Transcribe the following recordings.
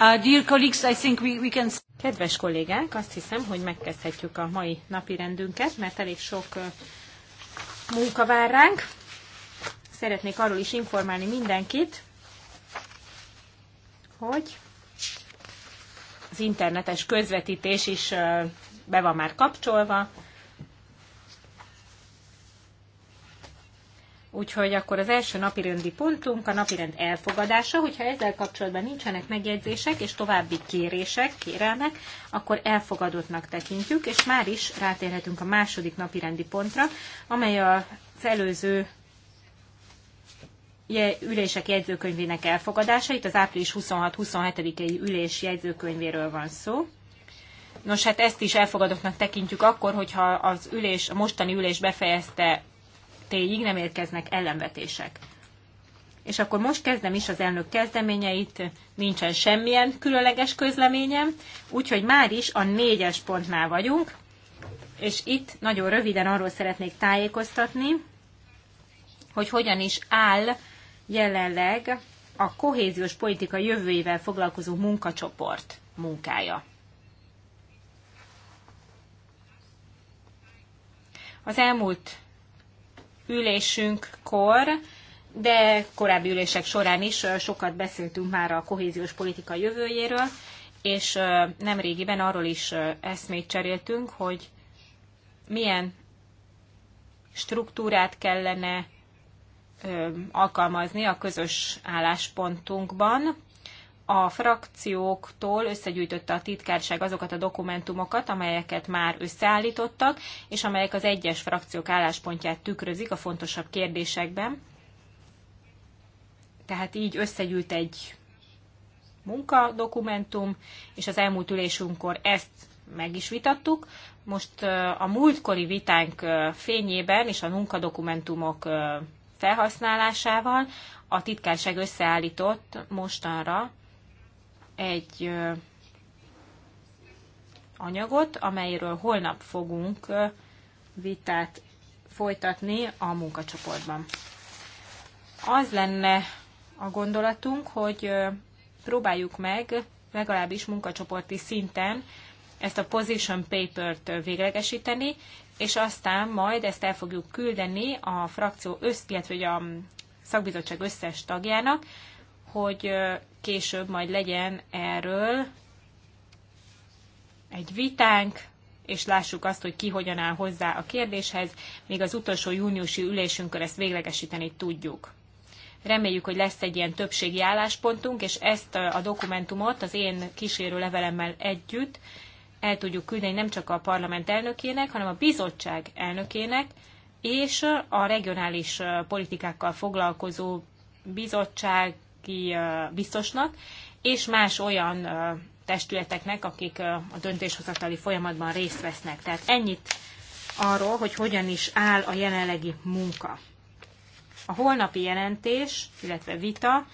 Uh, Kedves kollégák, azt hiszem, hogy megkezdhetjük a mai napi rendünket, mert elég sok munka vár ránk. Szeretnék arról is informálni mindenkit, hogy az internetes közvetítés is be van már kapcsolva, Úgyhogy akkor az első napirendi pontunk a napirend elfogadása, hogyha ezzel kapcsolatban nincsenek megjegyzések és további kérések, kérelmek, akkor elfogadottnak tekintjük, és már is rátérhetünk a második napirendi pontra, amely az előző ülések jegyzőkönyvének elfogadása. Itt az április 26-27-i ülés jegyzőkönyvéről van szó. Nos, hát ezt is elfogadottnak tekintjük akkor, hogyha az ülés, a mostani ülés befejezte téig nem érkeznek ellenvetések. És akkor most kezdem is az elnök kezdeményeit, nincsen semmilyen különleges közleményem, úgyhogy már is a négyes pontnál vagyunk, és itt nagyon röviden arról szeretnék tájékoztatni, hogy hogyan is áll jelenleg a kohéziós politika jövőjével foglalkozó munkacsoport munkája. Az elmúlt ülésünkkor, de korábbi ülések során is sokat beszéltünk már a kohéziós politika jövőjéről, és nemrégiben arról is eszmét cseréltünk, hogy milyen struktúrát kellene alkalmazni a közös álláspontunkban, a frakcióktól összegyűjtötte a titkárság azokat a dokumentumokat, amelyeket már összeállítottak, és amelyek az egyes frakciók álláspontját tükrözik a fontosabb kérdésekben. Tehát így összegyűlt egy munkadokumentum, és az elmúlt ülésünkkor ezt meg is vitattuk. Most a múltkori vitánk fényében és a munkadokumentumok felhasználásával a titkárság összeállított mostanra egy anyagot, amelyről holnap fogunk vitát folytatni a munkacsoportban. Az lenne a gondolatunk, hogy próbáljuk meg legalábbis munkacsoporti szinten ezt a position paper-t véglegesíteni, és aztán majd ezt el fogjuk küldeni a frakció össz, illetve a szakbizottság összes tagjának, hogy később majd legyen erről egy vitánk, és lássuk azt, hogy ki hogyan áll hozzá a kérdéshez, még az utolsó júniusi ülésünkön ezt véglegesíteni tudjuk. Reméljük, hogy lesz egy ilyen többségi álláspontunk, és ezt a dokumentumot az én kísérő levelemmel együtt el tudjuk küldeni nem csak a parlament elnökének, hanem a bizottság elnökének, és a regionális politikákkal foglalkozó bizottság ki biztosnak, és más olyan testületeknek, akik a döntéshozatali folyamatban részt vesznek. Tehát ennyit arról, hogy hogyan is áll a jelenlegi munka. A holnapi jelentés, illetve vita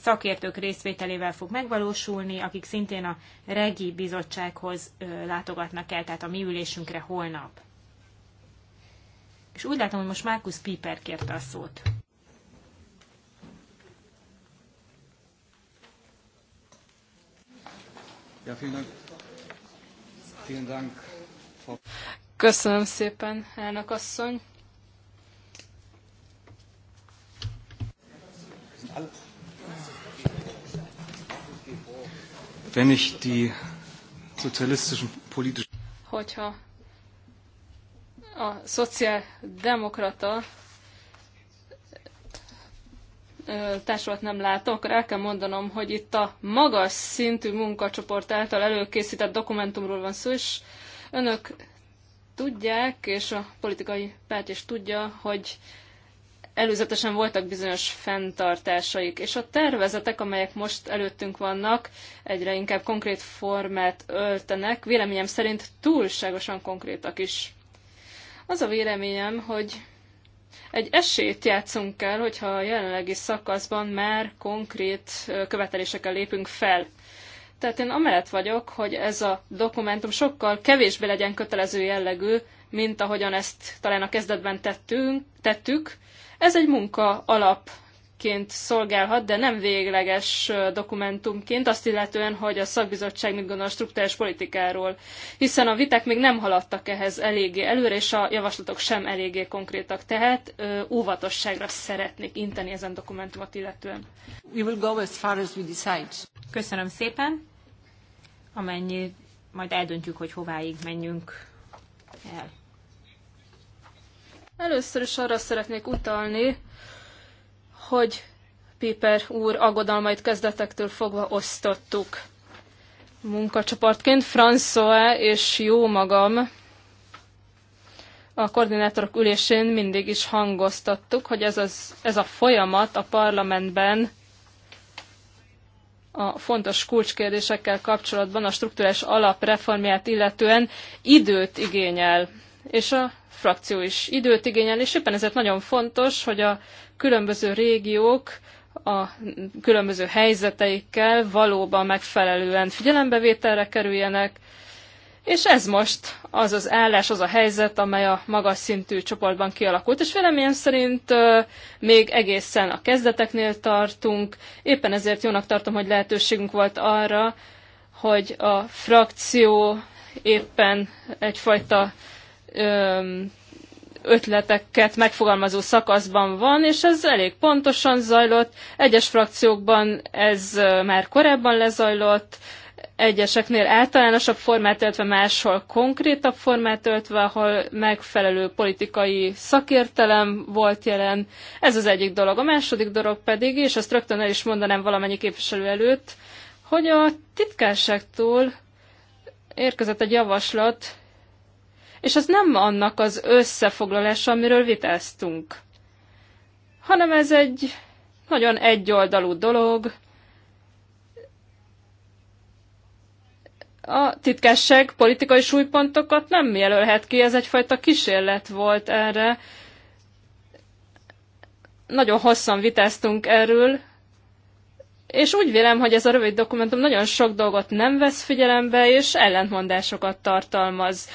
szakértők részvételével fog megvalósulni, akik szintén a Regi Bizottsághoz látogatnak el, tehát a mi ülésünkre holnap. És úgy látom, hogy most Márkusz Piper kérte a szót. Köszönöm szépen, elnök asszony. Wenn ich die sozialistischen politischen Hogyha a szociáldemokrata társulat nem látok, el kell mondanom, hogy itt a magas szintű munkacsoport által előkészített dokumentumról van szó, és önök tudják, és a politikai párt is tudja, hogy előzetesen voltak bizonyos fenntartásaik, és a tervezetek, amelyek most előttünk vannak, egyre inkább konkrét formát öltenek, véleményem szerint túlságosan konkrétak is. Az a véleményem, hogy egy esélyt játszunk el, hogyha a jelenlegi szakaszban már konkrét követelésekkel lépünk fel. Tehát én amellett vagyok, hogy ez a dokumentum sokkal kevésbé legyen kötelező jellegű, mint ahogyan ezt talán a kezdetben tettünk, tettük. Ez egy munka alap dokumentumként szolgálhat, de nem végleges dokumentumként, azt illetően, hogy a szakbizottság mit gondol a struktúrás politikáról, hiszen a viták még nem haladtak ehhez eléggé előre, és a javaslatok sem eléggé konkrétak, tehát óvatosságra szeretnék inteni ezen dokumentumot illetően. We will go as far as we decide. Köszönöm szépen, amennyi majd eldöntjük, hogy hováig menjünk el. Először is arra szeretnék utalni, hogy Piper úr aggodalmait kezdetektől fogva osztottuk. Munkacsoportként François és jó magam a koordinátorok ülésén mindig is hangoztattuk, hogy ez, az, ez a folyamat a parlamentben a fontos kulcskérdésekkel kapcsolatban a struktúrás alap reformját illetően időt igényel és a frakció is időt igényel, és éppen ezért nagyon fontos, hogy a különböző régiók a különböző helyzeteikkel valóban megfelelően figyelembevételre kerüljenek, és ez most az az állás, az a helyzet, amely a magas szintű csoportban kialakult, és véleményem szerint még egészen a kezdeteknél tartunk, éppen ezért jónak tartom, hogy lehetőségünk volt arra, hogy a frakció éppen egyfajta ötleteket megfogalmazó szakaszban van, és ez elég pontosan zajlott. Egyes frakciókban ez már korábban lezajlott, egyeseknél általánosabb formát öltve, máshol konkrétabb formát öltve, ahol megfelelő politikai szakértelem volt jelen. Ez az egyik dolog. A második dolog pedig, és ezt rögtön el is mondanám valamennyi képviselő előtt, hogy a titkárságtól érkezett egy javaslat, és ez nem annak az összefoglalása, amiről viteztünk, hanem ez egy nagyon egyoldalú dolog. A titkesség politikai súlypontokat nem jelölhet ki, ez egyfajta kísérlet volt erre. Nagyon hosszan viteztünk erről, és úgy vélem, hogy ez a rövid dokumentum nagyon sok dolgot nem vesz figyelembe, és ellentmondásokat tartalmaz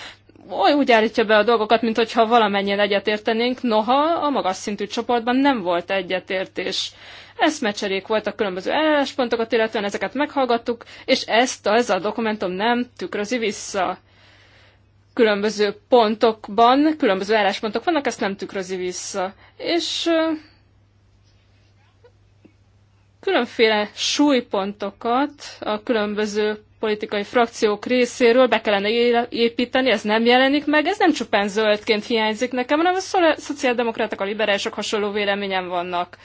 oly úgy állítja be a dolgokat, mint hogyha valamennyien egyetértenénk, noha a magas szintű csoportban nem volt egyetértés. Eszmecserék voltak különböző álláspontokat, illetően ezeket meghallgattuk, és ezt a, ez a dokumentum nem tükrözi vissza. Különböző pontokban, különböző álláspontok vannak, ezt nem tükrözi vissza. És különféle súlypontokat a különböző politikai frakciók részéről be kellene építeni, ez nem jelenik meg, ez nem csupán zöldként hiányzik nekem, hanem a szociáldemokratok, a liberálisok hasonló véleményen vannak.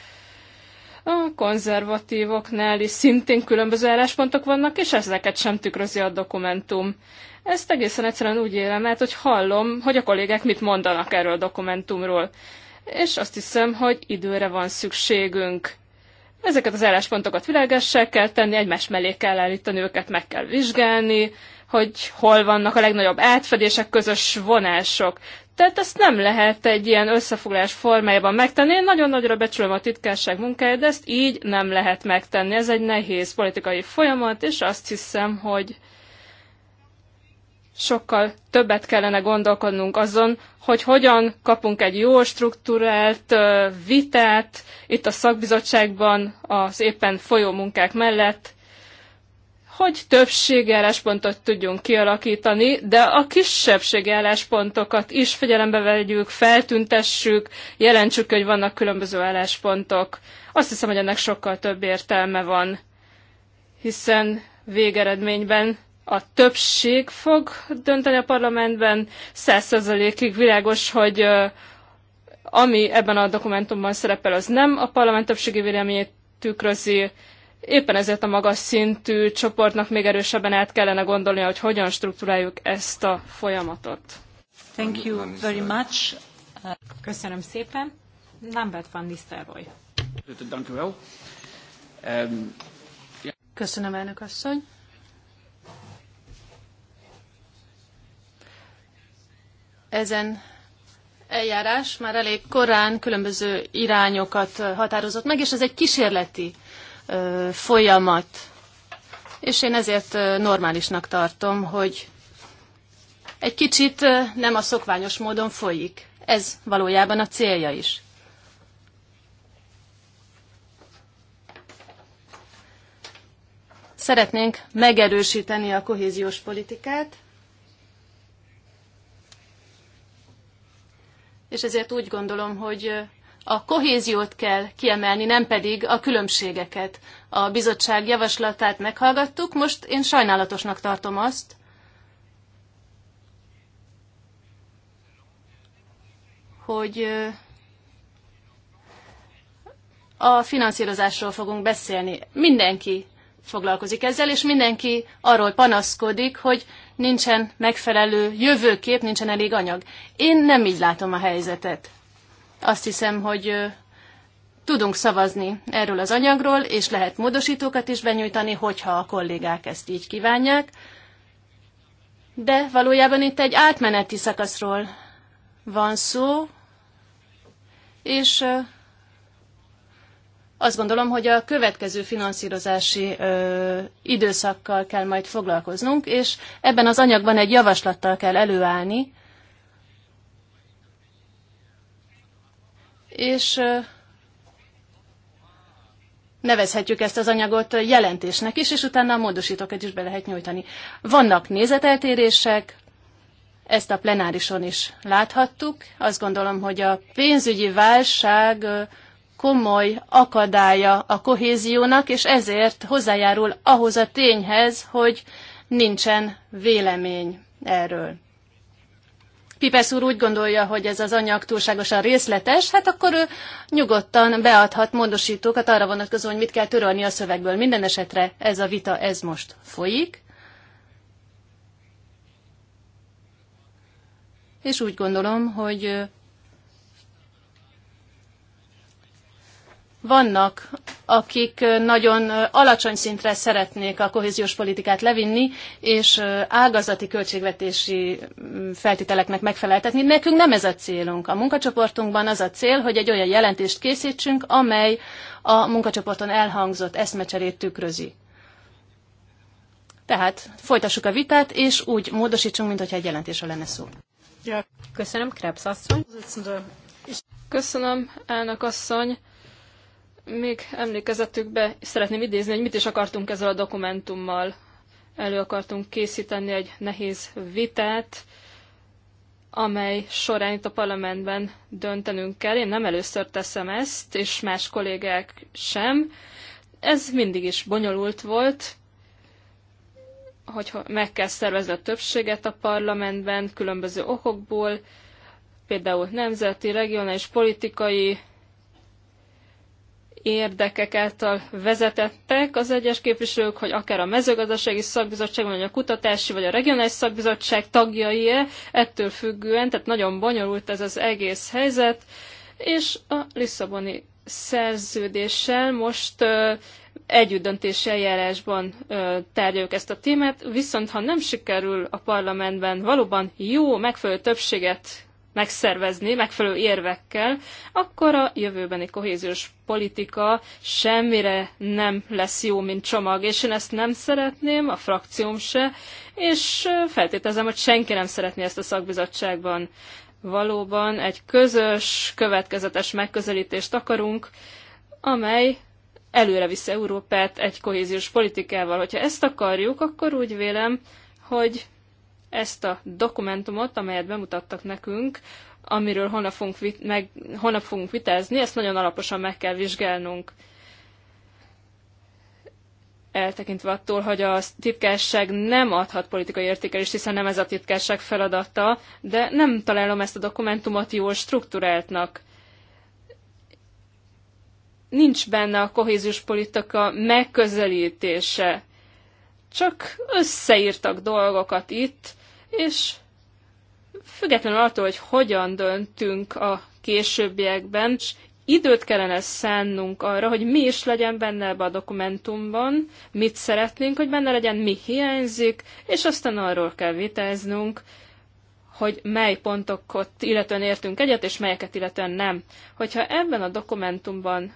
A konzervatívoknál is szintén különböző álláspontok vannak, és ezeket sem tükrözi a dokumentum. Ezt egészen egyszerűen úgy élem át, hogy hallom, hogy a kollégák mit mondanak erről a dokumentumról. És azt hiszem, hogy időre van szükségünk Ezeket az álláspontokat világessá kell tenni, egymás mellé kell állítani őket, meg kell vizsgálni, hogy hol vannak a legnagyobb átfedések, közös vonások. Tehát ezt nem lehet egy ilyen összefoglalás formájában megtenni. Én nagyon nagyra becsülöm a titkárság munkáját, de ezt így nem lehet megtenni. Ez egy nehéz politikai folyamat, és azt hiszem, hogy sokkal többet kellene gondolkodnunk azon, hogy hogyan kapunk egy jó struktúrált vitát itt a szakbizottságban az éppen folyó munkák mellett, hogy többségi álláspontot tudjunk kialakítani, de a kisebbségi álláspontokat is figyelembe vegyük, feltüntessük, jelentsük, hogy vannak különböző álláspontok. Azt hiszem, hogy ennek sokkal több értelme van, hiszen végeredményben a többség fog dönteni a parlamentben. Százszerzalékig világos, hogy ami ebben a dokumentumban szerepel, az nem a parlament többségi véleményét tükrözi. Éppen ezért a magas szintű csoportnak még erősebben át kellene gondolnia, hogy hogyan struktúráljuk ezt a folyamatot. Thank you very much. Köszönöm szépen. Lambert van Nistelrooy. Ehm, Köszönöm, elnök asszony. ezen eljárás már elég korán különböző irányokat határozott meg, és ez egy kísérleti folyamat. És én ezért normálisnak tartom, hogy egy kicsit nem a szokványos módon folyik. Ez valójában a célja is. Szeretnénk megerősíteni a kohéziós politikát, és ezért úgy gondolom, hogy a kohéziót kell kiemelni, nem pedig a különbségeket. A bizottság javaslatát meghallgattuk, most én sajnálatosnak tartom azt, hogy a finanszírozásról fogunk beszélni. Mindenki foglalkozik ezzel, és mindenki arról panaszkodik, hogy nincsen megfelelő jövőkép, nincsen elég anyag. Én nem így látom a helyzetet. Azt hiszem, hogy tudunk szavazni erről az anyagról, és lehet módosítókat is benyújtani, hogyha a kollégák ezt így kívánják. De valójában itt egy átmeneti szakaszról van szó, és azt gondolom, hogy a következő finanszírozási ö, időszakkal kell majd foglalkoznunk, és ebben az anyagban egy javaslattal kell előállni, és ö, nevezhetjük ezt az anyagot jelentésnek is, és utána a módosítókat is be lehet nyújtani. Vannak nézeteltérések, ezt a plenárison is láthattuk. Azt gondolom, hogy a pénzügyi válság komoly akadálya a kohéziónak, és ezért hozzájárul ahhoz a tényhez, hogy nincsen vélemény erről. Pipesz úr úgy gondolja, hogy ez az anyag túlságosan részletes, hát akkor ő nyugodtan beadhat módosítókat arra vonatkozóan, hogy mit kell törölni a szövegből. Minden esetre ez a vita, ez most folyik. És úgy gondolom, hogy Vannak, akik nagyon alacsony szintre szeretnék a kohéziós politikát levinni, és ágazati költségvetési mm, feltételeknek megfeleltetni. Nekünk nem ez a célunk. A munkacsoportunkban az a cél, hogy egy olyan jelentést készítsünk, amely a munkacsoporton elhangzott eszmecserét tükrözi. Tehát folytassuk a vitát, és úgy módosítsunk, mint egy jelentésről lenne szó. Ja. Köszönöm, Krebs asszony. Köszönöm, elnök asszony még emlékezetükbe szeretném idézni, hogy mit is akartunk ezzel a dokumentummal. Elő akartunk készíteni egy nehéz vitát, amely során itt a parlamentben döntenünk kell. Én nem először teszem ezt, és más kollégák sem. Ez mindig is bonyolult volt, hogy meg kell szervezni a többséget a parlamentben különböző okokból, például nemzeti, regionális, politikai Érdekeket vezetettek az egyes képviselők, hogy akár a mezőgazdasági szakbizottság, vagy a kutatási, vagy a regionális szakbizottság tagjai -e, ettől függően, tehát nagyon bonyolult ez az egész helyzet, és a Lisszaboni szerződéssel most ö, együttdöntési eljárásban ö, tárgyaljuk ezt a témát, viszont ha nem sikerül a parlamentben valóban jó, megfelelő többséget megszervezni megfelelő érvekkel, akkor a jövőbeni kohéziós politika semmire nem lesz jó, mint csomag, és én ezt nem szeretném, a frakcióm se, és feltételezem, hogy senki nem szeretné ezt a szakbizottságban. Valóban egy közös, következetes megközelítést akarunk, amely előre visz Európát egy kohéziós politikával. Hogyha ezt akarjuk, akkor úgy vélem, hogy ezt a dokumentumot, amelyet bemutattak nekünk, amiről holnap fogunk, vit- meg, holnap fogunk vitázni, ezt nagyon alaposan meg kell vizsgálnunk. Eltekintve attól, hogy a titkárság nem adhat politikai értékelést, hiszen nem ez a titkárság feladata, de nem találom ezt a dokumentumot jól struktúráltnak nincs benne a kohéziós politika megközelítése. Csak összeírtak dolgokat itt, és függetlenül attól, hogy hogyan döntünk a későbbiekben, és időt kellene szánnunk arra, hogy mi is legyen benne ebbe a dokumentumban, mit szeretnénk, hogy benne legyen, mi hiányzik, és aztán arról kell vitáznunk, hogy mely pontokat illetően értünk egyet, és melyeket illetően nem. Hogyha ebben a dokumentumban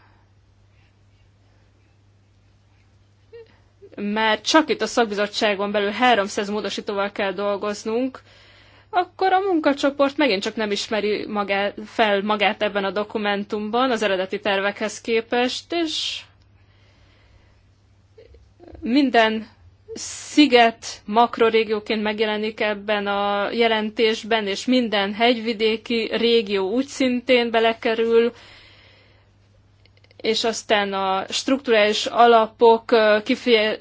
már csak itt a szakbizottságon belül 300 módosítóval kell dolgoznunk, akkor a munkacsoport megint csak nem ismeri magát, fel magát ebben a dokumentumban az eredeti tervekhez képest, és minden sziget makrorégióként megjelenik ebben a jelentésben, és minden hegyvidéki régió úgy szintén belekerül, és aztán a strukturális alapok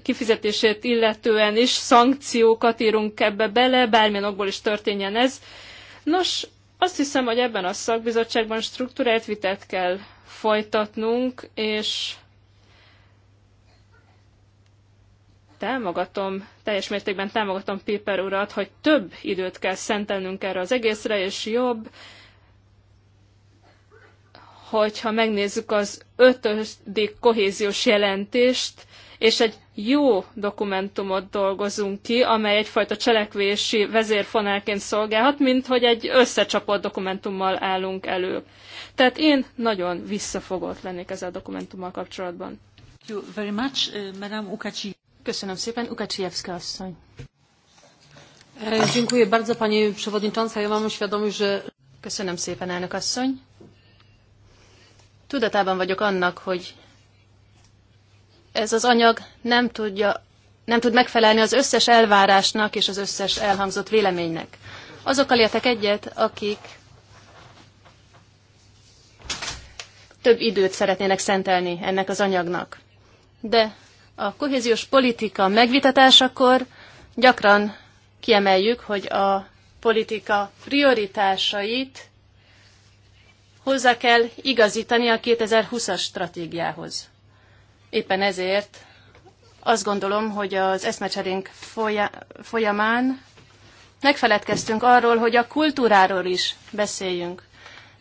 kifizetését illetően is szankciókat írunk ebbe bele, bármilyen okból is történjen ez. Nos, azt hiszem, hogy ebben a szakbizottságban struktúrált vitát kell folytatnunk, és támogatom, teljes mértékben támogatom Piper urat, hogy több időt kell szentelnünk erre az egészre, és jobb, hogyha megnézzük az ötödik kohéziós jelentést, és egy jó dokumentumot dolgozunk ki, amely egyfajta cselekvési vezérfonálként szolgálhat, mint hogy egy összecsapott dokumentummal állunk elő. Tehát én nagyon visszafogott lennék ezzel a dokumentummal kapcsolatban. Thank you very much, uh, Madame Ukaci. Köszönöm szépen, Ukacsijewska asszony. E, dziękuję bardzo, Pani Przewodnicząca. Ja mam że... Köszönöm szépen, elnök asszony. Tudatában vagyok annak, hogy ez az anyag nem tudja nem tud megfelelni az összes elvárásnak és az összes elhangzott véleménynek. Azokkal értek egyet, akik több időt szeretnének szentelni ennek az anyagnak. De a kohéziós politika megvitatásakor gyakran kiemeljük, hogy a politika prioritásait hozzá kell igazítani a 2020-as stratégiához. Éppen ezért azt gondolom, hogy az eszmecserénk folyamán megfeledkeztünk arról, hogy a kultúráról is beszéljünk.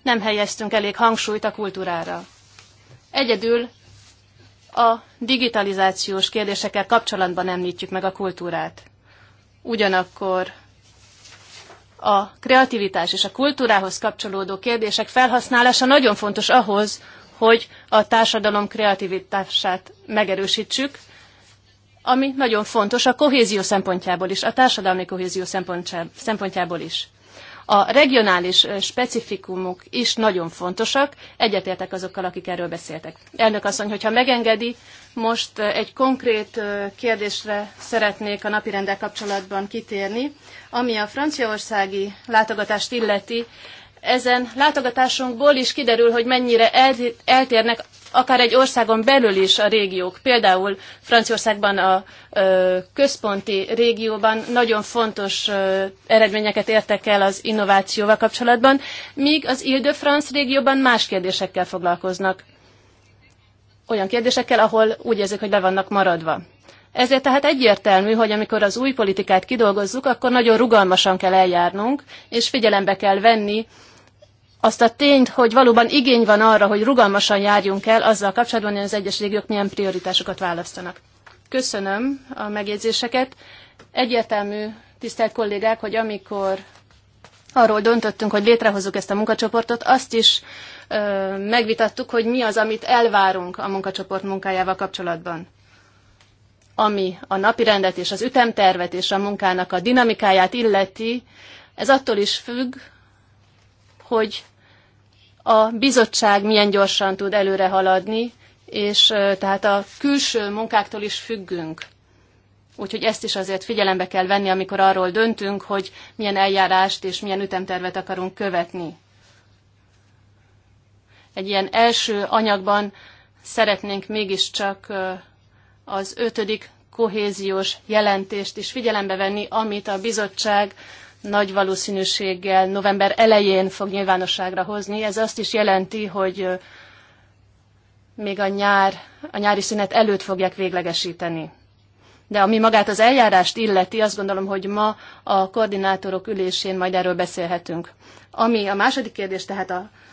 Nem helyeztünk elég hangsúlyt a kultúrára. Egyedül a digitalizációs kérdésekkel kapcsolatban említjük meg a kultúrát. Ugyanakkor a kreativitás és a kultúrához kapcsolódó kérdések felhasználása nagyon fontos ahhoz, hogy a társadalom kreativitását megerősítsük, ami nagyon fontos a kohézió szempontjából is, a társadalmi kohézió szempontjából is. A regionális specifikumok is nagyon fontosak, egyetértek azokkal, akik erről beszéltek. Elnök asszony, hogyha megengedi, most egy konkrét kérdésre szeretnék a napirendel kapcsolatban kitérni. Ami a franciaországi látogatást illeti, ezen látogatásunkból is kiderül, hogy mennyire eltérnek akár egy országon belül is a régiók. Például Franciaországban a központi régióban nagyon fontos eredményeket értek el az innovációval kapcsolatban, míg az Ile-de-France régióban más kérdésekkel foglalkoznak. Olyan kérdésekkel, ahol úgy érzik, hogy be vannak maradva. Ezért tehát egyértelmű, hogy amikor az új politikát kidolgozzuk, akkor nagyon rugalmasan kell eljárnunk, és figyelembe kell venni azt a tényt, hogy valóban igény van arra, hogy rugalmasan járjunk el azzal kapcsolatban, hogy az egyes régiók milyen prioritásokat választanak. Köszönöm a megjegyzéseket. Egyértelmű, tisztelt kollégák, hogy amikor arról döntöttünk, hogy létrehozzuk ezt a munkacsoportot, azt is ö, megvitattuk, hogy mi az, amit elvárunk a munkacsoport munkájával kapcsolatban ami a napirendet és az ütemtervet és a munkának a dinamikáját illeti, ez attól is függ, hogy a bizottság milyen gyorsan tud előre haladni, és tehát a külső munkáktól is függünk. Úgyhogy ezt is azért figyelembe kell venni, amikor arról döntünk, hogy milyen eljárást és milyen ütemtervet akarunk követni. Egy ilyen első anyagban szeretnénk mégiscsak az ötödik kohéziós jelentést is figyelembe venni, amit a bizottság nagy valószínűséggel november elején fog nyilvánosságra hozni. Ez azt is jelenti, hogy még a, nyár, a nyári szünet előtt fogják véglegesíteni. De ami magát az eljárást illeti, azt gondolom, hogy ma a koordinátorok ülésén majd erről beszélhetünk. Ami a második kérdés, tehát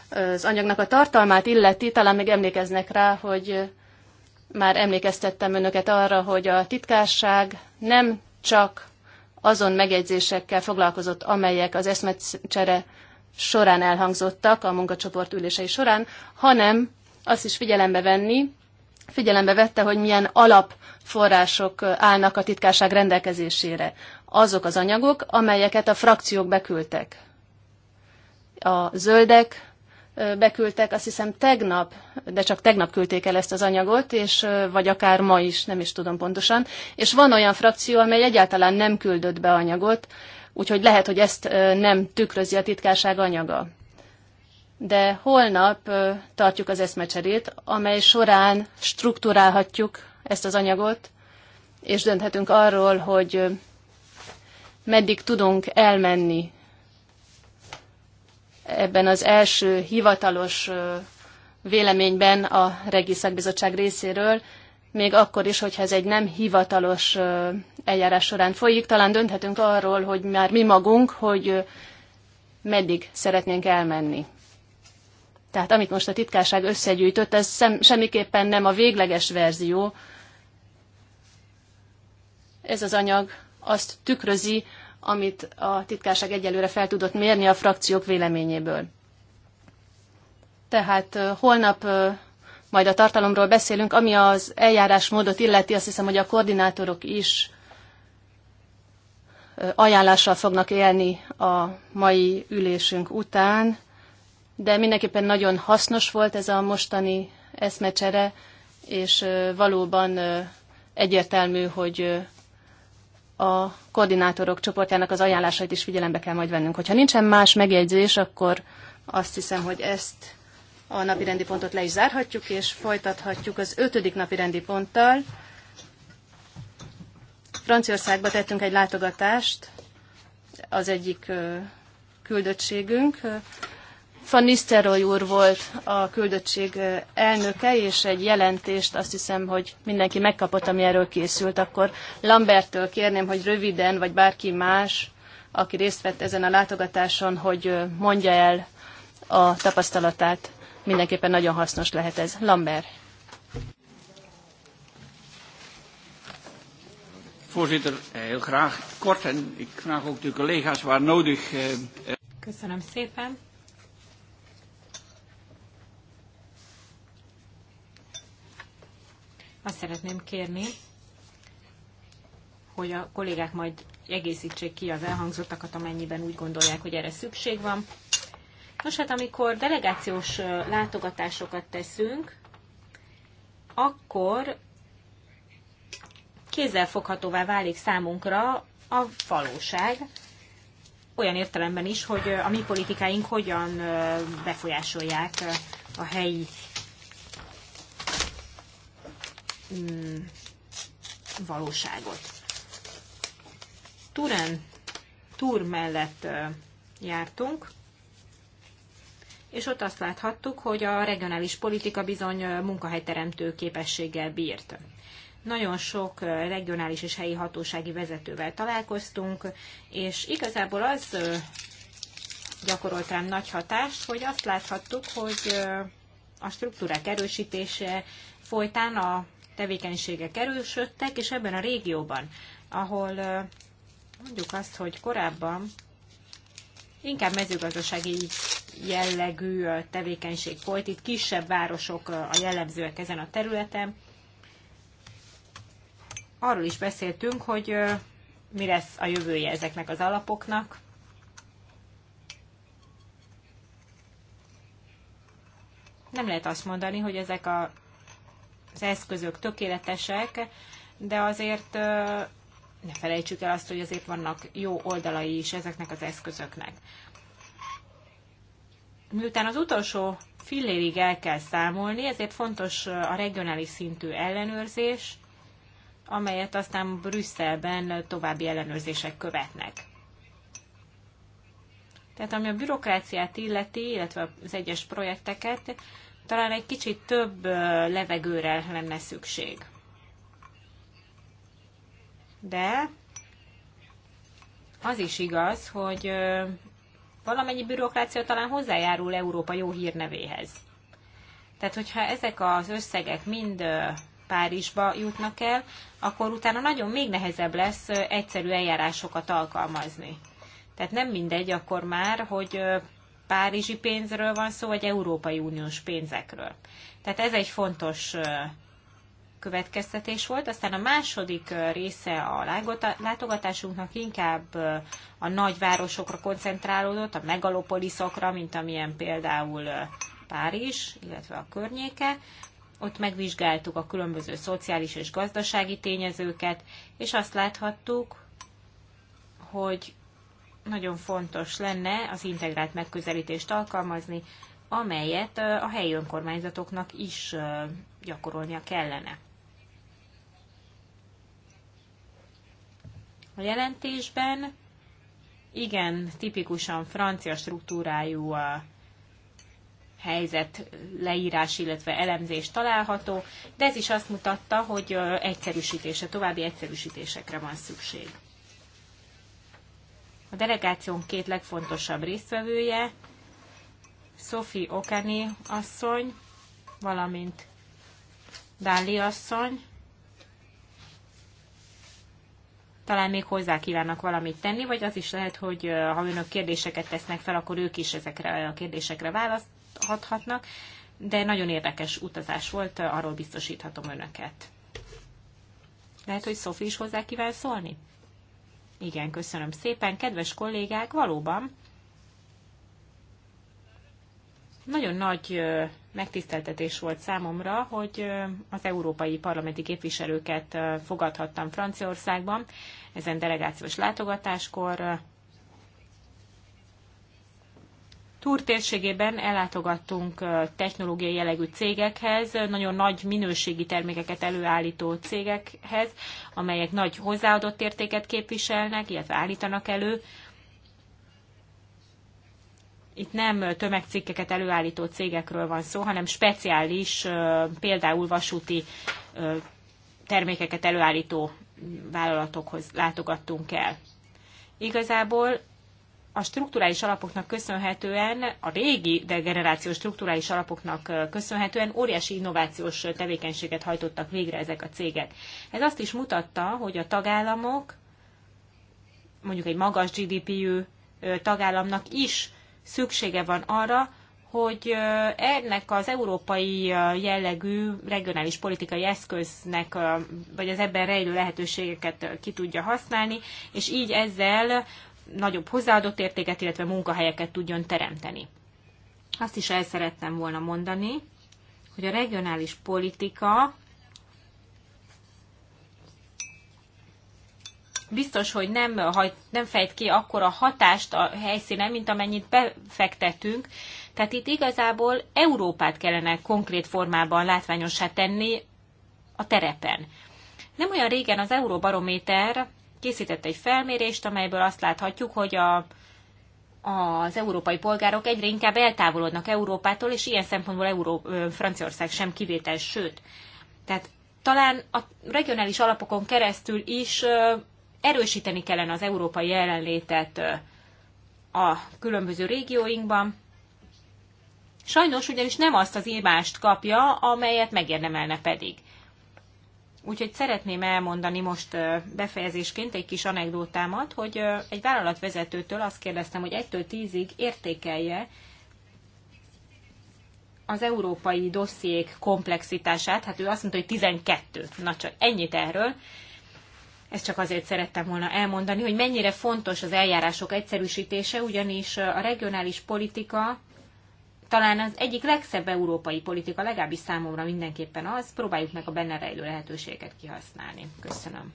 az anyagnak a tartalmát illeti, talán még emlékeznek rá, hogy már emlékeztettem önöket arra, hogy a titkárság nem csak azon megjegyzésekkel foglalkozott, amelyek az eszmecsere során elhangzottak a munkacsoport ülései során, hanem azt is figyelembe venni, figyelembe vette, hogy milyen alapforrások állnak a titkárság rendelkezésére. Azok az anyagok, amelyeket a frakciók beküldtek. A zöldek, beküldtek, azt hiszem tegnap, de csak tegnap küldték el ezt az anyagot, és vagy akár ma is, nem is tudom pontosan. És van olyan frakció, amely egyáltalán nem küldött be anyagot, úgyhogy lehet, hogy ezt nem tükrözi a titkárság anyaga. De holnap tartjuk az eszmecserét, amely során strukturálhatjuk ezt az anyagot, és dönthetünk arról, hogy meddig tudunk elmenni ebben az első hivatalos véleményben a Regi Szakbizottság részéről, még akkor is, hogyha ez egy nem hivatalos eljárás során folyik, talán dönthetünk arról, hogy már mi magunk, hogy meddig szeretnénk elmenni. Tehát amit most a titkárság összegyűjtött, ez semmiképpen nem a végleges verzió. Ez az anyag azt tükrözi, amit a titkárság egyelőre fel tudott mérni a frakciók véleményéből. Tehát holnap majd a tartalomról beszélünk, ami az eljárásmódot illeti, azt hiszem, hogy a koordinátorok is ajánlással fognak élni a mai ülésünk után, de mindenképpen nagyon hasznos volt ez a mostani eszmecsere, és valóban egyértelmű, hogy a koordinátorok csoportjának az ajánlásait is figyelembe kell majd vennünk. Hogyha nincsen más megjegyzés, akkor azt hiszem, hogy ezt a napi rendi pontot le is zárhatjuk, és folytathatjuk az ötödik napi rendi ponttal. Franciaországba tettünk egy látogatást, az egyik küldöttségünk van Nisztelrooy úr volt a küldöttség elnöke, és egy jelentést azt hiszem, hogy mindenki megkapott, ami erről készült, akkor Lambertől kérném, hogy röviden, vagy bárki más, aki részt vett ezen a látogatáson, hogy mondja el a tapasztalatát. Mindenképpen nagyon hasznos lehet ez. Lambert. Voorzitter, eh, heel graag kort en ik vraag ook de collega's waar nodig. Eh, eh, Köszönöm szépen. Azt szeretném kérni, hogy a kollégák majd egészítsék ki az elhangzottakat, amennyiben úgy gondolják, hogy erre szükség van. Nos hát, amikor delegációs látogatásokat teszünk, akkor kézzelfoghatóvá válik számunkra a valóság, olyan értelemben is, hogy a mi politikáink hogyan befolyásolják a helyi mm, valóságot. Turen, Tur mellett jártunk, és ott azt láthattuk, hogy a regionális politika bizony munkahelyteremtő képességgel bírt. Nagyon sok regionális és helyi hatósági vezetővel találkoztunk, és igazából az gyakorolt rám nagy hatást, hogy azt láthattuk, hogy a struktúrák erősítése folytán a tevékenységek erősödtek, és ebben a régióban, ahol mondjuk azt, hogy korábban inkább mezőgazdasági jellegű tevékenység folyt, itt kisebb városok a jellemzőek ezen a területen. Arról is beszéltünk, hogy mi lesz a jövője ezeknek az alapoknak. Nem lehet azt mondani, hogy ezek a az eszközök tökéletesek, de azért ne felejtsük el azt, hogy azért vannak jó oldalai is ezeknek az eszközöknek. Miután az utolsó fillérig el kell számolni, ezért fontos a regionális szintű ellenőrzés, amelyet aztán Brüsszelben további ellenőrzések követnek. Tehát ami a bürokráciát illeti, illetve az egyes projekteket, talán egy kicsit több levegőre lenne szükség. De az is igaz, hogy valamennyi bürokrácia talán hozzájárul Európa jó hírnevéhez. Tehát, hogyha ezek az összegek mind Párizsba jutnak el, akkor utána nagyon még nehezebb lesz egyszerű eljárásokat alkalmazni. Tehát nem mindegy akkor már, hogy párizsi pénzről van szó, vagy Európai Uniós pénzekről. Tehát ez egy fontos következtetés volt. Aztán a második része a látogatásunknak inkább a nagyvárosokra koncentrálódott, a megalopoliszokra, mint amilyen például Párizs, illetve a környéke. Ott megvizsgáltuk a különböző szociális és gazdasági tényezőket, és azt láthattuk, hogy nagyon fontos lenne az integrált megközelítést alkalmazni, amelyet a helyi önkormányzatoknak is gyakorolnia kellene. A jelentésben igen, tipikusan francia struktúrájú a helyzet leírás, illetve elemzés található, de ez is azt mutatta, hogy egyszerűsítése, további egyszerűsítésekre van szükség. A delegáción két legfontosabb résztvevője, Sophie Okani asszony, valamint Dáli asszony. Talán még hozzá kívánnak valamit tenni, vagy az is lehet, hogy ha önök kérdéseket tesznek fel, akkor ők is ezekre a kérdésekre választhatnak, de nagyon érdekes utazás volt, arról biztosíthatom önöket. Lehet, hogy Szofi is hozzá kíván szólni? Igen, köszönöm szépen. Kedves kollégák, valóban nagyon nagy megtiszteltetés volt számomra, hogy az európai parlamenti képviselőket fogadhattam Franciaországban ezen delegációs látogatáskor. Túr térségében ellátogattunk technológiai jellegű cégekhez, nagyon nagy minőségi termékeket előállító cégekhez, amelyek nagy hozzáadott értéket képviselnek, illetve állítanak elő. Itt nem tömegcikkeket előállító cégekről van szó, hanem speciális, például vasúti termékeket előállító vállalatokhoz látogattunk el. Igazából a strukturális alapoknak köszönhetően, a régi degenerációs strukturális alapoknak köszönhetően óriási innovációs tevékenységet hajtottak végre ezek a cégek. Ez azt is mutatta, hogy a tagállamok, mondjuk egy magas GDP-ű tagállamnak is szüksége van arra, hogy ennek az európai jellegű regionális politikai eszköznek, vagy az ebben rejlő lehetőségeket ki tudja használni, és így ezzel nagyobb hozzáadott értéket, illetve munkahelyeket tudjon teremteni. Azt is el szerettem volna mondani, hogy a regionális politika biztos, hogy nem, nem fejt ki akkora hatást a helyszínen, mint amennyit befektetünk. Tehát itt igazából Európát kellene konkrét formában látványossá tenni a terepen. Nem olyan régen az Euróbarométer készített egy felmérést, amelyből azt láthatjuk, hogy a, az európai polgárok egyre inkább eltávolodnak Európától, és ilyen szempontból Euró, Franciaország sem kivétel, sőt. Tehát talán a regionális alapokon keresztül is erősíteni kellene az európai jelenlétet a különböző régióinkban. Sajnos ugyanis nem azt az írmást kapja, amelyet megérdemelne pedig. Úgyhogy szeretném elmondani most befejezésként egy kis anekdótámat, hogy egy vállalatvezetőtől azt kérdeztem, hogy egytől től értékelje az európai dossziék komplexitását. Hát ő azt mondta, hogy 12. Na csak ennyit erről. Ezt csak azért szerettem volna elmondani, hogy mennyire fontos az eljárások egyszerűsítése, ugyanis a regionális politika talán az egyik legszebb európai politika, legalábbis számomra mindenképpen az, próbáljuk meg a benne rejlő lehetőséget kihasználni. Köszönöm.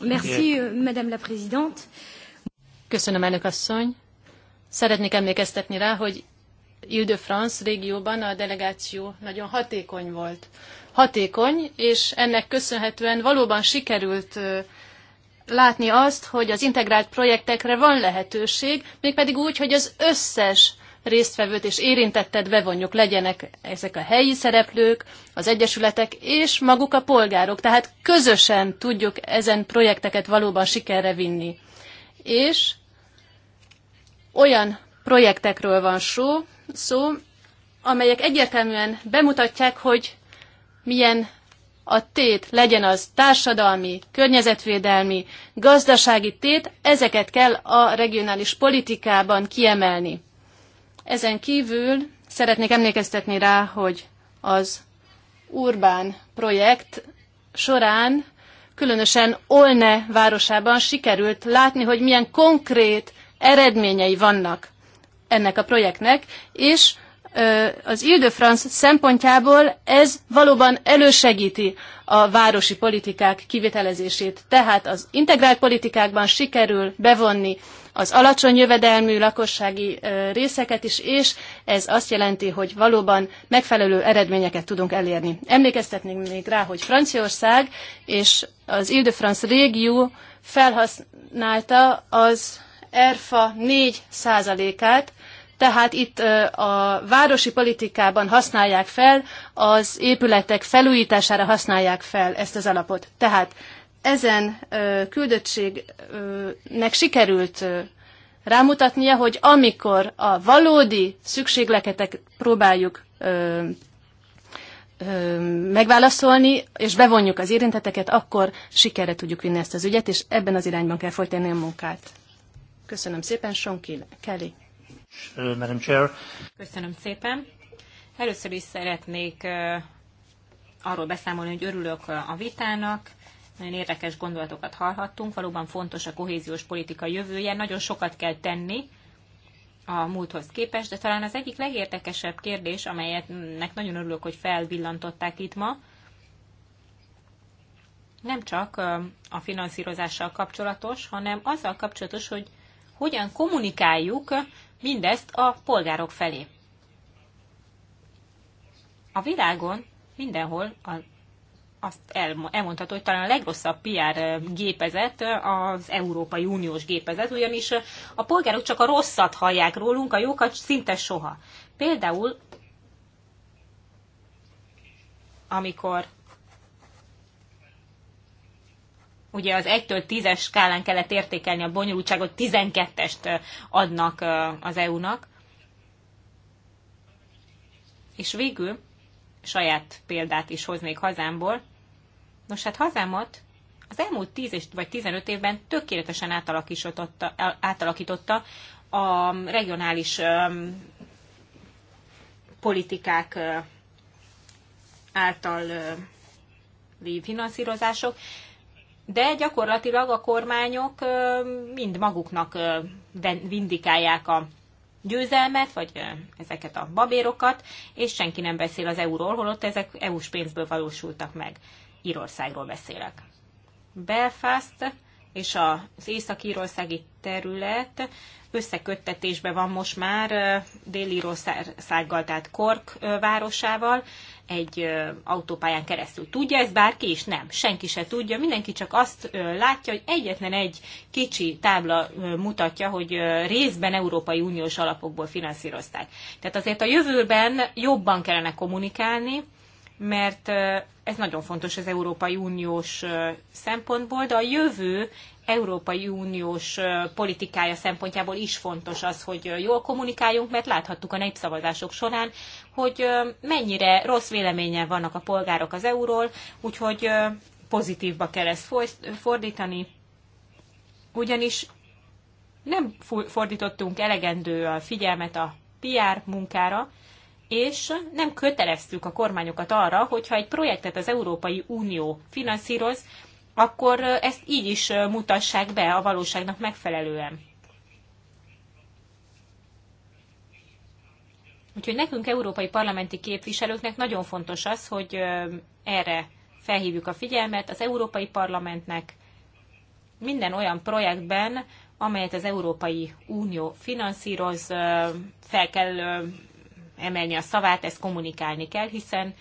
Merci, euh, Madame la Présidente. Köszönöm, elnök asszony. Szeretnék emlékeztetni rá, hogy Ile-de-France régióban a delegáció nagyon hatékony volt. Hatékony, és ennek köszönhetően valóban sikerült látni azt, hogy az integrált projektekre van lehetőség, mégpedig úgy, hogy az összes résztvevőt és érintettet bevonjuk, legyenek ezek a helyi szereplők, az egyesületek és maguk a polgárok. Tehát közösen tudjuk ezen projekteket valóban sikerre vinni. És olyan projektekről van szó, szó amelyek egyértelműen bemutatják, hogy milyen a tét, legyen az társadalmi, környezetvédelmi, gazdasági tét, ezeket kell a regionális politikában kiemelni. Ezen kívül szeretnék emlékeztetni rá, hogy az Urbán projekt során különösen Olne városában sikerült látni, hogy milyen konkrét eredményei vannak ennek a projektnek, és az Ile-de-France szempontjából ez valóban elősegíti a városi politikák kivitelezését. Tehát az integrált politikákban sikerül bevonni az alacsony jövedelmű lakossági részeket is, és ez azt jelenti, hogy valóban megfelelő eredményeket tudunk elérni. Emlékeztetnénk még rá, hogy Franciaország és az Ile-de-France régió felhasználta az ERFA 4 százalékát, tehát itt a városi politikában használják fel, az épületek felújítására használják fel ezt az alapot. Tehát ezen küldöttségnek sikerült rámutatnia, hogy amikor a valódi szükségleketek próbáljuk ö, megválaszolni, és bevonjuk az érinteteket, akkor sikerre tudjuk vinni ezt az ügyet, és ebben az irányban kell folytani a munkát. Köszönöm szépen, Sean Kelly. Madam Chair. Köszönöm szépen. Először is szeretnék arról beszámolni, hogy örülök a vitának, nagyon érdekes gondolatokat hallhattunk, valóban fontos a kohéziós politika jövője, nagyon sokat kell tenni a múlthoz képest, de talán az egyik legérdekesebb kérdés, amelyetnek nagyon örülök, hogy felvillantották itt ma, nem csak a finanszírozással kapcsolatos, hanem azzal kapcsolatos, hogy hogyan kommunikáljuk mindezt a polgárok felé. A világon mindenhol a azt el, elmondható, hogy talán a legrosszabb PR eh, gépezet eh, az Európai Uniós gépezet, ugyanis eh, a polgárok csak a rosszat hallják rólunk, a jókat szinte soha. Például, amikor ugye az 1-től 10-es skálán kellett értékelni a bonyolultságot, 12-est adnak az EU-nak. És végül saját példát is hoznék hazámból. Nos, hát hazámat az elmúlt 10 vagy 15 évben tökéletesen átalakította, átalakította a regionális um, politikák uh, által uh, finanszírozások, de gyakorlatilag a kormányok uh, mind maguknak uh, vindikálják a győzelmet, vagy ezeket a babérokat, és senki nem beszél az euróról, holott ezek EU-s pénzből valósultak meg. Írországról beszélek. Belfast és az észak-írországi terület összeköttetésben van most már Dél-Írországgal, tehát Kork városával, egy autópályán keresztül. Tudja ez bárki is? Nem. Senki se tudja. Mindenki csak azt látja, hogy egyetlen egy kicsi tábla mutatja, hogy részben Európai Uniós alapokból finanszírozták. Tehát azért a jövőben jobban kellene kommunikálni, mert ez nagyon fontos az Európai Uniós szempontból, de a jövő Európai Uniós politikája szempontjából is fontos az, hogy jól kommunikáljunk, mert láthattuk a népszavazások során, hogy mennyire rossz véleményen vannak a polgárok az euról, úgyhogy pozitívba kell ezt fordítani, ugyanis nem fordítottunk elegendő figyelmet a PR munkára, és nem köteleztük a kormányokat arra, hogyha egy projektet az Európai Unió finanszíroz, akkor ezt így is mutassák be a valóságnak megfelelően. Úgyhogy nekünk, európai parlamenti képviselőknek nagyon fontos az, hogy erre felhívjuk a figyelmet az Európai Parlamentnek minden olyan projektben, amelyet az Európai Unió finanszíroz, fel kell emelni a szavát, ezt kommunikálni kell, hiszen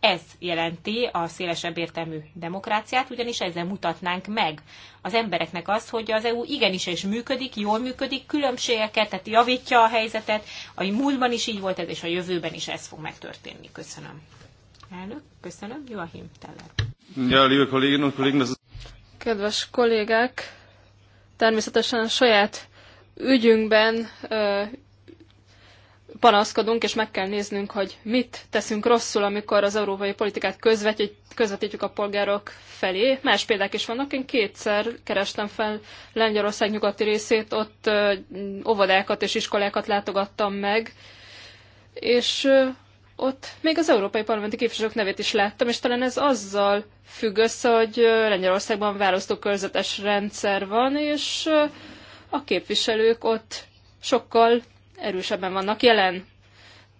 ez jelenti a szélesebb értelmű demokráciát, ugyanis ezzel mutatnánk meg az embereknek azt, hogy az EU igenis is működik, jól működik, különbségeket, tehát javítja a helyzetet, a múltban is így volt ez, és a jövőben is ez fog megtörténni. Köszönöm. Elnök, köszönöm. Joachim Teller. Ja, liebe Kolleginnen und Kollegen, Kedves kollégák, természetesen a saját ügyünkben panaszkodunk, és meg kell néznünk, hogy mit teszünk rosszul, amikor az európai politikát közvetítjük a polgárok felé. Más példák is vannak. Én kétszer kerestem fel Lengyelország nyugati részét, ott óvodákat és iskolákat látogattam meg, és ott még az európai parlamenti képviselők nevét is láttam, és talán ez azzal függ össze, hogy Lengyelországban választókörzetes rendszer van, és a képviselők ott sokkal erősebben vannak jelen.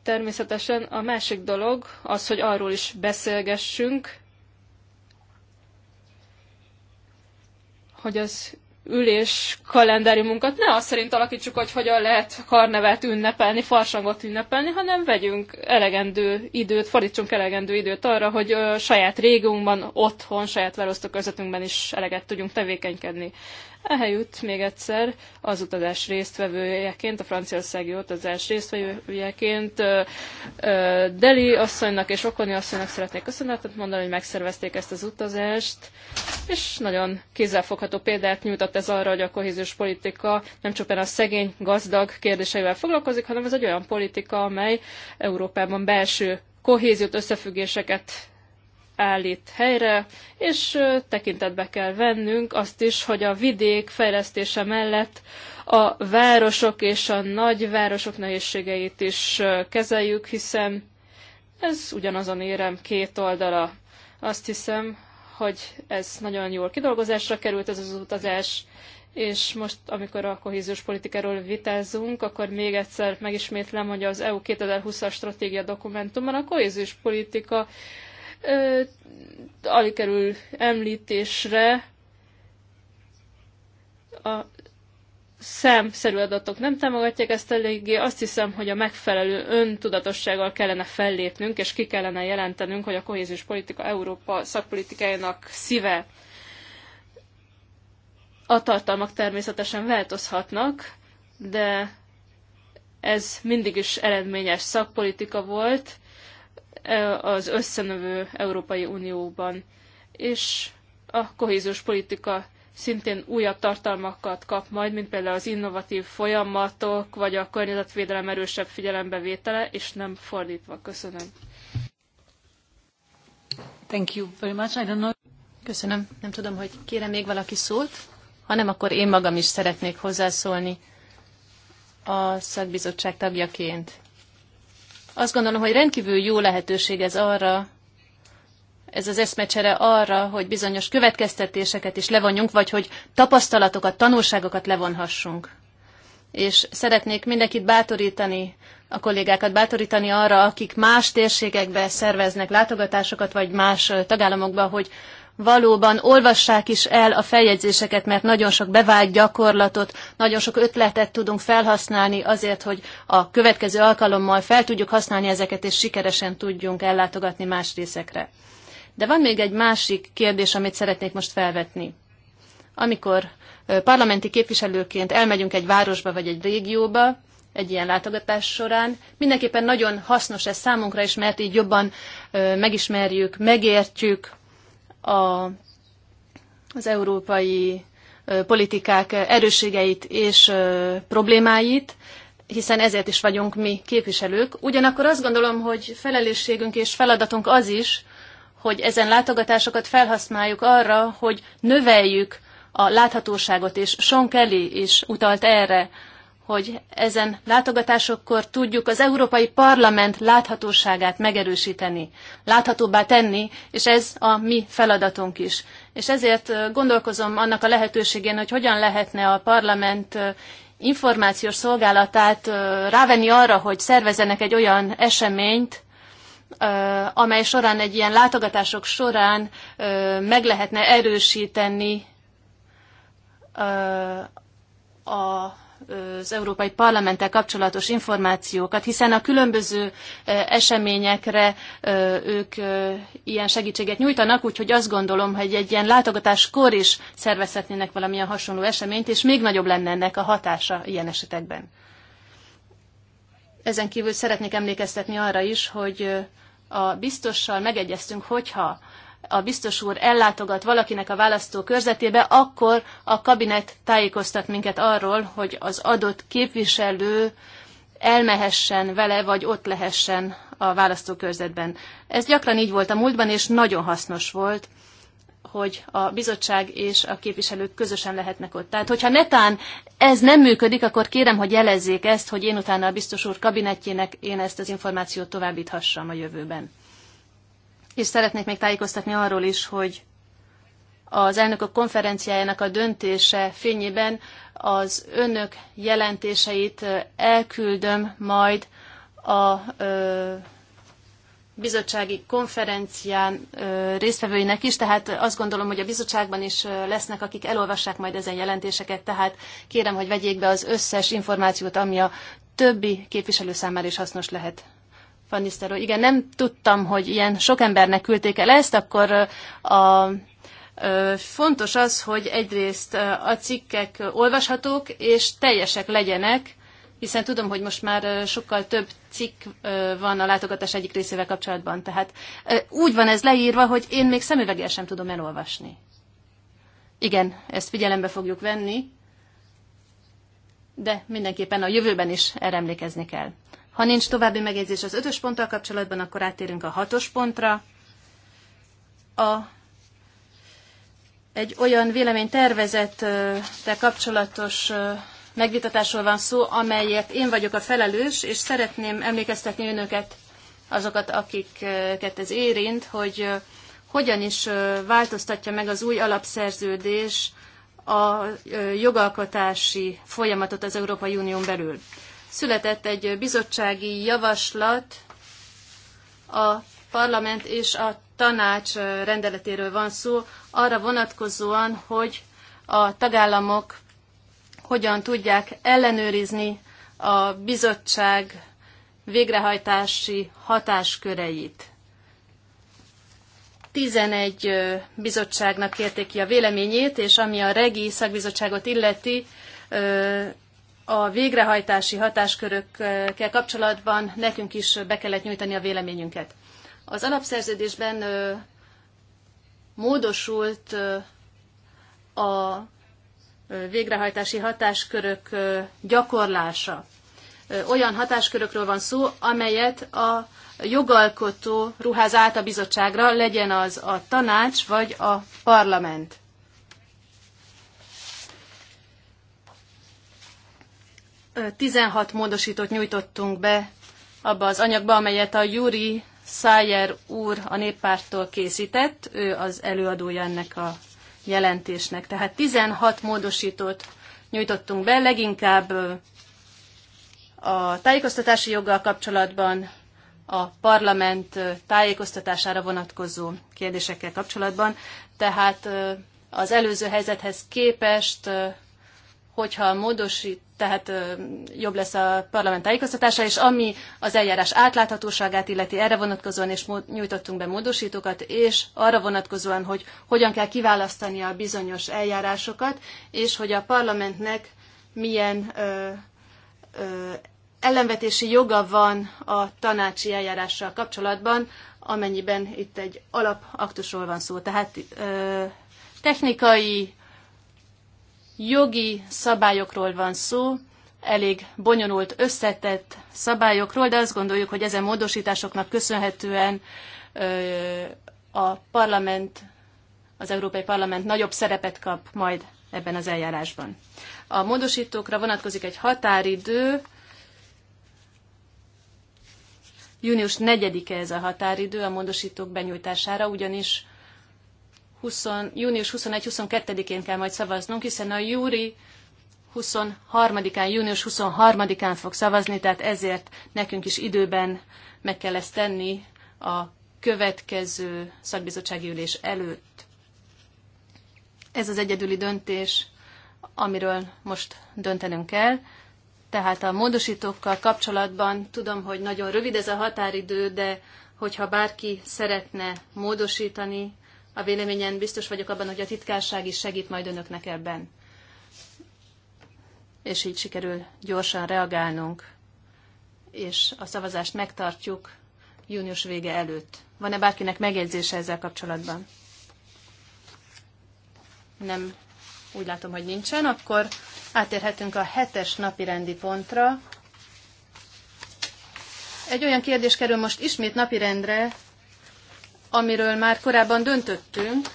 Természetesen a másik dolog az, hogy arról is beszélgessünk, hogy az ülés munkat ne azt szerint alakítsuk, hogy hogyan lehet karnevet ünnepelni, farsangot ünnepelni, hanem vegyünk elegendő időt, fordítsunk elegendő időt arra, hogy ö, saját régiónkban, otthon, saját közöttünkben is eleget tudjunk tevékenykedni. Ehelyütt még egyszer az utazás résztvevőjeként, a franciaországi utazás résztvevőjeként Deli asszonynak és Okoni asszonynak szeretnék köszönetet mondani, hogy megszervezték ezt az utazást, és nagyon kézzelfogható példát nyújtott ez arra, hogy a kohéziós politika nem csupán a szegény, gazdag kérdéseivel foglalkozik, hanem ez egy olyan politika, amely Európában belső kohéziót, összefüggéseket állít helyre, és tekintetbe kell vennünk azt is, hogy a vidék fejlesztése mellett a városok és a nagyvárosok nehézségeit is kezeljük, hiszen ez ugyanazon érem két oldala. Azt hiszem, hogy ez nagyon jól kidolgozásra került ez az utazás, és most, amikor a kohéziós politikáról vitázunk, akkor még egyszer megismétlem, hogy az EU 2020-as stratégia dokumentumban a kohéziós politika alig kerül említésre, a számszerű adatok nem támogatják ezt eléggé. Azt hiszem, hogy a megfelelő öntudatossággal kellene fellépnünk, és ki kellene jelentenünk, hogy a kohéziós politika Európa szakpolitikájának szíve. A tartalmak természetesen változhatnak, de ez mindig is eredményes szakpolitika volt, E, az összenövő Európai Unióban. És a kohéziós politika szintén újabb tartalmakat kap majd, mint például az innovatív folyamatok, vagy a környezetvédelem erősebb figyelembevétele, és nem fordítva. Köszönöm. Thank you very much. I don't know. Köszönöm. Nem tudom, hogy kére még valaki szólt, hanem akkor én magam is szeretnék hozzászólni a szakbizottság tagjaként. Azt gondolom, hogy rendkívül jó lehetőség ez arra, ez az eszmecsere arra, hogy bizonyos következtetéseket is levonjunk, vagy hogy tapasztalatokat, tanulságokat levonhassunk. És szeretnék mindenkit bátorítani, a kollégákat bátorítani arra, akik más térségekbe szerveznek látogatásokat, vagy más tagállamokba, hogy valóban olvassák is el a feljegyzéseket, mert nagyon sok bevált gyakorlatot, nagyon sok ötletet tudunk felhasználni azért, hogy a következő alkalommal fel tudjuk használni ezeket, és sikeresen tudjunk ellátogatni más részekre. De van még egy másik kérdés, amit szeretnék most felvetni. Amikor parlamenti képviselőként elmegyünk egy városba vagy egy régióba, egy ilyen látogatás során. Mindenképpen nagyon hasznos ez számunkra is, mert így jobban megismerjük, megértjük a, az európai politikák erősségeit és problémáit, hiszen ezért is vagyunk mi képviselők. Ugyanakkor azt gondolom, hogy felelősségünk és feladatunk az is, hogy ezen látogatásokat felhasználjuk arra, hogy növeljük a láthatóságot, és Sean Kelly is utalt erre, hogy ezen látogatásokkor tudjuk az Európai Parlament láthatóságát megerősíteni, láthatóbbá tenni, és ez a mi feladatunk is. És ezért gondolkozom annak a lehetőségén, hogy hogyan lehetne a parlament információs szolgálatát rávenni arra, hogy szervezenek egy olyan eseményt, amely során egy ilyen látogatások során meg lehetne erősíteni a az Európai Parlamenttel kapcsolatos információkat, hiszen a különböző eseményekre ők ilyen segítséget nyújtanak, úgyhogy azt gondolom, hogy egy ilyen látogatáskor is szervezhetnének valamilyen hasonló eseményt, és még nagyobb lenne ennek a hatása ilyen esetekben. Ezen kívül szeretnék emlékeztetni arra is, hogy a biztossal megegyeztünk, hogyha a biztos úr ellátogat valakinek a választó körzetébe, akkor a kabinet tájékoztat minket arról, hogy az adott képviselő elmehessen vele, vagy ott lehessen a választókörzetben. Ez gyakran így volt a múltban, és nagyon hasznos volt, hogy a bizottság és a képviselők közösen lehetnek ott. Tehát, hogyha netán ez nem működik, akkor kérem, hogy jelezzék ezt, hogy én utána a biztos úr kabinetjének én ezt az információt továbbíthassam a jövőben és szeretnék még tájékoztatni arról is, hogy az elnökök konferenciájának a döntése fényében az önök jelentéseit elküldöm majd a ö, bizottsági konferencián ö, résztvevőinek is, tehát azt gondolom, hogy a bizottságban is lesznek, akik elolvassák majd ezen jelentéseket, tehát kérem, hogy vegyék be az összes információt, ami a többi képviselő számára is hasznos lehet. Van Nisztelrooy, igen, nem tudtam, hogy ilyen sok embernek küldték el ezt, akkor a Fontos az, hogy egyrészt a cikkek olvashatók és teljesek legyenek, hiszen tudom, hogy most már sokkal több cikk van a látogatás egyik részével kapcsolatban. Tehát úgy van ez leírva, hogy én még szemüveggel sem tudom elolvasni. Igen, ezt figyelembe fogjuk venni, de mindenképpen a jövőben is erre emlékezni kell. Ha nincs további megjegyzés az ötös ponttal kapcsolatban, akkor áttérünk a hatos pontra. A egy olyan véleménytervezettel kapcsolatos megvitatásról van szó, amelyért én vagyok a felelős, és szeretném emlékeztetni önöket, azokat, akiket ez érint, hogy hogyan is változtatja meg az új alapszerződés a jogalkotási folyamatot az Európai Unión belül. Született egy bizottsági javaslat, a parlament és a tanács rendeletéről van szó, arra vonatkozóan, hogy a tagállamok hogyan tudják ellenőrizni a bizottság végrehajtási hatásköreit. 11 bizottságnak kérték ki a véleményét, és ami a regi szakbizottságot illeti, a végrehajtási hatáskörökkel kapcsolatban nekünk is be kellett nyújtani a véleményünket. Az alapszerződésben módosult a végrehajtási hatáskörök gyakorlása. Olyan hatáskörökről van szó, amelyet a jogalkotó ruház át a bizottságra, legyen az a tanács vagy a parlament. 16 módosítót nyújtottunk be abba az anyagba, amelyet a Júri Szájer úr a néppárttól készített, ő az előadója ennek a jelentésnek. Tehát 16 módosítót nyújtottunk be, leginkább a tájékoztatási joggal kapcsolatban, a parlament tájékoztatására vonatkozó kérdésekkel kapcsolatban. Tehát az előző helyzethez képest hogyha módosít, tehát jobb lesz a parlament tájékoztatása, és ami az eljárás átláthatóságát illeti, erre vonatkozóan és nyújtottunk be módosítókat, és arra vonatkozóan, hogy hogyan kell kiválasztani a bizonyos eljárásokat, és hogy a parlamentnek milyen ö, ö, ellenvetési joga van a tanácsi eljárással kapcsolatban, amennyiben itt egy alapaktusról van szó. Tehát ö, technikai jogi szabályokról van szó, elég bonyolult, összetett szabályokról, de azt gondoljuk, hogy ezen módosításoknak köszönhetően a parlament, az Európai Parlament nagyobb szerepet kap majd ebben az eljárásban. A módosítókra vonatkozik egy határidő, június 4-e ez a határidő a módosítók benyújtására, ugyanis 20, június 21-22-én kell majd szavaznunk, hiszen a júri 23-án, június 23-án fog szavazni, tehát ezért nekünk is időben meg kell ezt tenni a következő szakbizottsági ülés előtt. Ez az egyedüli döntés, amiről most döntenünk kell. Tehát a módosítókkal kapcsolatban tudom, hogy nagyon rövid ez a határidő, de hogyha bárki szeretne módosítani, a véleményen biztos vagyok abban, hogy a titkárság is segít majd önöknek ebben. És így sikerül gyorsan reagálnunk, és a szavazást megtartjuk június vége előtt. Van-e bárkinek megjegyzése ezzel kapcsolatban? Nem, úgy látom, hogy nincsen. Akkor átérhetünk a hetes napi rendi pontra. Egy olyan kérdés kerül most ismét napirendre, amiről már korábban döntöttünk,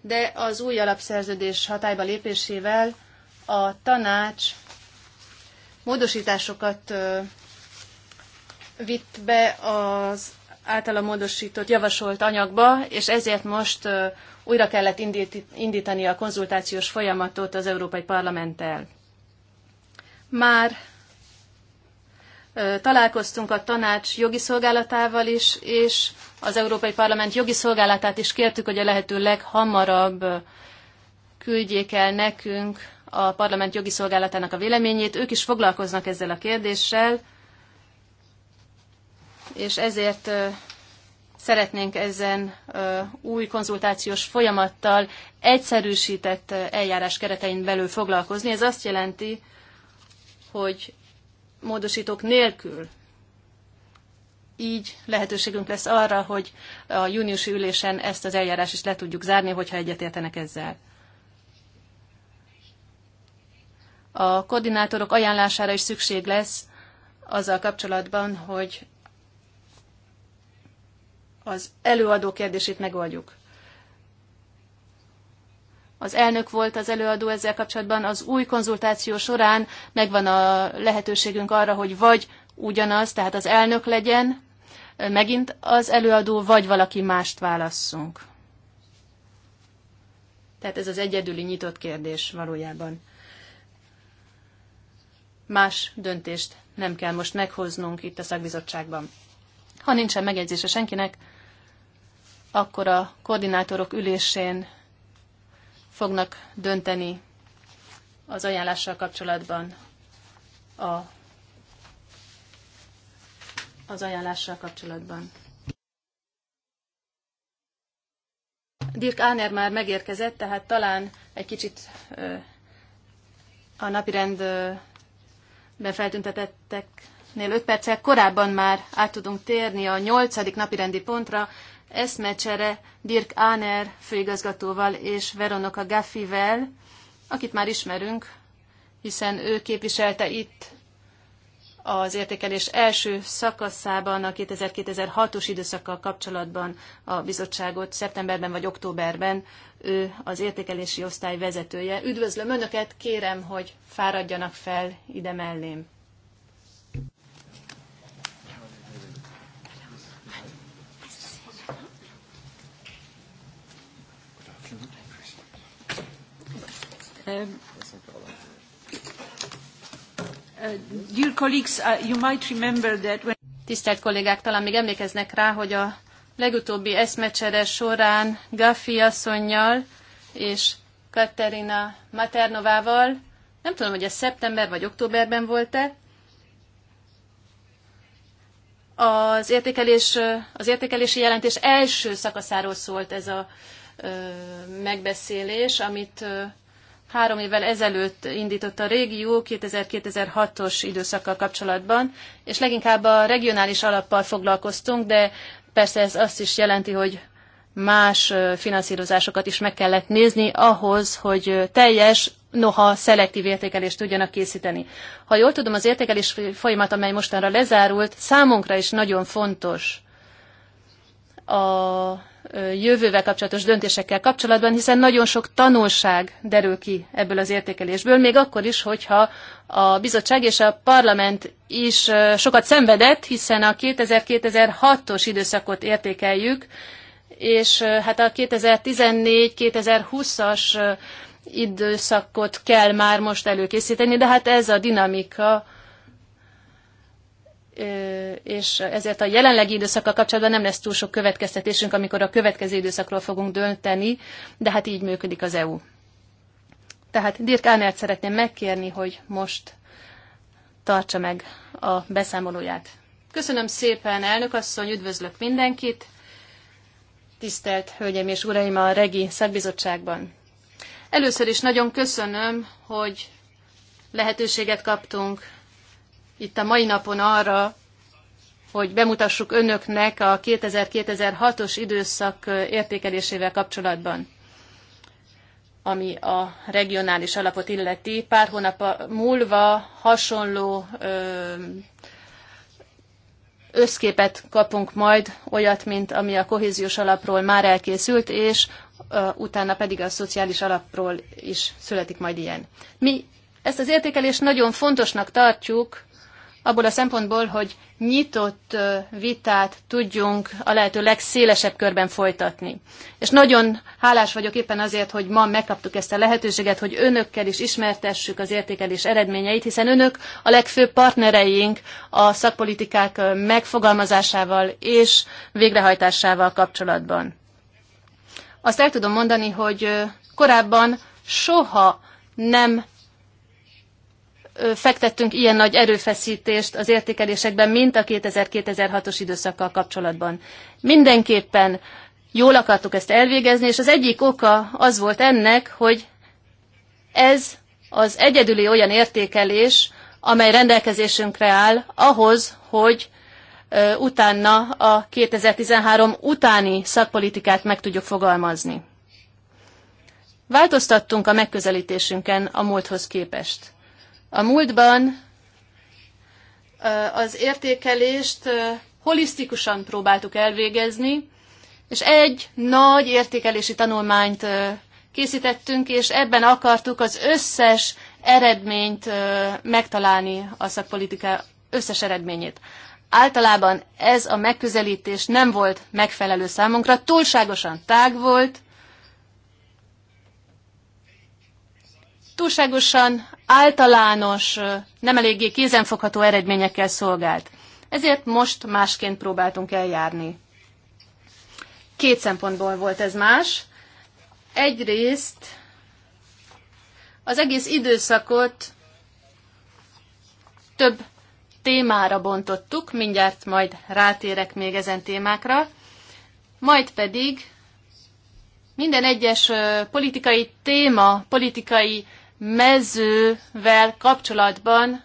de az új alapszerződés hatályba lépésével a tanács módosításokat vitt be az általa módosított, javasolt anyagba, és ezért most újra kellett indítani a konzultációs folyamatot az Európai Parlamenttel. Már találkoztunk a tanács jogi szolgálatával is, és az Európai Parlament jogi szolgálatát is kértük, hogy a lehető leghamarabb küldjék el nekünk a parlament jogi szolgálatának a véleményét. Ők is foglalkoznak ezzel a kérdéssel, és ezért szeretnénk ezen új konzultációs folyamattal egyszerűsített eljárás keretein belül foglalkozni. Ez azt jelenti, hogy módosítók nélkül így lehetőségünk lesz arra, hogy a júniusi ülésen ezt az eljárás is le tudjuk zárni, hogyha egyetértenek ezzel. A koordinátorok ajánlására is szükség lesz azzal kapcsolatban, hogy az előadó kérdését megoldjuk. Az elnök volt az előadó ezzel kapcsolatban. Az új konzultáció során megvan a lehetőségünk arra, hogy vagy ugyanaz, tehát az elnök legyen, megint az előadó, vagy valaki mást válasszunk. Tehát ez az egyedüli nyitott kérdés valójában. Más döntést nem kell most meghoznunk itt a szakbizottságban. Ha nincsen megjegyzése senkinek, akkor a koordinátorok ülésén fognak dönteni az ajánlással kapcsolatban a az ajánlással kapcsolatban. Dirk Áner már megérkezett, tehát talán egy kicsit a napirendben feltüntetetteknél 5 perccel korábban már át tudunk térni a nyolcadik napirendi pontra, eszmecsere Dirk Áner főigazgatóval és Veronika Gaffivel, akit már ismerünk, hiszen ő képviselte itt az értékelés első szakaszában, a 2006 os időszakkal kapcsolatban a bizottságot szeptemberben vagy októberben ő az értékelési osztály vezetője. Üdvözlöm Önöket, kérem, hogy fáradjanak fel ide mellém. Um, Uh, uh, Tisztelt kollégák, talán még emlékeznek rá, hogy a legutóbbi eszmecsere során Gaffi asszonynal és Katerina Maternovával, nem tudom, hogy ez szeptember vagy októberben volt-e, az, értékelés, uh, az értékelési jelentés első szakaszáról szólt ez a megbeszélés, amit három évvel ezelőtt indított a régió 2000-2006-os időszakkal kapcsolatban, és leginkább a regionális alappal foglalkoztunk, de persze ez azt is jelenti, hogy más finanszírozásokat is meg kellett nézni ahhoz, hogy teljes, noha szelektív értékelést tudjanak készíteni. Ha jól tudom, az értékelés folyamat, amely mostanra lezárult, számunkra is nagyon fontos a jövővel kapcsolatos döntésekkel kapcsolatban, hiszen nagyon sok tanulság derül ki ebből az értékelésből, még akkor is, hogyha a bizottság és a parlament is sokat szenvedett, hiszen a 2000-2006-os időszakot értékeljük, és hát a 2014-2020-as időszakot kell már most előkészíteni, de hát ez a dinamika, és ezért a jelenlegi időszakkal kapcsolatban nem lesz túl sok következtetésünk, amikor a következő időszakról fogunk dönteni, de hát így működik az EU. Tehát Dirk Ánert szeretném megkérni, hogy most tartsa meg a beszámolóját. Köszönöm szépen, elnök asszony, üdvözlök mindenkit. Tisztelt Hölgyeim és Uraim a Regi Szakbizottságban. Először is nagyon köszönöm, hogy lehetőséget kaptunk itt a mai napon arra, hogy bemutassuk önöknek a 2000-2006-os időszak értékelésével kapcsolatban ami a regionális alapot illeti. Pár hónap múlva hasonló összképet kapunk majd, olyat, mint ami a kohéziós alapról már elkészült, és utána pedig a szociális alapról is születik majd ilyen. Mi ezt az értékelést nagyon fontosnak tartjuk, abból a szempontból, hogy nyitott vitát tudjunk a lehető legszélesebb körben folytatni. És nagyon hálás vagyok éppen azért, hogy ma megkaptuk ezt a lehetőséget, hogy önökkel is ismertessük az értékelés eredményeit, hiszen önök a legfőbb partnereink a szakpolitikák megfogalmazásával és végrehajtásával kapcsolatban. Azt el tudom mondani, hogy korábban soha nem fektettünk ilyen nagy erőfeszítést az értékelésekben, mint a 2000-2006-os időszakkal kapcsolatban. Mindenképpen jól akartuk ezt elvégezni, és az egyik oka az volt ennek, hogy ez az egyedüli olyan értékelés, amely rendelkezésünkre áll ahhoz, hogy utána a 2013 utáni szakpolitikát meg tudjuk fogalmazni. Változtattunk a megközelítésünken a múlthoz képest. A múltban az értékelést holisztikusan próbáltuk elvégezni, és egy nagy értékelési tanulmányt készítettünk, és ebben akartuk az összes eredményt megtalálni a szakpolitika összes eredményét. Általában ez a megközelítés nem volt megfelelő számunkra, túlságosan tág volt, túlságosan általános, nem eléggé kézenfogható eredményekkel szolgált. Ezért most másként próbáltunk eljárni. Két szempontból volt ez más. Egyrészt az egész időszakot több témára bontottuk, mindjárt majd rátérek még ezen témákra, majd pedig minden egyes politikai téma, politikai mezővel kapcsolatban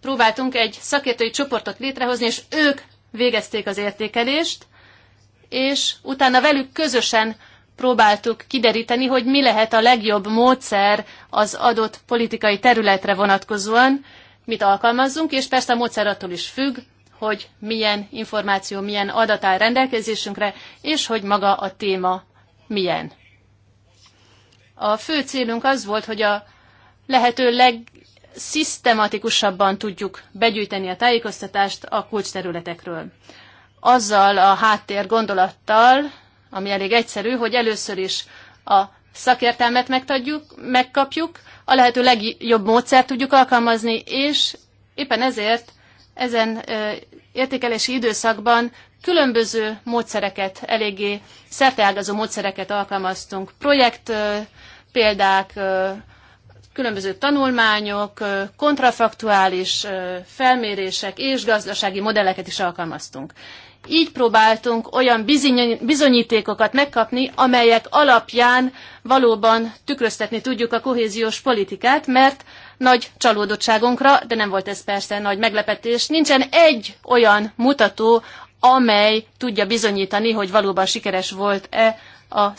próbáltunk egy szakértői csoportot létrehozni, és ők végezték az értékelést, és utána velük közösen próbáltuk kideríteni, hogy mi lehet a legjobb módszer az adott politikai területre vonatkozóan, mit alkalmazzunk, és persze a módszer attól is függ, hogy milyen információ, milyen adat áll rendelkezésünkre, és hogy maga a téma milyen. A fő célunk az volt, hogy a lehető legszisztematikusabban tudjuk begyűjteni a tájékoztatást a kulcsterületekről. Azzal a háttér gondolattal, ami elég egyszerű, hogy először is a szakértelmet megkapjuk, a lehető legjobb módszert tudjuk alkalmazni, és éppen ezért ezen értékelési időszakban különböző módszereket, eléggé szerteágazó módszereket alkalmaztunk. Projekt példák, különböző tanulmányok, kontrafaktuális felmérések és gazdasági modelleket is alkalmaztunk. Így próbáltunk olyan bizonyítékokat megkapni, amelyek alapján valóban tükröztetni tudjuk a kohéziós politikát, mert nagy csalódottságunkra, de nem volt ez persze nagy meglepetés, nincsen egy olyan mutató, amely tudja bizonyítani, hogy valóban sikeres volt-e a,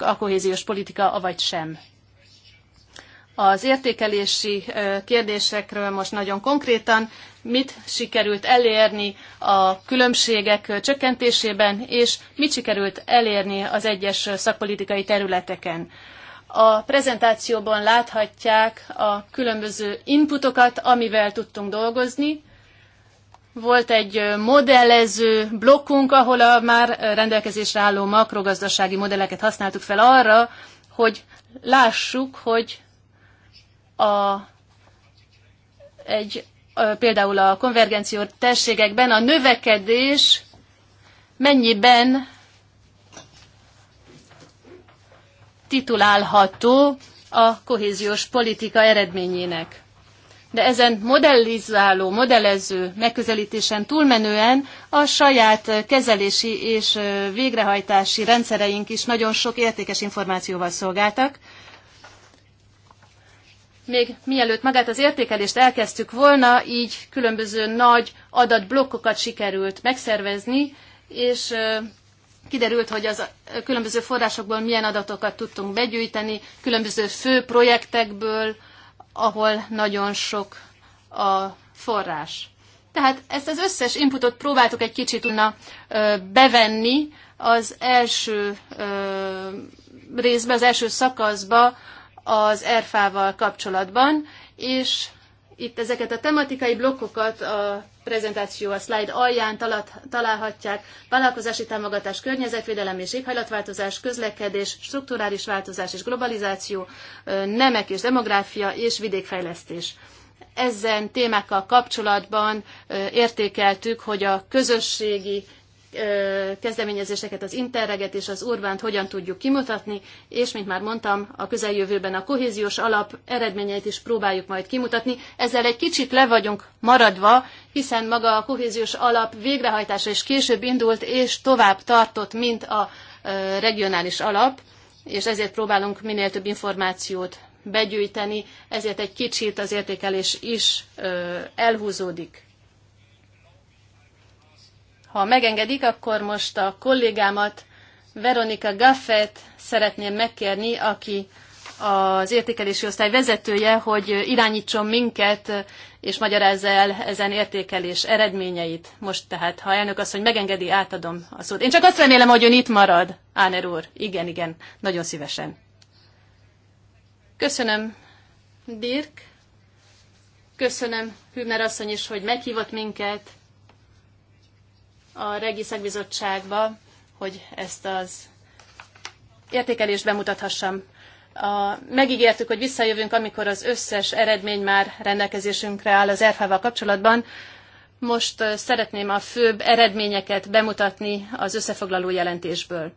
a kohéziós politika, avagy sem. Az értékelési kérdésekről most nagyon konkrétan, mit sikerült elérni a különbségek csökkentésében, és mit sikerült elérni az egyes szakpolitikai területeken. A prezentációban láthatják a különböző inputokat, amivel tudtunk dolgozni, volt egy modellező blokkunk, ahol a már rendelkezésre álló makrogazdasági modelleket használtuk fel arra, hogy lássuk, hogy a, egy, például a konvergenció térségekben a növekedés mennyiben titulálható a kohéziós politika eredményének de ezen modellizáló, modellező megközelítésen túlmenően a saját kezelési és végrehajtási rendszereink is nagyon sok értékes információval szolgáltak. Még mielőtt magát az értékelést elkezdtük volna, így különböző nagy adatblokkokat sikerült megszervezni, és kiderült, hogy az különböző forrásokból milyen adatokat tudtunk begyűjteni, különböző fő projektekből, ahol nagyon sok a forrás. Tehát ezt az összes inputot próbáltuk egy kicsit tudna bevenni az első részbe, az első szakaszba az erfával kapcsolatban, és itt ezeket a tematikai blokkokat a prezentáció a slide alján találhatják. Vállalkozási támogatás, környezetvédelem és éghajlatváltozás, közlekedés, strukturális változás és globalizáció, nemek és demográfia és vidékfejlesztés ezen témákkal kapcsolatban értékeltük, hogy a közösségi kezdeményezéseket, az interreget és az urbánt hogyan tudjuk kimutatni, és mint már mondtam, a közeljövőben a kohéziós alap eredményeit is próbáljuk majd kimutatni. Ezzel egy kicsit le vagyunk maradva, hiszen maga a kohéziós alap végrehajtása is később indult, és tovább tartott, mint a regionális alap, és ezért próbálunk minél több információt begyűjteni, ezért egy kicsit az értékelés is elhúzódik. Ha megengedik, akkor most a kollégámat, Veronika Gaffet szeretném megkérni, aki az értékelési osztály vezetője, hogy irányítson minket, és magyarázza el ezen értékelés eredményeit. Most tehát, ha elnök azt, hogy megengedi, átadom a szót. Én csak azt remélem, hogy ön itt marad, Áner úr. Igen, igen, nagyon szívesen. Köszönöm, Dirk. Köszönöm, Hübner asszony is, hogy meghívott minket a Regi Szakbizottságba, hogy ezt az értékelést bemutathassam. A, megígértük, hogy visszajövünk, amikor az összes eredmény már rendelkezésünkre áll az erfa kapcsolatban. Most szeretném a főbb eredményeket bemutatni az összefoglaló jelentésből.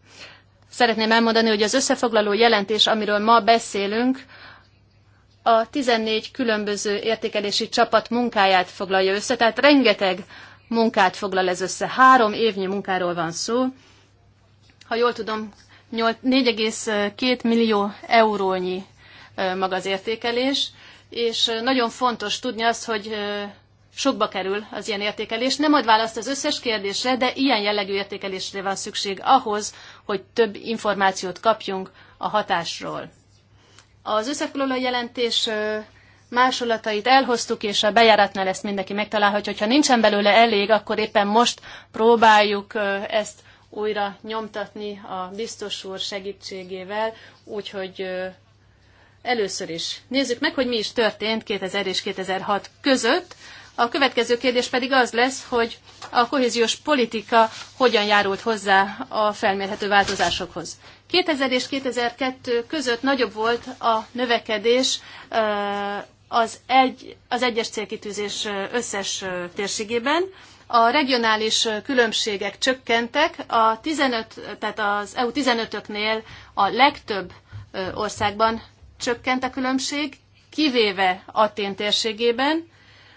Szeretném elmondani, hogy az összefoglaló jelentés, amiről ma beszélünk, a 14 különböző értékelési csapat munkáját foglalja össze, tehát rengeteg munkát foglal ez össze. Három évnyi munkáról van szó. Ha jól tudom, 4,2 millió eurónyi maga az értékelés, és nagyon fontos tudni azt, hogy sokba kerül az ilyen értékelés. Nem ad választ az összes kérdésre, de ilyen jellegű értékelésre van szükség ahhoz, hogy több információt kapjunk a hatásról. Az összefoglaló jelentés másolatait elhoztuk, és a bejáratnál ezt mindenki megtalálhatja. Hogyha nincsen belőle elég, akkor éppen most próbáljuk ezt újra nyomtatni a biztos úr segítségével, úgyhogy először is nézzük meg, hogy mi is történt 2000 és 2006 között. A következő kérdés pedig az lesz, hogy a kohéziós politika hogyan járult hozzá a felmérhető változásokhoz. 2000 és 2002 között nagyobb volt a növekedés az, egy, az egyes célkitűzés összes térségében. A regionális különbségek csökkentek, a 15, tehát az EU 15-öknél a legtöbb országban csökkent a különbség, kivéve Atén térségében,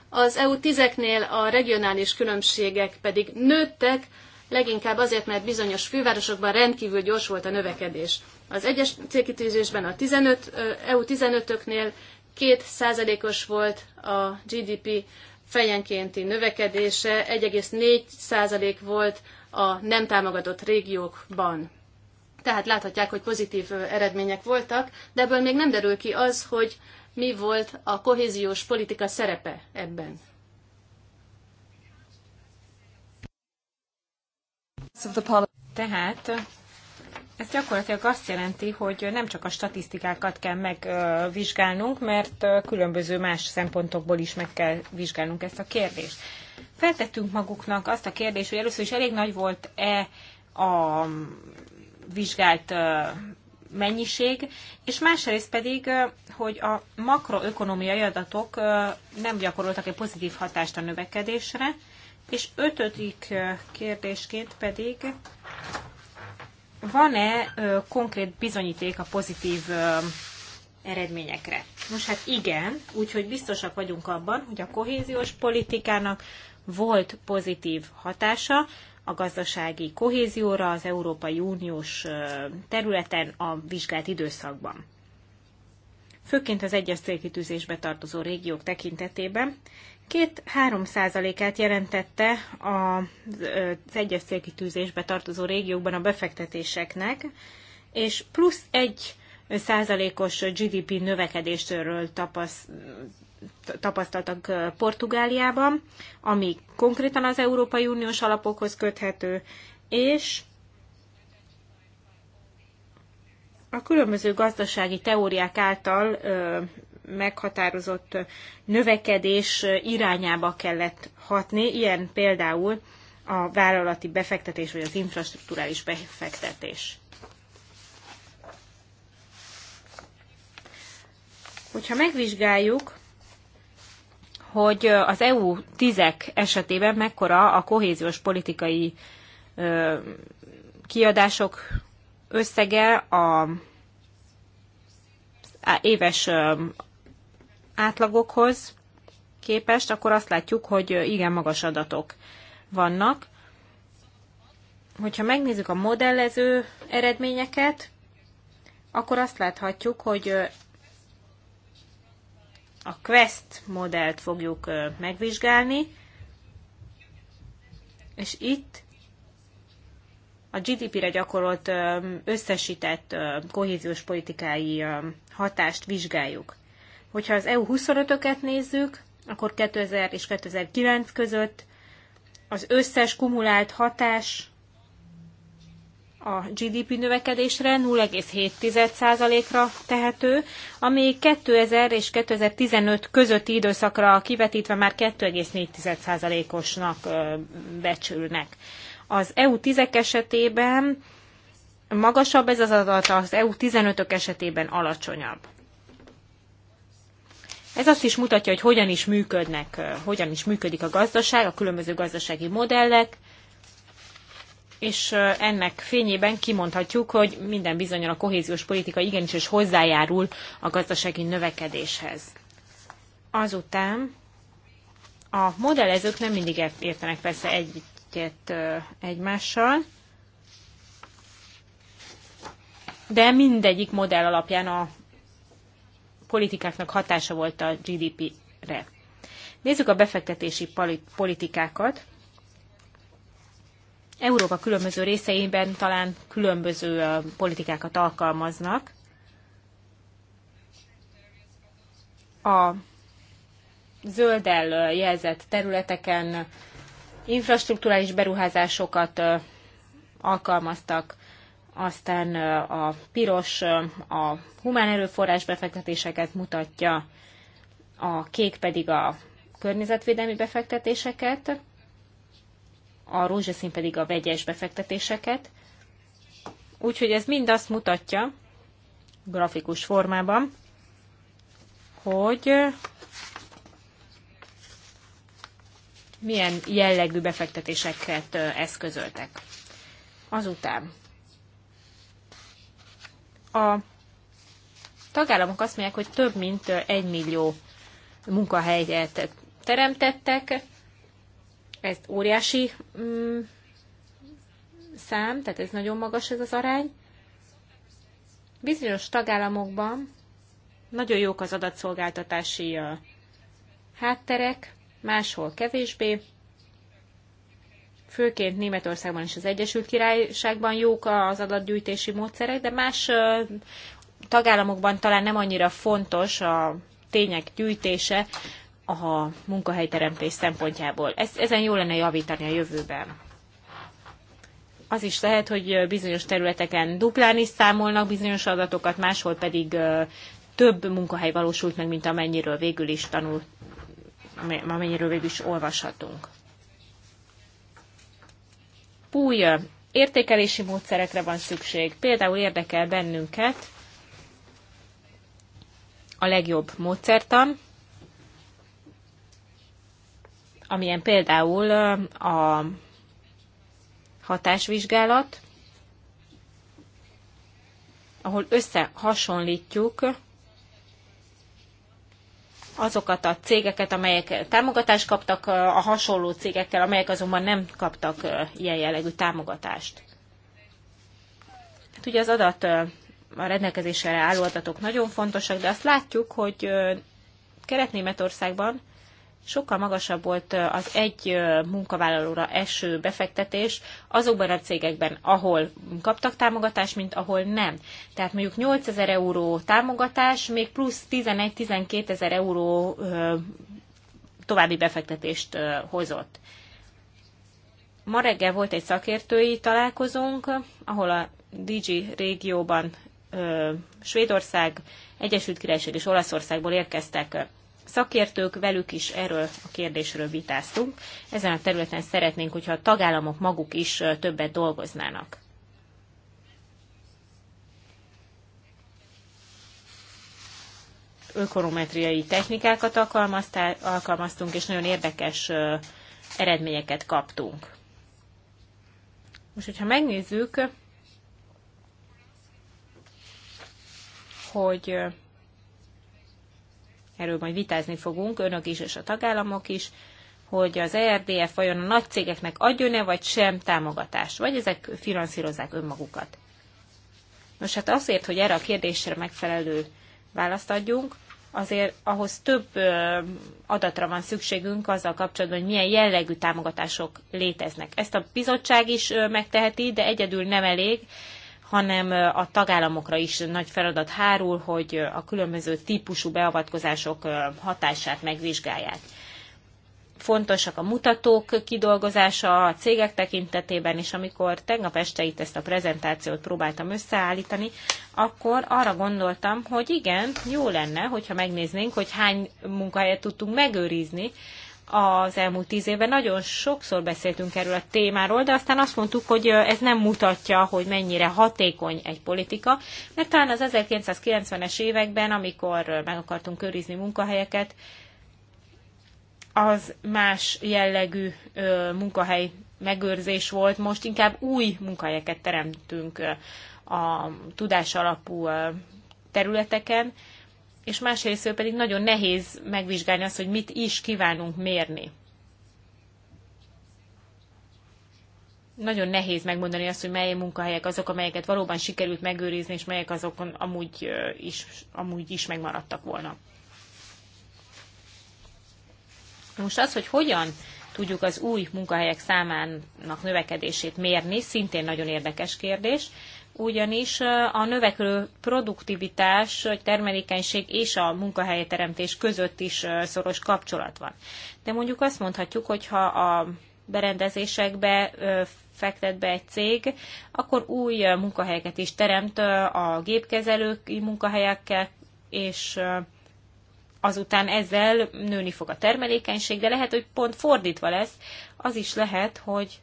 az EU 10-eknél a regionális különbségek pedig nőttek, leginkább azért, mert bizonyos fővárosokban rendkívül gyors volt a növekedés. Az egyes célkitűzésben a 15, EU 15-öknél két százalékos volt a GDP fejenkénti növekedése, 1,4 százalék volt a nem támogatott régiókban. Tehát láthatják, hogy pozitív eredmények voltak, de ebből még nem derül ki az, hogy mi volt a kohéziós politika szerepe ebben. Tehát ez gyakorlatilag azt jelenti, hogy nem csak a statisztikákat kell megvizsgálnunk, mert különböző más szempontokból is meg kell vizsgálnunk ezt a kérdést. Feltettünk maguknak azt a kérdést, hogy először is elég nagy volt-e a vizsgált mennyiség, és másrészt pedig, hogy a makroökonomiai adatok nem gyakoroltak egy pozitív hatást a növekedésre, és ötödik kérdésként pedig van-e konkrét bizonyíték a pozitív ö, eredményekre? Most hát igen, úgyhogy biztosak vagyunk abban, hogy a kohéziós politikának volt pozitív hatása a gazdasági kohézióra az Európai Uniós területen a vizsgált időszakban. Főként az egyes célkitűzésbe tartozó régiók tekintetében, Két-három százalékát jelentette az egyes célkitűzésbe tartozó régiókban a befektetéseknek, és plusz egy százalékos GDP növekedésről tapasztaltak Portugáliában, ami konkrétan az Európai Uniós alapokhoz köthető, és a különböző gazdasági teóriák által meghatározott növekedés irányába kellett hatni, ilyen például a vállalati befektetés vagy az infrastruktúrális befektetés. Hogyha megvizsgáljuk, hogy az EU tízek esetében mekkora a kohéziós politikai kiadások összege a éves átlagokhoz képest, akkor azt látjuk, hogy igen magas adatok vannak. Hogyha megnézzük a modellező eredményeket, akkor azt láthatjuk, hogy a Quest modellt fogjuk megvizsgálni, és itt a GDP-re gyakorolt összesített kohéziós politikai hatást vizsgáljuk. Hogyha az EU 25-öket nézzük, akkor 2000 és 2009 között az összes kumulált hatás a GDP növekedésre 0,7%-ra tehető, ami 2000 és 2015 közötti időszakra kivetítve már 2,4%-osnak becsülnek. Az EU10-ek esetében magasabb ez az adat, az EU15-ök esetében alacsonyabb. Ez azt is mutatja, hogy hogyan is működnek, hogyan is működik a gazdaság, a különböző gazdasági modellek, és ennek fényében kimondhatjuk, hogy minden bizonyal a kohéziós politika igenis is hozzájárul a gazdasági növekedéshez. Azután a modellezők nem mindig értenek persze egyet egymással, de mindegyik modell alapján a politikáknak hatása volt a GDP-re. Nézzük a befektetési politikákat. Európa különböző részeiben talán különböző politikákat alkalmaznak. A zöldel jelzett területeken infrastruktúrális beruházásokat alkalmaztak, aztán a piros a humán erőforrás befektetéseket mutatja, a kék pedig a környezetvédelmi befektetéseket, a rózsaszín pedig a vegyes befektetéseket. Úgyhogy ez mind azt mutatja, grafikus formában, hogy milyen jellegű befektetéseket eszközöltek. Azután a tagállamok azt mondják, hogy több mint egy millió munkahelyet teremtettek. Ez óriási mm, szám, tehát ez nagyon magas ez az arány. Bizonyos tagállamokban nagyon jók az adatszolgáltatási hátterek, máshol kevésbé főként Németországban és az Egyesült Királyságban jók az adatgyűjtési módszerek, de más tagállamokban talán nem annyira fontos a tények gyűjtése a munkahelyteremtés szempontjából. Ez, ezen jó lenne javítani a jövőben. Az is lehet, hogy bizonyos területeken duplán is számolnak bizonyos adatokat, máshol pedig több munkahely valósult meg, mint amennyiről végül is tanult, amennyiről végül is olvashatunk új értékelési módszerekre van szükség. Például érdekel bennünket a legjobb módszertan, amilyen például a hatásvizsgálat, ahol összehasonlítjuk azokat a cégeket, amelyek támogatást kaptak a hasonló cégekkel, amelyek azonban nem kaptak ilyen jellegű támogatást. Hát ugye az adat, a rendelkezésre álló adatok nagyon fontosak, de azt látjuk, hogy Kelet-Németországban sokkal magasabb volt az egy munkavállalóra eső befektetés azokban a cégekben, ahol kaptak támogatást, mint ahol nem. Tehát mondjuk 8000 euró támogatás, még plusz 11-12 ezer euró további befektetést hozott. Ma reggel volt egy szakértői találkozónk, ahol a DG régióban Svédország, Egyesült Királyság és Olaszországból érkeztek szakértők, velük is erről a kérdésről vitáztunk. Ezen a területen szeretnénk, hogyha a tagállamok maguk is többet dolgoznának. ökonometriai technikákat alkalmaztunk, és nagyon érdekes eredményeket kaptunk. Most, hogyha megnézzük, hogy erről majd vitázni fogunk, önök is és a tagállamok is, hogy az ERDF vajon a nagy cégeknek adjon-e vagy sem támogatást, vagy ezek finanszírozzák önmagukat. Nos hát azért, hogy erre a kérdésre megfelelő választ adjunk, azért ahhoz több adatra van szükségünk azzal kapcsolatban, hogy milyen jellegű támogatások léteznek. Ezt a bizottság is megteheti, de egyedül nem elég, hanem a tagállamokra is nagy feladat hárul, hogy a különböző típusú beavatkozások hatását megvizsgálják. Fontosak a mutatók kidolgozása a cégek tekintetében, és amikor tegnap este itt ezt a prezentációt próbáltam összeállítani, akkor arra gondoltam, hogy igen, jó lenne, hogyha megnéznénk, hogy hány munkahelyet tudtunk megőrizni, az elmúlt tíz évben nagyon sokszor beszéltünk erről a témáról, de aztán azt mondtuk, hogy ez nem mutatja, hogy mennyire hatékony egy politika, mert talán az 1990-es években, amikor meg akartunk őrizni munkahelyeket, az más jellegű munkahely megőrzés volt, most inkább új munkahelyeket teremtünk a tudás alapú területeken, és másrészt pedig nagyon nehéz megvizsgálni azt, hogy mit is kívánunk mérni. Nagyon nehéz megmondani azt, hogy mely munkahelyek azok, amelyeket valóban sikerült megőrizni, és melyek azokon amúgy is, amúgy is megmaradtak volna. Most az, hogy hogyan tudjuk az új munkahelyek számának növekedését mérni, szintén nagyon érdekes kérdés ugyanis a növekvő produktivitás, a termelékenység és a munkahelyteremtés között is szoros kapcsolat van. De mondjuk azt mondhatjuk, hogy ha a berendezésekbe fektet be egy cég, akkor új munkahelyeket is teremt a gépkezelői munkahelyekkel, és azután ezzel nőni fog a termelékenység, de lehet, hogy pont fordítva lesz, az is lehet, hogy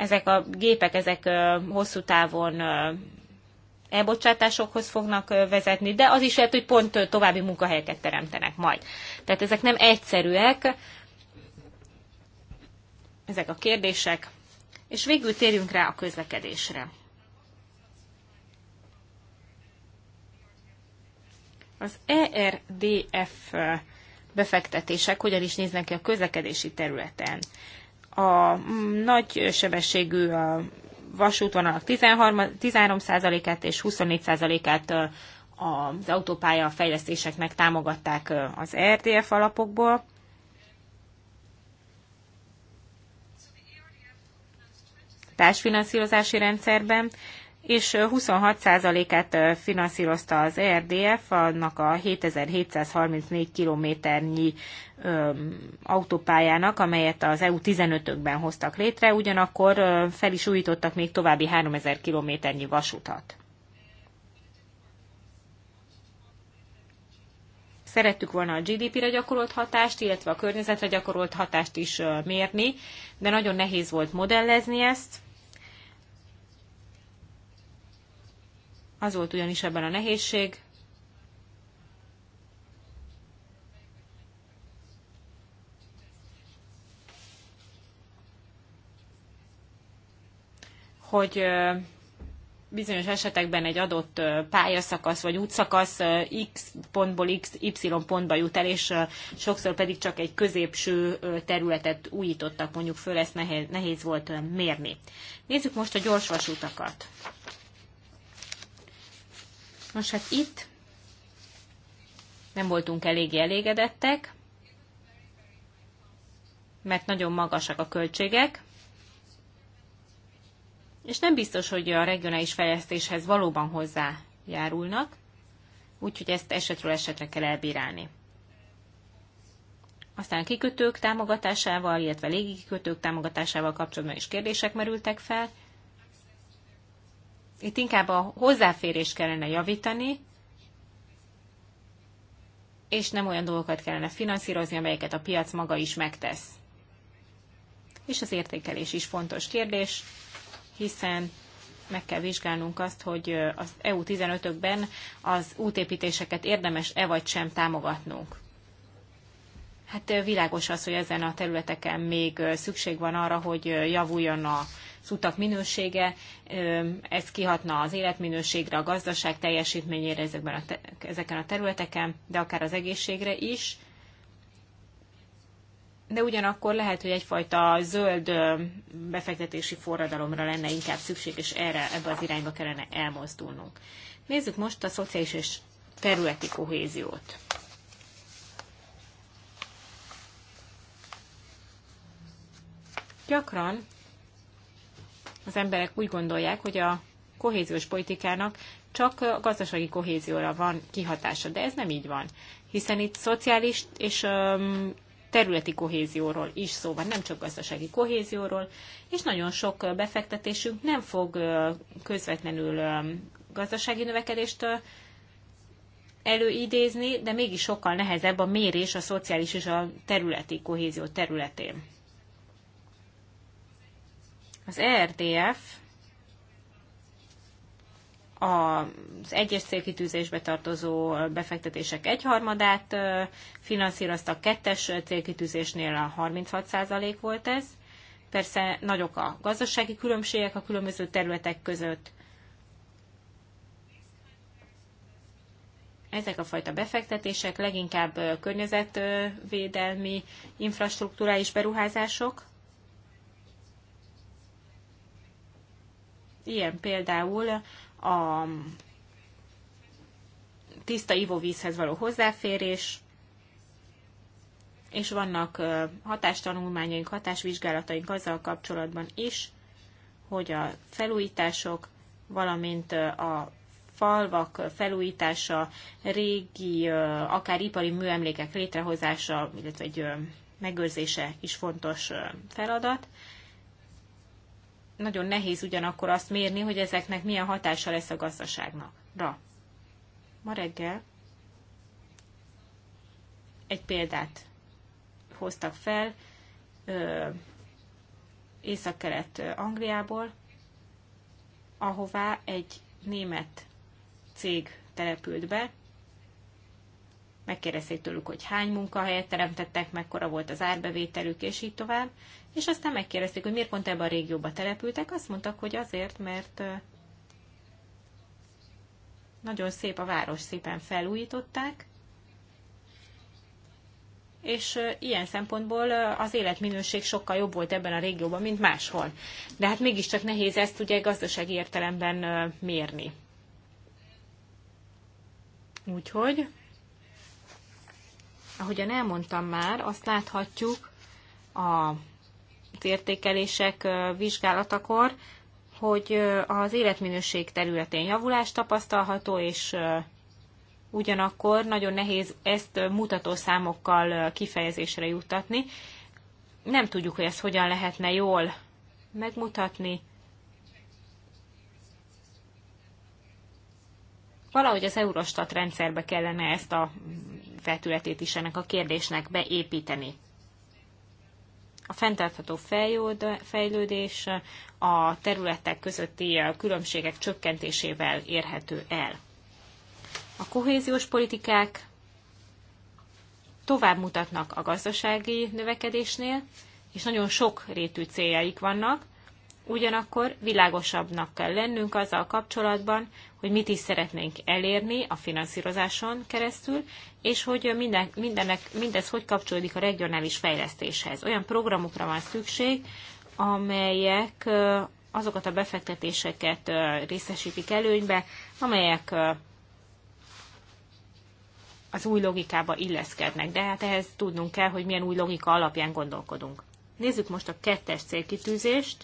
ezek a gépek, ezek hosszú távon elbocsátásokhoz fognak vezetni, de az is lehet, hogy pont további munkahelyeket teremtenek majd. Tehát ezek nem egyszerűek, ezek a kérdések, és végül térjünk rá a közlekedésre. Az ERDF befektetések hogyan is néznek ki a közlekedési területen? a nagy sebességű vasútvonalak 13%-át és 24%-át az autópálya fejlesztéseknek támogatták az e RDF alapokból. Társfinanszírozási rendszerben és 26%-át finanszírozta az ERDF, annak a 7734 kilométernyi autópályának, amelyet az EU-15-ökben hoztak létre, ugyanakkor fel is újítottak még további 3000 kilométernyi vasutat. Szerettük volna a GDP-re gyakorolt hatást, illetve a környezetre gyakorolt hatást is mérni, de nagyon nehéz volt modellezni ezt, Az volt ugyanis ebben a nehézség, hogy bizonyos esetekben egy adott pályaszakasz vagy útszakasz X pontból X, Y pontba jut el, és sokszor pedig csak egy középső területet újítottak, mondjuk föl, ezt nehéz, nehéz volt mérni. Nézzük most a gyorsvasutakat. Nos, hát itt nem voltunk eléggé elégedettek, mert nagyon magasak a költségek, és nem biztos, hogy a regionális fejlesztéshez valóban hozzájárulnak, úgyhogy ezt esetről esetre kell elbírálni. Aztán kikötők támogatásával, illetve légikikötők támogatásával kapcsolatban is kérdések merültek fel, itt inkább a hozzáférés kellene javítani, és nem olyan dolgokat kellene finanszírozni, amelyeket a piac maga is megtesz. És az értékelés is fontos kérdés, hiszen meg kell vizsgálnunk azt, hogy az EU15-ökben az útépítéseket érdemes-e vagy sem támogatnunk. Hát világos az, hogy ezen a területeken még szükség van arra, hogy javuljon a az utak minősége, ez kihatna az életminőségre, a gazdaság teljesítményére ezekben a ezeken a területeken, de akár az egészségre is. De ugyanakkor lehet, hogy egyfajta zöld befektetési forradalomra lenne inkább szükség, és erre, ebbe az irányba kellene elmozdulnunk. Nézzük most a szociális és területi kohéziót. Gyakran az emberek úgy gondolják, hogy a kohéziós politikának csak a gazdasági kohézióra van kihatása, de ez nem így van, hiszen itt szociális és területi kohézióról is szó van, nem csak gazdasági kohézióról, és nagyon sok befektetésünk nem fog közvetlenül gazdasági növekedést előidézni, de mégis sokkal nehezebb a mérés a szociális és a területi kohézió területén. Az ERDF az egyes célkitűzésbe tartozó befektetések egyharmadát finanszírozta, a kettes célkitűzésnél a 36% volt ez. Persze nagyok a gazdasági különbségek a különböző területek között. Ezek a fajta befektetések leginkább környezetvédelmi infrastruktúráis beruházások, ilyen például a tiszta ivóvízhez való hozzáférés, és vannak hatástanulmányaink, hatásvizsgálataink azzal kapcsolatban is, hogy a felújítások, valamint a falvak felújítása, régi, akár ipari műemlékek létrehozása, illetve egy megőrzése is fontos feladat nagyon nehéz ugyanakkor azt mérni, hogy ezeknek milyen hatása lesz a gazdaságnak. Ra. Ma reggel egy példát hoztak fel észak-kelet Angliából, ahová egy német cég települt be, megkérdezték tőlük, hogy hány munkahelyet teremtettek, mekkora volt az árbevételük, és így tovább. És aztán megkérdezték, hogy miért pont ebben a régióba települtek. Azt mondtak, hogy azért, mert nagyon szép a város, szépen felújították, és ilyen szempontból az életminőség sokkal jobb volt ebben a régióban, mint máshol. De hát mégiscsak nehéz ezt ugye gazdasági értelemben mérni. Úgyhogy Ahogyan elmondtam már, azt láthatjuk a értékelések vizsgálatakor, hogy az életminőség területén javulás tapasztalható, és ugyanakkor nagyon nehéz ezt mutató számokkal kifejezésre juttatni. Nem tudjuk, hogy ezt hogyan lehetne jól megmutatni. Valahogy az Eurostat rendszerbe kellene ezt a vetületét is ennek a kérdésnek beépíteni. A fenntartható fejlődés a területek közötti különbségek csökkentésével érhető el. A kohéziós politikák tovább mutatnak a gazdasági növekedésnél, és nagyon sok rétű céljaik vannak, Ugyanakkor világosabbnak kell lennünk azzal kapcsolatban, hogy mit is szeretnénk elérni a finanszírozáson keresztül, és hogy minden, mindenek, mindez hogy kapcsolódik a regionális fejlesztéshez. Olyan programokra van szükség, amelyek azokat a befektetéseket részesítik előnybe, amelyek az új logikába illeszkednek. De hát ehhez tudnunk kell, hogy milyen új logika alapján gondolkodunk. Nézzük most a kettes célkitűzést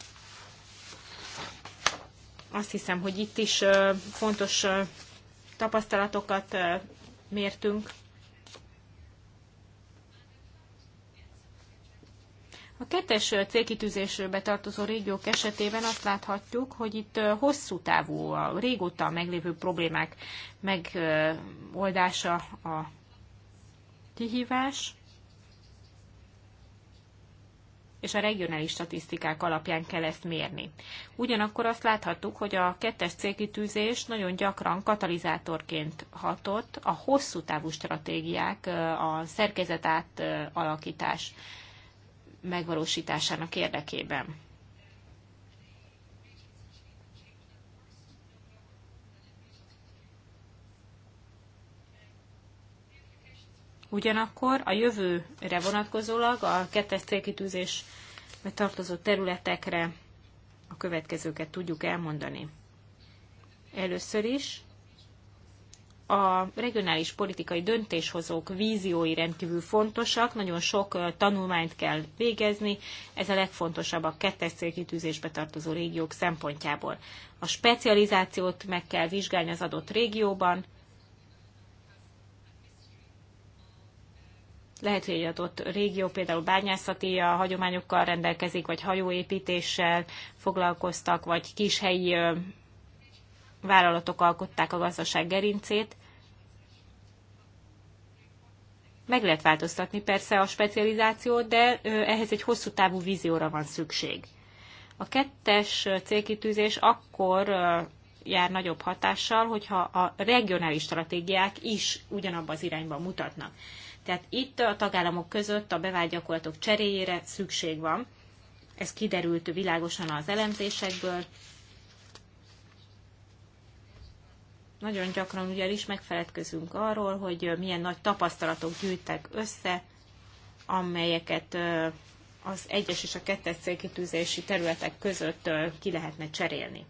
azt hiszem, hogy itt is fontos tapasztalatokat mértünk. A kettes célkitűzésbe tartozó régiók esetében azt láthatjuk, hogy itt hosszú távú, a régóta meglévő problémák megoldása a kihívás és a regionális statisztikák alapján kell ezt mérni. Ugyanakkor azt láthattuk, hogy a kettes célkitűzés nagyon gyakran katalizátorként hatott a hosszú távú stratégiák, a szerkezet átalakítás megvalósításának érdekében. Ugyanakkor a jövőre vonatkozólag a kettes célkitűzés tartozó területekre a következőket tudjuk elmondani. Először is a regionális politikai döntéshozók víziói rendkívül fontosak, nagyon sok tanulmányt kell végezni, ez a legfontosabb a kettes célkitűzésbe tartozó régiók szempontjából. A specializációt meg kell vizsgálni az adott régióban, Lehet, hogy egy adott régió például bányászati a hagyományokkal rendelkezik, vagy hajóépítéssel foglalkoztak, vagy kishelyi vállalatok alkották a gazdaság gerincét. Meg lehet változtatni persze a specializációt, de ehhez egy hosszú távú vízióra van szükség. A kettes célkitűzés akkor jár nagyobb hatással, hogyha a regionális stratégiák is ugyanabba az irányba mutatnak. Tehát itt a tagállamok között a bevált gyakorlatok cseréjére szükség van. Ez kiderült világosan az elemzésekből. Nagyon gyakran ugye is megfeledkezünk arról, hogy milyen nagy tapasztalatok gyűjtek össze, amelyeket az egyes és a kettes célkitűzési területek között ki lehetne cserélni.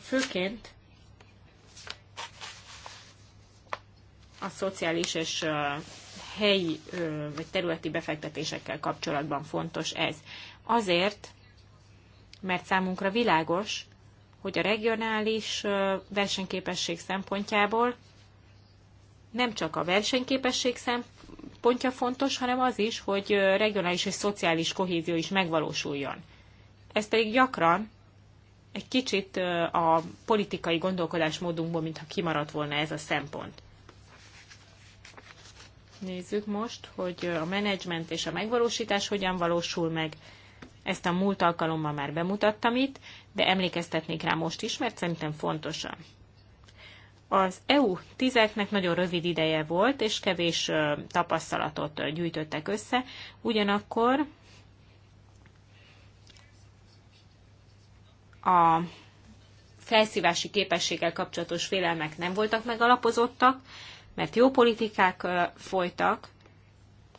Főként a szociális és helyi vagy területi befektetésekkel kapcsolatban fontos ez. Azért, mert számunkra világos, hogy a regionális versenyképesség szempontjából nem csak a versenyképesség szempontja fontos, hanem az is, hogy regionális és szociális kohézió is megvalósuljon. Ez pedig gyakran egy kicsit a politikai gondolkodásmódunkból, mintha kimaradt volna ez a szempont nézzük most, hogy a menedzsment és a megvalósítás hogyan valósul meg. Ezt a múlt alkalommal már bemutattam itt, de emlékeztetnék rá most is, mert szerintem fontos. Az EU tizeknek nagyon rövid ideje volt, és kevés tapasztalatot gyűjtöttek össze, ugyanakkor a felszívási képességgel kapcsolatos félelmek nem voltak megalapozottak, mert jó politikák folytak,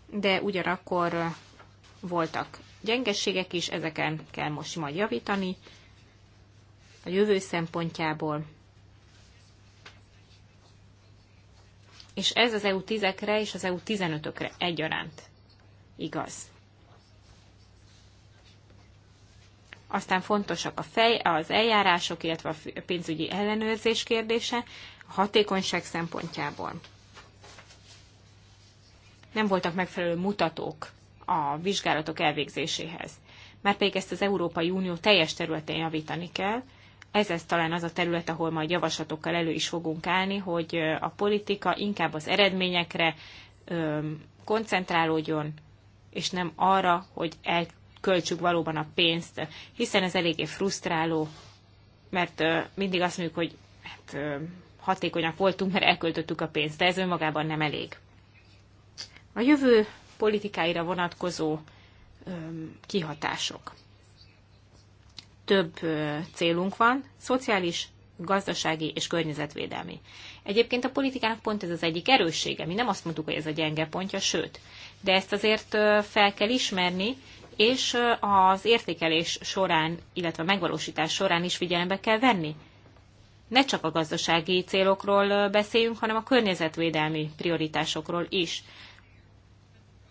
de ugyanakkor voltak gyengességek is, ezeken kell most majd javítani a jövő szempontjából. És ez az EU 10-ekre és az EU 15-ökre egyaránt igaz. Aztán fontosak a fej, az eljárások, illetve a pénzügyi ellenőrzés kérdése hatékonyság szempontjából. Nem voltak megfelelő mutatók a vizsgálatok elvégzéséhez. Márpedig ezt az Európai Unió teljes területén javítani kell, ez ez talán az a terület, ahol majd javaslatokkal elő is fogunk állni, hogy a politika inkább az eredményekre koncentrálódjon, és nem arra, hogy elköltsük valóban a pénzt, hiszen ez eléggé frusztráló, mert mindig azt mondjuk, hogy hát, hatékonyak voltunk, mert elköltöttük a pénzt, de ez önmagában nem elég. A jövő politikáira vonatkozó kihatások. Több célunk van, szociális, gazdasági és környezetvédelmi. Egyébként a politikának pont ez az egyik erőssége. Mi nem azt mondtuk, hogy ez a gyenge pontja, sőt. De ezt azért fel kell ismerni, és az értékelés során, illetve a megvalósítás során is figyelembe kell venni ne csak a gazdasági célokról beszéljünk, hanem a környezetvédelmi prioritásokról is.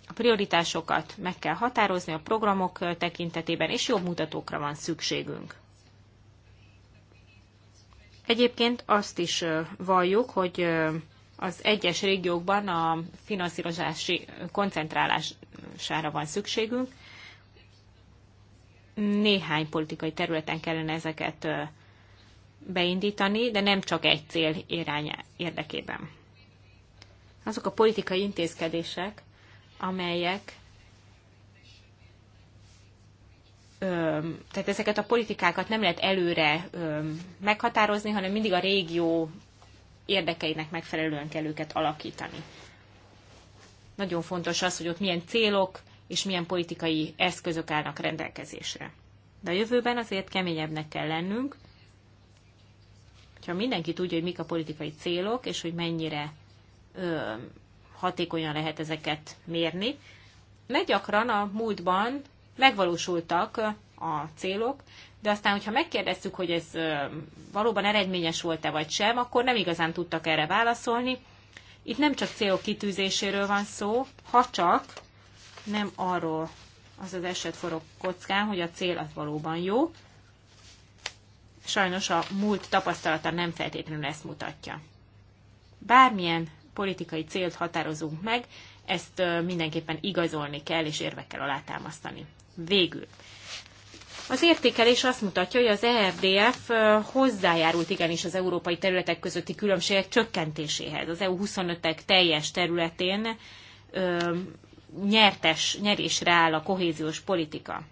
A prioritásokat meg kell határozni a programok tekintetében, és jobb mutatókra van szükségünk. Egyébként azt is valljuk, hogy az egyes régiókban a finanszírozási koncentrálására van szükségünk. Néhány politikai területen kellene ezeket beindítani, de nem csak egy cél irány érdekében. Azok a politikai intézkedések, amelyek tehát ezeket a politikákat nem lehet előre meghatározni, hanem mindig a régió érdekeinek megfelelően kell őket alakítani. Nagyon fontos az, hogy ott milyen célok és milyen politikai eszközök állnak rendelkezésre. De a jövőben azért keményebbnek kell lennünk, hogyha mindenki tudja, hogy mik a politikai célok, és hogy mennyire ö, hatékonyan lehet ezeket mérni, leggyakran a múltban megvalósultak a célok, de aztán, hogyha megkérdeztük, hogy ez valóban eredményes volt-e vagy sem, akkor nem igazán tudtak erre válaszolni. Itt nem csak célok kitűzéséről van szó, ha csak nem arról az az eset forog kockán, hogy a cél az valóban jó, sajnos a múlt tapasztalata nem feltétlenül ezt mutatja. Bármilyen politikai célt határozunk meg, ezt mindenképpen igazolni kell és érvekkel alátámasztani. Végül. Az értékelés azt mutatja, hogy az ERDF hozzájárult igenis az európai területek közötti különbségek csökkentéséhez. Az EU 25-ek teljes területén nyertes, nyerésre áll a kohéziós politika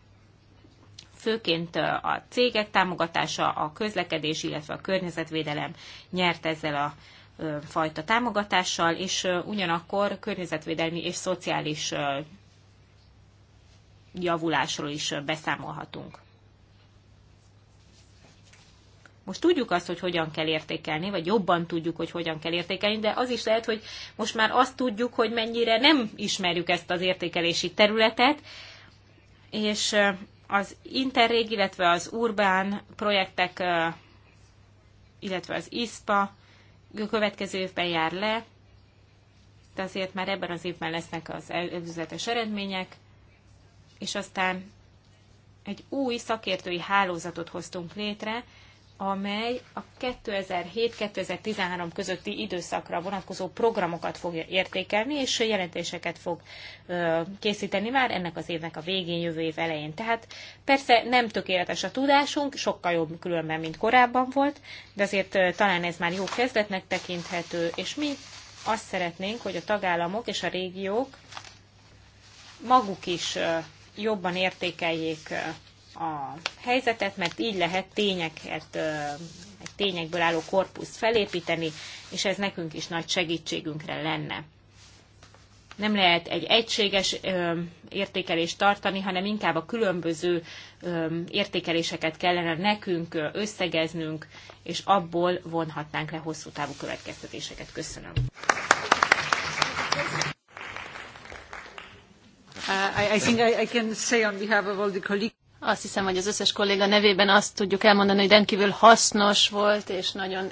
főként a cégek támogatása, a közlekedés, illetve a környezetvédelem nyert ezzel a fajta támogatással, és ugyanakkor környezetvédelmi és szociális javulásról is beszámolhatunk. Most tudjuk azt, hogy hogyan kell értékelni, vagy jobban tudjuk, hogy hogyan kell értékelni, de az is lehet, hogy most már azt tudjuk, hogy mennyire nem ismerjük ezt az értékelési területet, és az Interreg, illetve az Urbán projektek, illetve az ISPA következő évben jár le, de azért már ebben az évben lesznek az előzetes eredmények, és aztán egy új szakértői hálózatot hoztunk létre, amely a 2007-2013 közötti időszakra vonatkozó programokat fogja értékelni, és jelentéseket fog készíteni már ennek az évnek a végén, jövő év elején. Tehát persze nem tökéletes a tudásunk, sokkal jobb különben, mint korábban volt, de azért talán ez már jó kezdetnek tekinthető, és mi azt szeretnénk, hogy a tagállamok és a régiók maguk is jobban értékeljék a helyzetet, mert így lehet tényeket, egy tényekből álló korpuszt felépíteni, és ez nekünk is nagy segítségünkre lenne. Nem lehet egy egységes értékelést tartani, hanem inkább a különböző értékeléseket kellene nekünk összegeznünk, és abból vonhatnánk le hosszú távú következtetéseket. Köszönöm. Uh, I, I think I, I can say on behalf of all the colleagues. Azt hiszem, hogy az összes kolléga nevében azt tudjuk elmondani, hogy rendkívül hasznos volt, és nagyon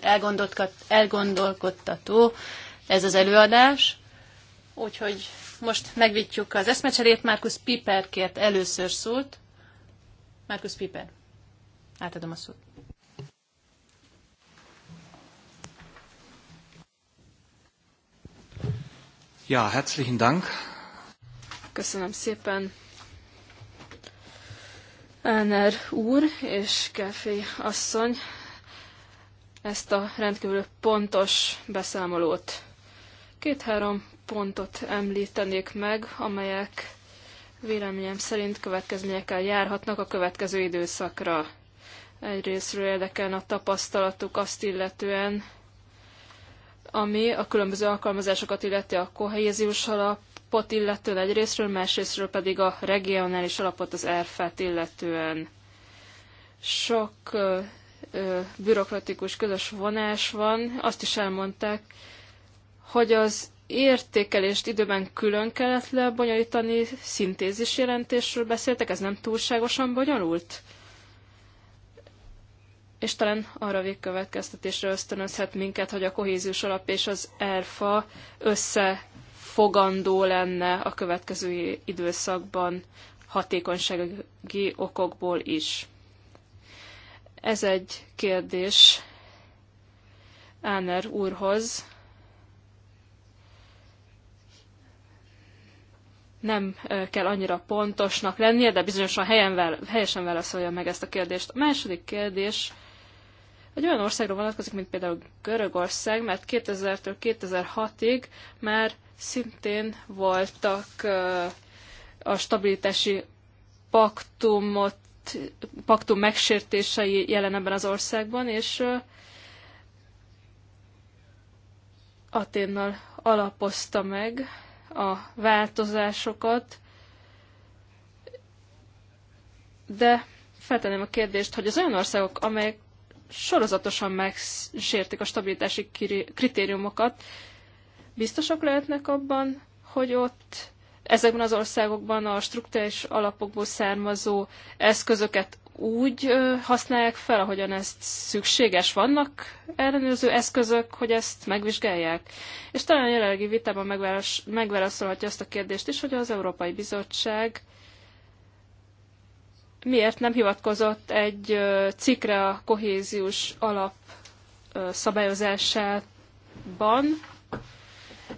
elgondolkodtató ez az előadás. Úgyhogy most megvitjuk az eszmecserét. Márkusz Piper kért először szót. Márkusz Piper, átadom a szót. Ja, herzlichen Dank. Köszönöm szépen. Áner úr és Kefé asszony ezt a rendkívül pontos beszámolót. Két-három pontot említenék meg, amelyek véleményem szerint következményekkel járhatnak a következő időszakra. Egyrésztről érdekelne a tapasztalatuk azt illetően, ami a különböző alkalmazásokat illeti a kohéziós alap, alapot illetően egyrésztről, másrésztről pedig a regionális alapot, az ERFát illetően. Sok ö, ö, bürokratikus közös vonás van. Azt is elmondták, hogy az értékelést időben külön kellett lebonyolítani, szintézis jelentésről beszéltek, ez nem túlságosan bonyolult? És talán arra végkövetkeztetésre ösztönözhet minket, hogy a kohéziós alap és az ERFA össze fogandó lenne a következő időszakban hatékonysági okokból is. Ez egy kérdés Áner úrhoz. Nem kell annyira pontosnak lennie, de bizonyosan helyen, helyesen válaszolja meg ezt a kérdést. A második kérdés egy olyan országra vonatkozik, mint például Görögország, mert 2000-től 2006-ig már Szintén voltak a stabilitási paktumot, paktum megsértései jelen ebben az országban, és Aténnal alapozta meg a változásokat, de feltenném a kérdést, hogy az olyan országok, amelyek sorozatosan megsértik a stabilitási kritériumokat, biztosak lehetnek abban, hogy ott ezekben az országokban a struktúrális alapokból származó eszközöket úgy használják fel, ahogyan ezt szükséges. Vannak ellenőrző eszközök, hogy ezt megvizsgálják? És talán a jelenlegi vitában megválasz, megválaszolhatja azt a kérdést is, hogy az Európai Bizottság miért nem hivatkozott egy cikkre a kohéziós alap szabályozásában,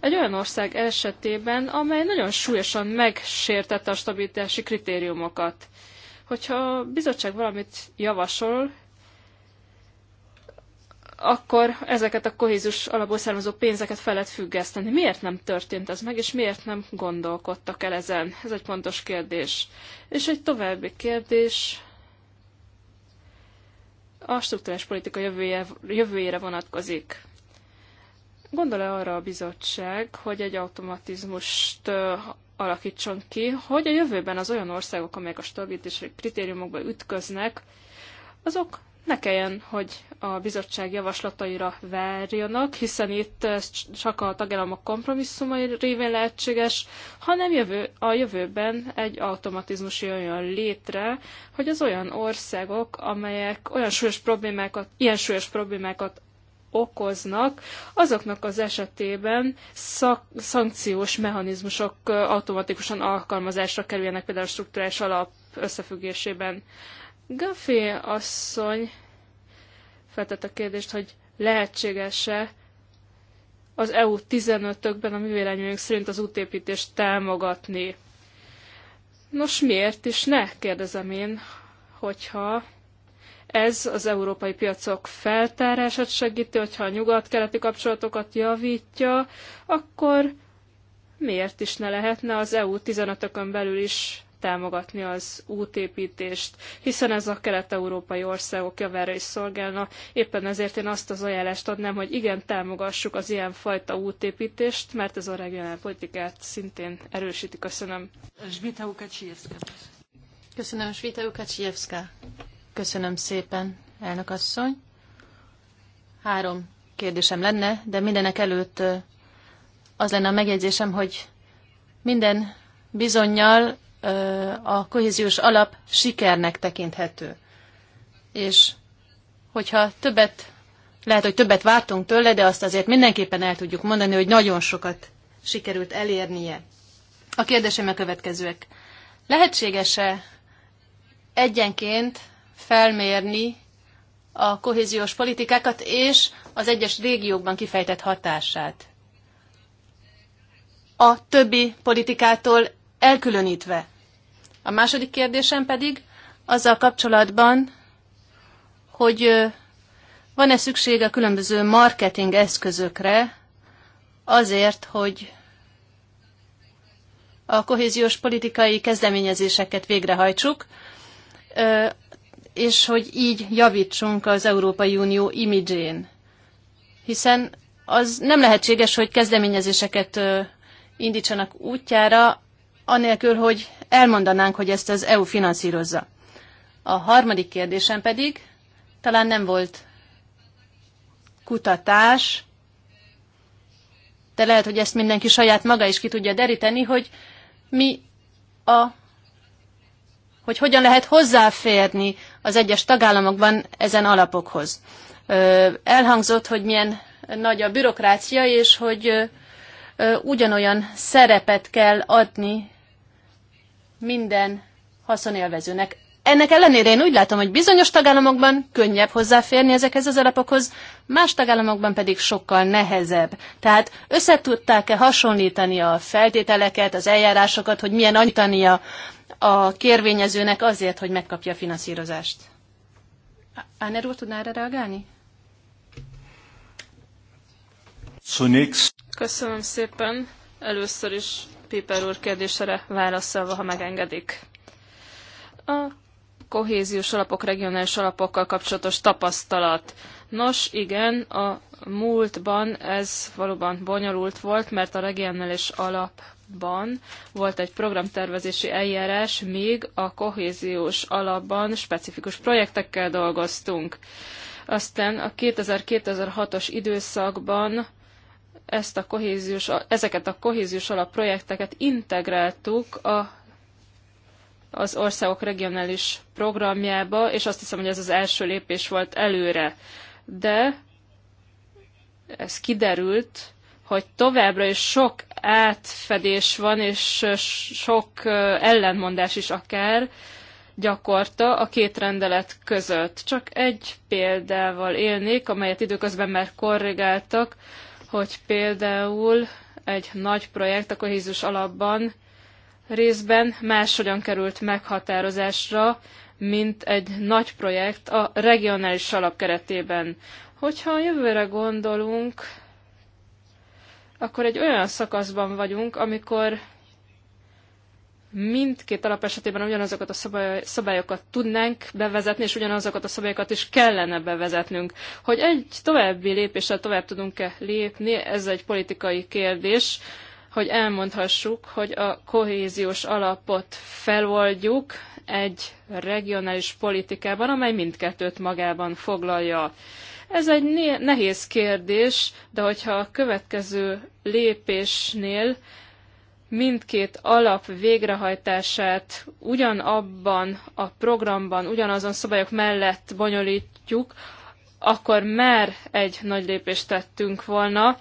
egy olyan ország esetében, amely nagyon súlyosan megsértette a stabilitási kritériumokat. Hogyha a bizottság valamit javasol, akkor ezeket a kohézus alapból származó pénzeket fel lehet függeszteni. Miért nem történt ez meg, és miért nem gondolkodtak el ezen? Ez egy pontos kérdés. És egy további kérdés a struktúrás politika jövője, jövőjére vonatkozik. Gondol-e arra a bizottság, hogy egy automatizmust alakítson ki, hogy a jövőben az olyan országok, amelyek a stabilitási kritériumokba ütköznek, azok ne kelljen, hogy a bizottság javaslataira várjanak, hiszen itt csak a tagállamok kompromisszumai révén lehetséges, hanem jövő, a jövőben egy automatizmus jön létre, hogy az olyan országok, amelyek olyan súlyos problémákat, ilyen súlyos problémákat okoznak, azoknak az esetében szak, szankciós mechanizmusok automatikusan alkalmazásra kerüljenek, például a struktúrás alap összefüggésében. Gafé asszony feltett a kérdést, hogy lehetséges-e az EU 15-ökben a művéleményünk szerint az útépítést támogatni. Nos, miért is ne, kérdezem én, hogyha ez az európai piacok feltárását segíti, hogyha a nyugat-keleti kapcsolatokat javítja, akkor miért is ne lehetne az EU 15-ökön belül is támogatni az útépítést, hiszen ez a kelet-európai országok javára is szolgálna. Éppen ezért én azt az ajánlást adnám, hogy igen, támogassuk az ilyen fajta útépítést, mert ez a politikát szintén erősíti. Köszönöm. Svita Köszönöm, Svita Ukacsijevszka. Köszönöm szépen, elnök asszony. Három kérdésem lenne, de mindenek előtt az lenne a megjegyzésem, hogy minden bizonyal a kohéziós alap sikernek tekinthető. És hogyha többet, lehet, hogy többet vártunk tőle, de azt azért mindenképpen el tudjuk mondani, hogy nagyon sokat sikerült elérnie. A kérdésem a következőek. Lehetséges-e egyenként felmérni a kohéziós politikákat és az egyes régiókban kifejtett hatását. A többi politikától elkülönítve. A második kérdésem pedig azzal kapcsolatban, hogy van-e szükség a különböző marketing eszközökre azért, hogy a kohéziós politikai kezdeményezéseket végrehajtsuk és hogy így javítsunk az Európai Unió imidzsén. Hiszen az nem lehetséges, hogy kezdeményezéseket indítsanak útjára, anélkül, hogy elmondanánk, hogy ezt az EU finanszírozza. A harmadik kérdésem pedig, talán nem volt kutatás, de lehet, hogy ezt mindenki saját maga is ki tudja deríteni, hogy mi a hogy hogyan lehet hozzáférni az egyes tagállamokban ezen alapokhoz. Elhangzott, hogy milyen nagy a bürokrácia, és hogy ugyanolyan szerepet kell adni minden haszonélvezőnek. Ennek ellenére én úgy látom, hogy bizonyos tagállamokban könnyebb hozzáférni ezekhez az alapokhoz, más tagállamokban pedig sokkal nehezebb. Tehát összetudták-e hasonlítani a feltételeket, az eljárásokat, hogy milyen anytania a kérvényezőnek azért, hogy megkapja a finanszírozást. Áner úr, tudná erre reagálni? Köszönöm szépen. Először is Piper úr kérdésére válaszolva, ha megengedik. A kohéziós alapok, regionális alapokkal kapcsolatos tapasztalat. Nos, igen, a múltban ez valóban bonyolult volt, mert a regionális alapban volt egy programtervezési eljárás, míg a kohéziós alapban specifikus projektekkel dolgoztunk. Aztán a 2000-2006-os időszakban ezt a kohéziós, ezeket a kohéziós alap projekteket integráltuk a az országok regionális programjába, és azt hiszem, hogy ez az első lépés volt előre de ez kiderült, hogy továbbra is sok átfedés van, és sok ellenmondás is akár gyakorta a két rendelet között. Csak egy példával élnék, amelyet időközben már korrigáltak, hogy például egy nagy projekt a kohézus alapban részben máshogyan került meghatározásra, mint egy nagy projekt a regionális alap keretében. Hogyha a jövőre gondolunk, akkor egy olyan szakaszban vagyunk, amikor mindkét alap esetében ugyanazokat a szabályokat tudnánk bevezetni, és ugyanazokat a szabályokat is kellene bevezetnünk. Hogy egy további lépéssel tovább tudunk-e lépni, ez egy politikai kérdés hogy elmondhassuk, hogy a kohéziós alapot feloldjuk egy regionális politikában, amely mindkettőt magában foglalja. Ez egy nehéz kérdés, de hogyha a következő lépésnél mindkét alap végrehajtását ugyanabban a programban, ugyanazon szabályok mellett bonyolítjuk, akkor már egy nagy lépést tettünk volna.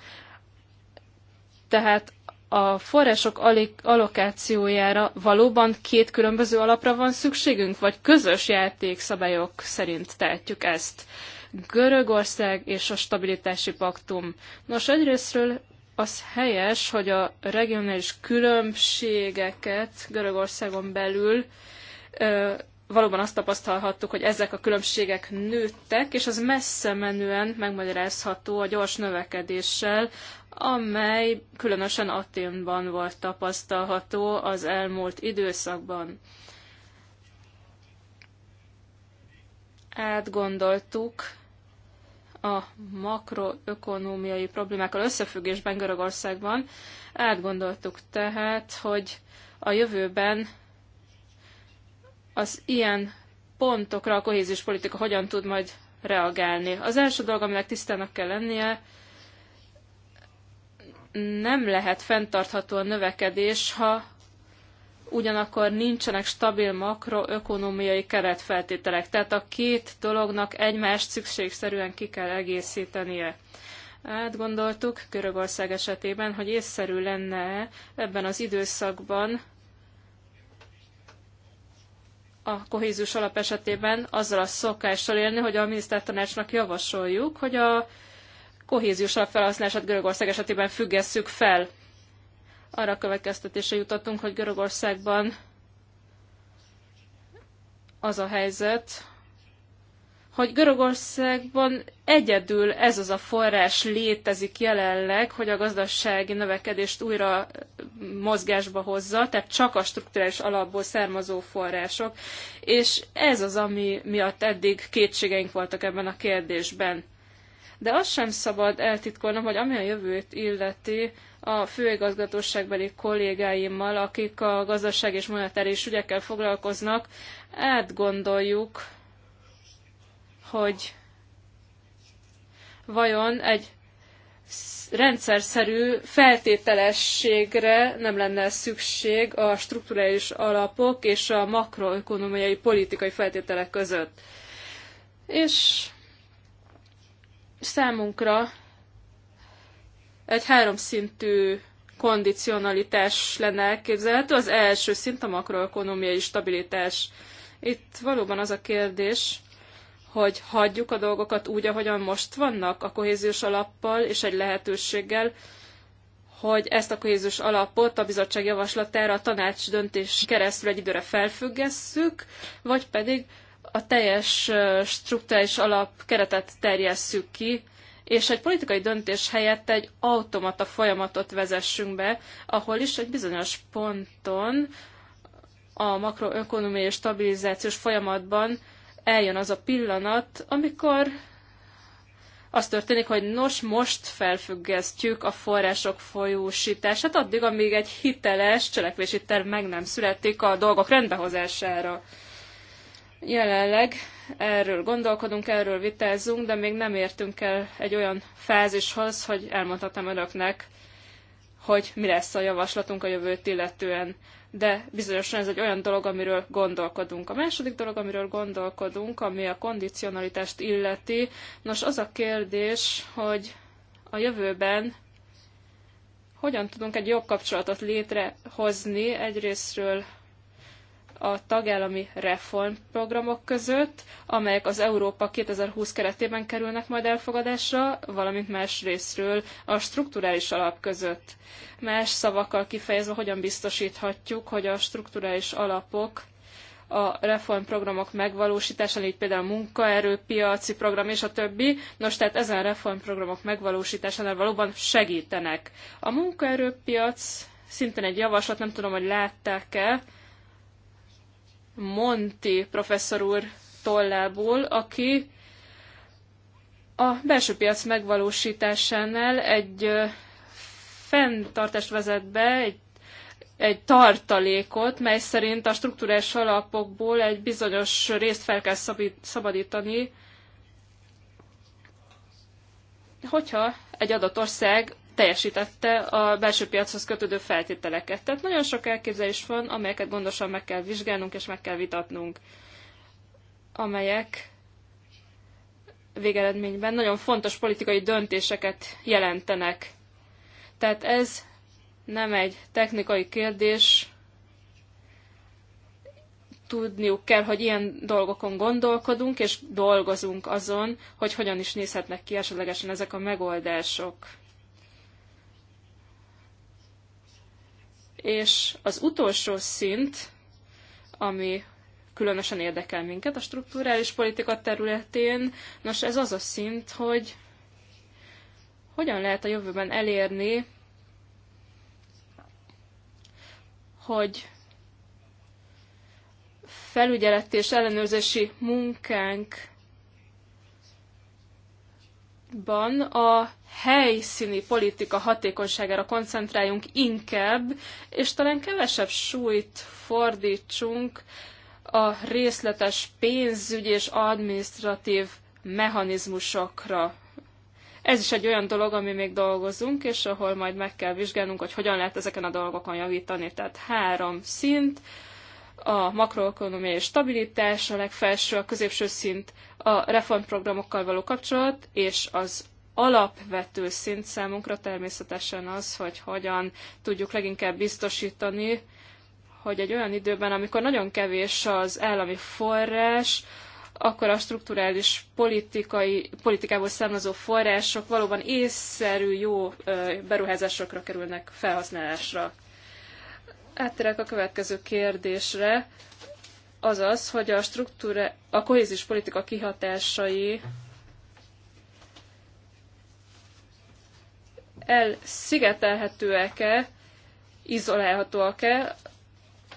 Tehát a források allokációjára valóban két különböző alapra van szükségünk, vagy közös játékszabályok szerint tehetjük ezt? Görögország és a stabilitási paktum. Nos, egyrésztről az helyes, hogy a regionális különbségeket Görögországon belül ö, valóban azt tapasztalhattuk, hogy ezek a különbségek nőttek, és az messze menően megmagyarázható a gyors növekedéssel, amely különösen Aténban volt tapasztalható az elmúlt időszakban. Átgondoltuk a makroökonómiai problémákkal összefüggésben Görögországban, átgondoltuk tehát, hogy a jövőben az ilyen pontokra a kohéziós politika hogyan tud majd reagálni. Az első dolog, aminek tisztának kell lennie, nem lehet fenntartható a növekedés, ha ugyanakkor nincsenek stabil makroökonomiai keretfeltételek. Tehát a két dolognak egymást szükségszerűen ki kell egészítenie. Átgondoltuk Görögország esetében, hogy észszerű lenne ebben az időszakban a kohézus alap esetében azzal a szokással élni, hogy a minisztertanácsnak javasoljuk, hogy a kohéziós alapfelhasználását Görögország esetében függesszük fel. Arra következtetésre jutottunk, hogy Görögországban az a helyzet, hogy Görögországban egyedül ez az a forrás létezik jelenleg, hogy a gazdasági növekedést újra mozgásba hozza, tehát csak a strukturális alapból származó források, és ez az, ami miatt eddig kétségeink voltak ebben a kérdésben de azt sem szabad eltitkolnom, hogy ami a jövőt illeti, a főigazgatóságbeli kollégáimmal, akik a gazdaság és monetáris ügyekkel foglalkoznak, átgondoljuk, hogy vajon egy rendszerszerű feltételességre nem lenne szükség a strukturális alapok és a makroökonomiai politikai feltételek között. És Számunkra egy háromszintű kondicionalitás lenne elképzelhető. Az első szint a makroekonomiai stabilitás. Itt valóban az a kérdés, hogy hagyjuk a dolgokat úgy, ahogyan most vannak, a kohéziós alappal és egy lehetőséggel, hogy ezt a kohéziós alapot a bizottság javaslatára a tanács döntés keresztül egy időre felfüggesszük, vagy pedig a teljes struktúrális alap keretet terjesszük ki, és egy politikai döntés helyett egy automata folyamatot vezessünk be, ahol is egy bizonyos ponton a makroökonomiai stabilizációs folyamatban eljön az a pillanat, amikor az történik, hogy nos, most felfüggesztjük a források folyósítását, addig, amíg egy hiteles cselekvési terv meg nem születik a dolgok rendbehozására. Jelenleg erről gondolkodunk, erről vitázunk, de még nem értünk el egy olyan fázishoz, hogy elmondhatom önöknek, hogy mi lesz a javaslatunk a jövőt illetően. De bizonyosan ez egy olyan dolog, amiről gondolkodunk. A második dolog, amiről gondolkodunk, ami a kondicionalitást illeti, nos az a kérdés, hogy a jövőben hogyan tudunk egy jobb kapcsolatot létrehozni egyrésztről a tagállami reformprogramok között, amelyek az Európa 2020 keretében kerülnek majd elfogadásra, valamint más részről a strukturális alap között. Más szavakkal kifejezve, hogyan biztosíthatjuk, hogy a strukturális alapok a reformprogramok megvalósításán, így például a munkaerőpiaci program és a többi. Nos, tehát ezen reformprogramok megvalósításánál valóban segítenek. A munkaerőpiac szintén egy javaslat, nem tudom, hogy látták-e, Monti professzor úr tollából, aki a belső piac megvalósításánál egy fenntartást vezet be, egy, egy tartalékot, mely szerint a struktúrás alapokból egy bizonyos részt fel kell szabadítani, hogyha egy adott ország teljesítette a belső piachoz kötődő feltételeket. Tehát nagyon sok elképzelés van, amelyeket gondosan meg kell vizsgálnunk és meg kell vitatnunk, amelyek végeredményben nagyon fontos politikai döntéseket jelentenek. Tehát ez nem egy technikai kérdés, tudniuk kell, hogy ilyen dolgokon gondolkodunk, és dolgozunk azon, hogy hogyan is nézhetnek ki esetlegesen ezek a megoldások. És az utolsó szint, ami különösen érdekel minket a strukturális politika területén, nos ez az a szint, hogy hogyan lehet a jövőben elérni, hogy felügyeleti és ellenőrzési munkánk ban a helyszíni politika hatékonyságára koncentráljunk inkább, és talán kevesebb súlyt fordítsunk a részletes pénzügyi és administratív mechanizmusokra. Ez is egy olyan dolog, ami még dolgozunk, és ahol majd meg kell vizsgálnunk, hogy hogyan lehet ezeken a dolgokon javítani. Tehát három szint, a makroökonómiai stabilitás, a legfelső, a középső szint, a reformprogramokkal való kapcsolat, és az alapvető szint számunkra természetesen az, hogy hogyan tudjuk leginkább biztosítani, hogy egy olyan időben, amikor nagyon kevés az állami forrás, akkor a strukturális politikai, politikából származó források valóban észszerű, jó beruházásokra kerülnek felhasználásra. Áttérek a következő kérdésre, azaz, hogy a struktúra, a kohézis politika kihatásai elszigetelhetőek-e, izolálhatóak-e.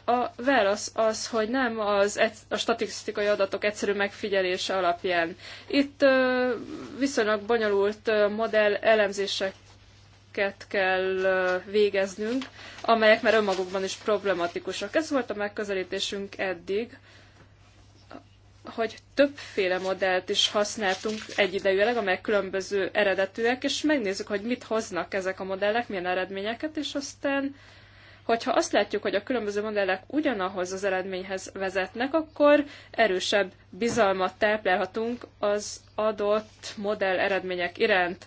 A válasz az, hogy nem az a statisztikai adatok egyszerű megfigyelése alapján. Itt viszonylag bonyolult modell elemzések ket kell végeznünk, amelyek már önmagukban is problematikusak. Ez volt a megközelítésünk eddig, hogy többféle modellt is használtunk egyidejűleg, amelyek különböző eredetűek, és megnézzük, hogy mit hoznak ezek a modellek, milyen eredményeket, és aztán, hogyha azt látjuk, hogy a különböző modellek ugyanahoz az eredményhez vezetnek, akkor erősebb bizalmat táplálhatunk az adott modell eredmények iránt.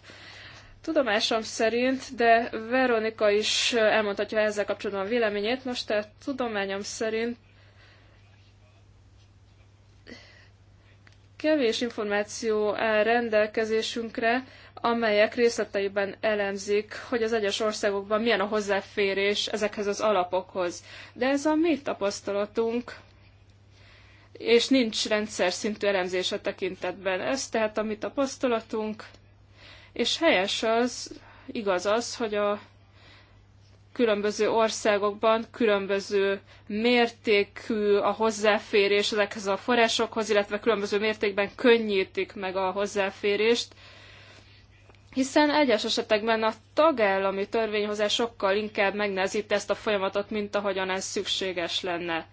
Tudomásom szerint, de Veronika is elmondhatja ezzel kapcsolatban a véleményét, most tehát tudományom szerint kevés információ áll rendelkezésünkre, amelyek részleteiben elemzik, hogy az egyes országokban milyen a hozzáférés ezekhez az alapokhoz. De ez a mi tapasztalatunk, és nincs rendszer szintű elemzése tekintetben. Ez tehát a mi tapasztalatunk, és helyes az, igaz az, hogy a különböző országokban különböző mértékű a hozzáférés ezekhez a forrásokhoz, illetve különböző mértékben könnyítik meg a hozzáférést, hiszen egyes esetekben a tagállami törvényhozás sokkal inkább megnehezíti ezt a folyamatot, mint ahogyan ez szükséges lenne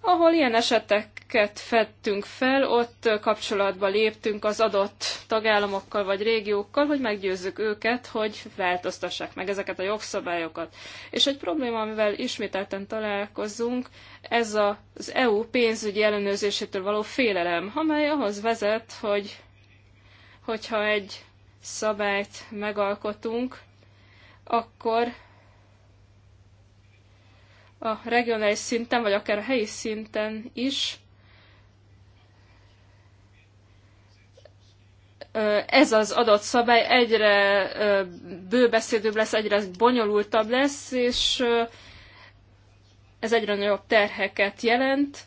ahol ilyen eseteket fettünk fel, ott kapcsolatba léptünk az adott tagállamokkal vagy régiókkal, hogy meggyőzzük őket, hogy változtassák meg ezeket a jogszabályokat. És egy probléma, amivel ismételten találkozunk, ez az EU pénzügyi ellenőrzésétől való félelem, amely ahhoz vezet, hogy hogyha egy szabályt megalkotunk, akkor a regionális szinten, vagy akár a helyi szinten is. Ez az adott szabály egyre bőbeszédőbb lesz, egyre bonyolultabb lesz, és ez egyre nagyobb terheket jelent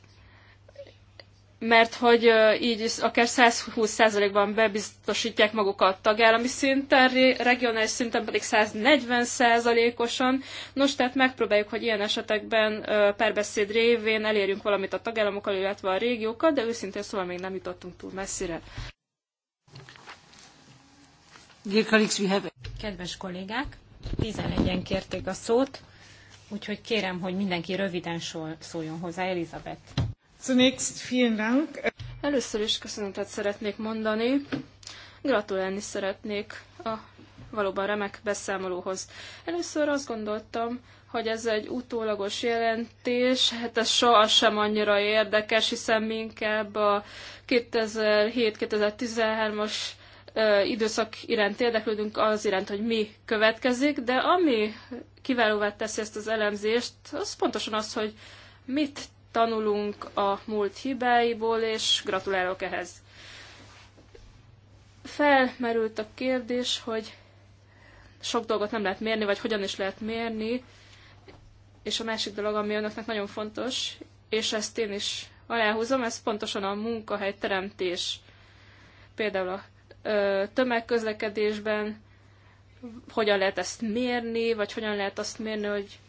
mert hogy így akár 120%-ban bebiztosítják magukat tagállami szinten, regionális szinten pedig 140%-osan. Nos, tehát megpróbáljuk, hogy ilyen esetekben párbeszéd révén elérjünk valamit a tagállamokkal, illetve a régiókkal, de őszintén szóval még nem jutottunk túl messzire. Kedves kollégák, 11-en kérték a szót, úgyhogy kérem, hogy mindenki röviden szóljon hozzá. Elizabeth. Zunächst vielen Dank. Először is köszönetet szeretnék mondani. Gratulálni szeretnék a valóban remek beszámolóhoz. Először azt gondoltam, hogy ez egy utólagos jelentés, hát ez sohasem annyira érdekes, hiszen mi inkább a 2007-2013-as időszak iránt érdeklődünk az iránt, hogy mi következik, de ami kiválóvá teszi ezt az elemzést, az pontosan az, hogy mit tanulunk a múlt hibáiból, és gratulálok ehhez. Felmerült a kérdés, hogy sok dolgot nem lehet mérni, vagy hogyan is lehet mérni, és a másik dolog, ami önöknek nagyon fontos, és ezt én is aláhúzom, ez pontosan a munkahely teremtés. Például a ö, tömegközlekedésben hogyan lehet ezt mérni, vagy hogyan lehet azt mérni, hogy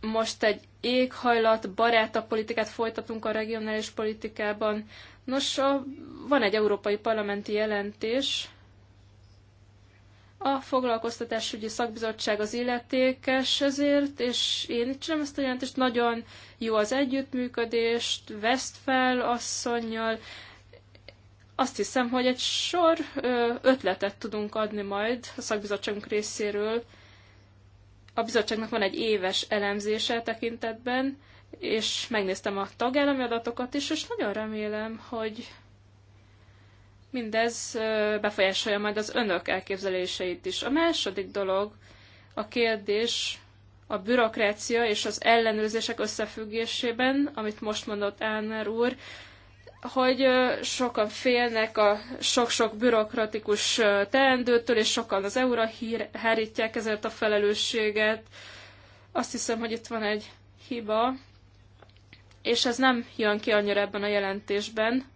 most egy éghajlat, barátabb politikát folytatunk a regionális politikában. Nos, a, van egy európai parlamenti jelentés, a foglalkoztatásügyi szakbizottság az illetékes ezért, és én itt csinálom ezt a jelentést, nagyon jó az együttműködést, veszt fel asszonynal, azt hiszem, hogy egy sor ötletet tudunk adni majd a szakbizottságunk részéről, a bizottságnak van egy éves elemzése tekintetben, és megnéztem a tagállami adatokat is, és nagyon remélem, hogy mindez befolyásolja majd az önök elképzeléseit is. A második dolog, a kérdés a bürokrácia és az ellenőrzések összefüggésében, amit most mondott Áner úr, hogy sokan félnek a sok-sok bürokratikus teendőtől, és sokan az EU-ra hárítják ezért a felelősséget. Azt hiszem, hogy itt van egy hiba, és ez nem jön ki annyira ebben a jelentésben,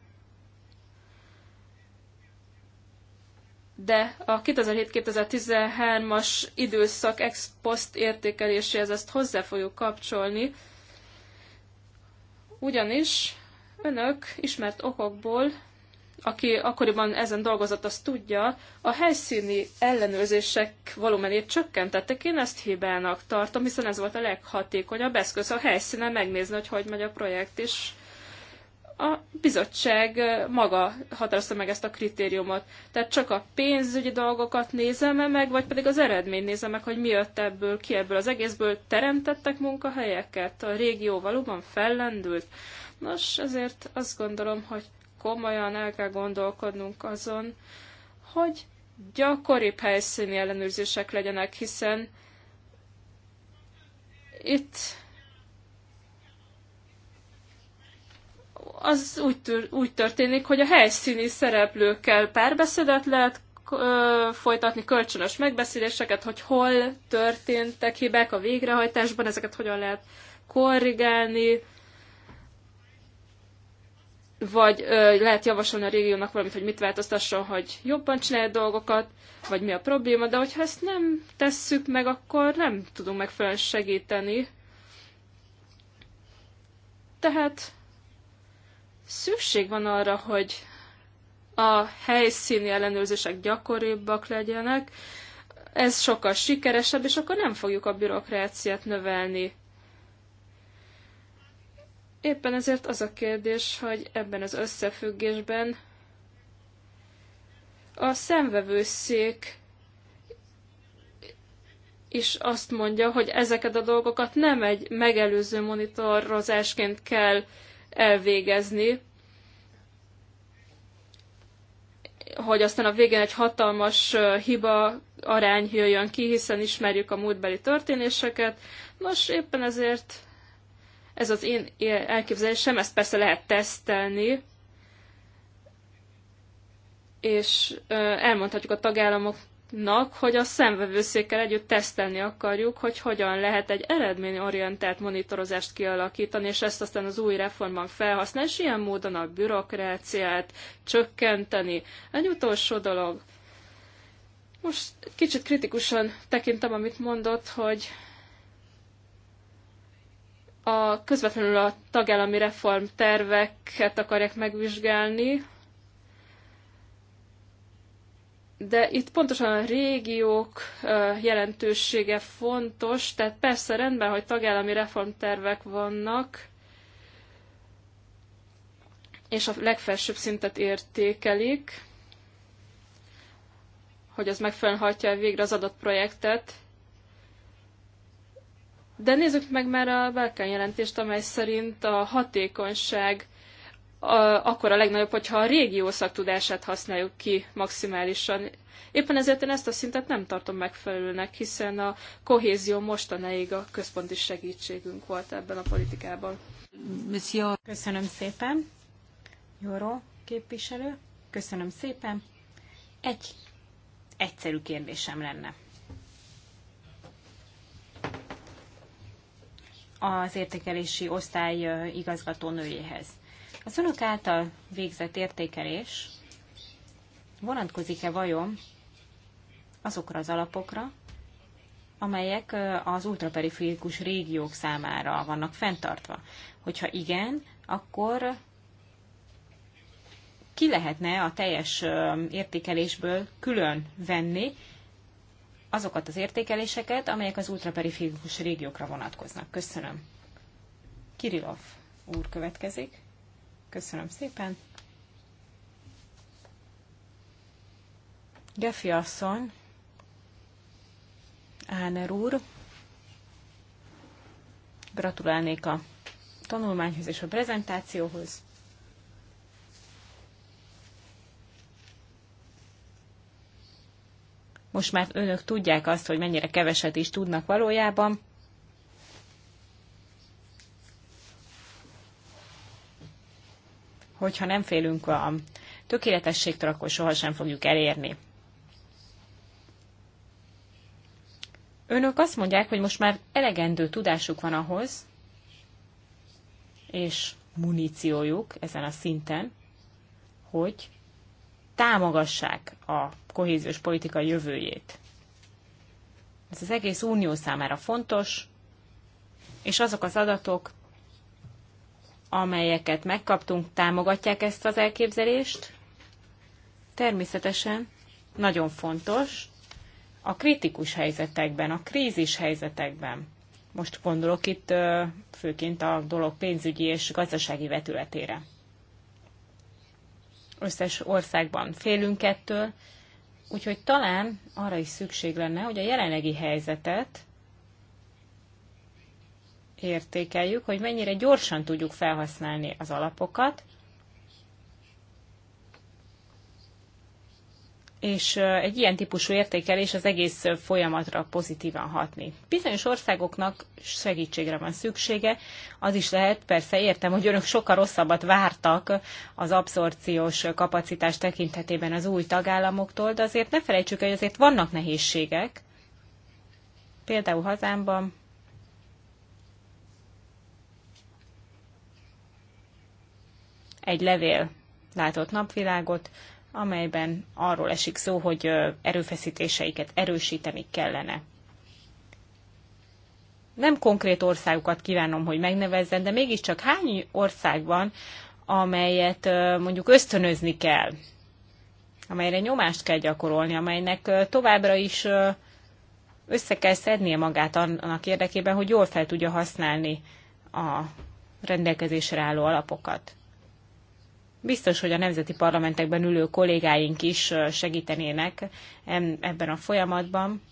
de a 2007-2013-as időszak ex post értékeléséhez ezt hozzá fogjuk kapcsolni, ugyanis Önök ismert okokból, aki akkoriban ezen dolgozott, azt tudja, a helyszíni ellenőrzések volumenét csökkentettek. Én ezt hibának tartom, hiszen ez volt a leghatékonyabb eszköz a helyszínen megnézni, hogy hogy megy a projekt, és a bizottság maga határozta meg ezt a kritériumot. Tehát csak a pénzügyi dolgokat nézem -e meg, vagy pedig az eredmény nézem meg, hogy mi jött ebből ki ebből az egészből. Teremtettek munkahelyeket, a régió valóban fellendült. Nos, ezért azt gondolom, hogy komolyan el kell gondolkodnunk azon, hogy gyakoribb helyszíni ellenőrzések legyenek, hiszen itt az úgy, tör, úgy történik, hogy a helyszíni szereplőkkel párbeszédet lehet ö, folytatni, kölcsönös megbeszéléseket, hogy hol történtek hibák a végrehajtásban, ezeket hogyan lehet korrigálni, vagy ö, lehet javasolni a régiónak valamit, hogy mit változtasson, hogy jobban csinálja dolgokat, vagy mi a probléma, de hogyha ezt nem tesszük meg, akkor nem tudunk megfelelően segíteni. Tehát szükség van arra, hogy a helyszíni ellenőrzések gyakoribbak legyenek, ez sokkal sikeresebb, és akkor nem fogjuk a bürokráciát növelni. Éppen ezért az a kérdés, hogy ebben az összefüggésben a szemvevőszék és azt mondja, hogy ezeket a dolgokat nem egy megelőző monitorozásként kell elvégezni, hogy aztán a végén egy hatalmas hiba arány jöjjön ki, hiszen ismerjük a múltbeli történéseket. Nos, éppen ezért ez az én elképzelésem, ezt persze lehet tesztelni, és elmondhatjuk a tagállamoknak, hogy a szemvevőszékkel együtt tesztelni akarjuk, hogy hogyan lehet egy eredményorientált monitorozást kialakítani, és ezt aztán az új reformban felhasználni, és ilyen módon a bürokráciát csökkenteni. Egy utolsó dolog. Most kicsit kritikusan tekintem, amit mondott, hogy a közvetlenül a tagállami reformterveket akarják megvizsgálni, de itt pontosan a régiók jelentősége fontos, tehát persze rendben, hogy tagállami reformtervek vannak, és a legfelsőbb szintet értékelik, hogy az megfelelően hajtja végre az adott projektet, de nézzük meg már a Balkán jelentést, amely szerint a hatékonyság a, akkor a legnagyobb, hogyha a régió szaktudását használjuk ki maximálisan. Éppen ezért én ezt a szintet nem tartom megfelelőnek, hiszen a kohézió mostanáig a központi segítségünk volt ebben a politikában. Köszönöm szépen. Jóró képviselő, köszönöm szépen. Egy egyszerű kérdésem lenne. az értékelési osztály igazgatónőjéhez. Az önök által végzett értékelés vonatkozik-e vajon azokra az alapokra, amelyek az ultraperiférikus régiók számára vannak fenntartva. Hogyha igen, akkor ki lehetne a teljes értékelésből külön venni azokat az értékeléseket, amelyek az ultraperiférikus régiókra vonatkoznak. Köszönöm. Kirilov úr következik. Köszönöm szépen. Gefi asszony, Áner úr, gratulálnék a tanulmányhoz és a prezentációhoz. Most már önök tudják azt, hogy mennyire keveset is tudnak valójában. Hogyha nem félünk a tökéletességtől, akkor sohasem fogjuk elérni. Önök azt mondják, hogy most már elegendő tudásuk van ahhoz, és muníciójuk ezen a szinten, hogy támogassák a kohéziós politika jövőjét. Ez az egész unió számára fontos, és azok az adatok, amelyeket megkaptunk, támogatják ezt az elképzelést. Természetesen nagyon fontos a kritikus helyzetekben, a krízis helyzetekben. Most gondolok itt főként a dolog pénzügyi és gazdasági vetületére. Összes országban félünk ettől, Úgyhogy talán arra is szükség lenne, hogy a jelenlegi helyzetet értékeljük, hogy mennyire gyorsan tudjuk felhasználni az alapokat, és egy ilyen típusú értékelés az egész folyamatra pozitívan hatni. Bizonyos országoknak segítségre van szüksége, az is lehet, persze értem, hogy önök sokkal rosszabbat vártak az abszorciós kapacitás tekintetében az új tagállamoktól, de azért ne felejtsük, hogy azért vannak nehézségek. Például hazámban egy levél látott napvilágot, amelyben arról esik szó, hogy erőfeszítéseiket erősíteni kellene. Nem konkrét országokat kívánom, hogy megnevezzen, de mégiscsak hány ország van, amelyet mondjuk ösztönözni kell, amelyre nyomást kell gyakorolni, amelynek továbbra is össze kell szednie magát annak érdekében, hogy jól fel tudja használni a rendelkezésre álló alapokat. Biztos, hogy a nemzeti parlamentekben ülő kollégáink is segítenének ebben a folyamatban.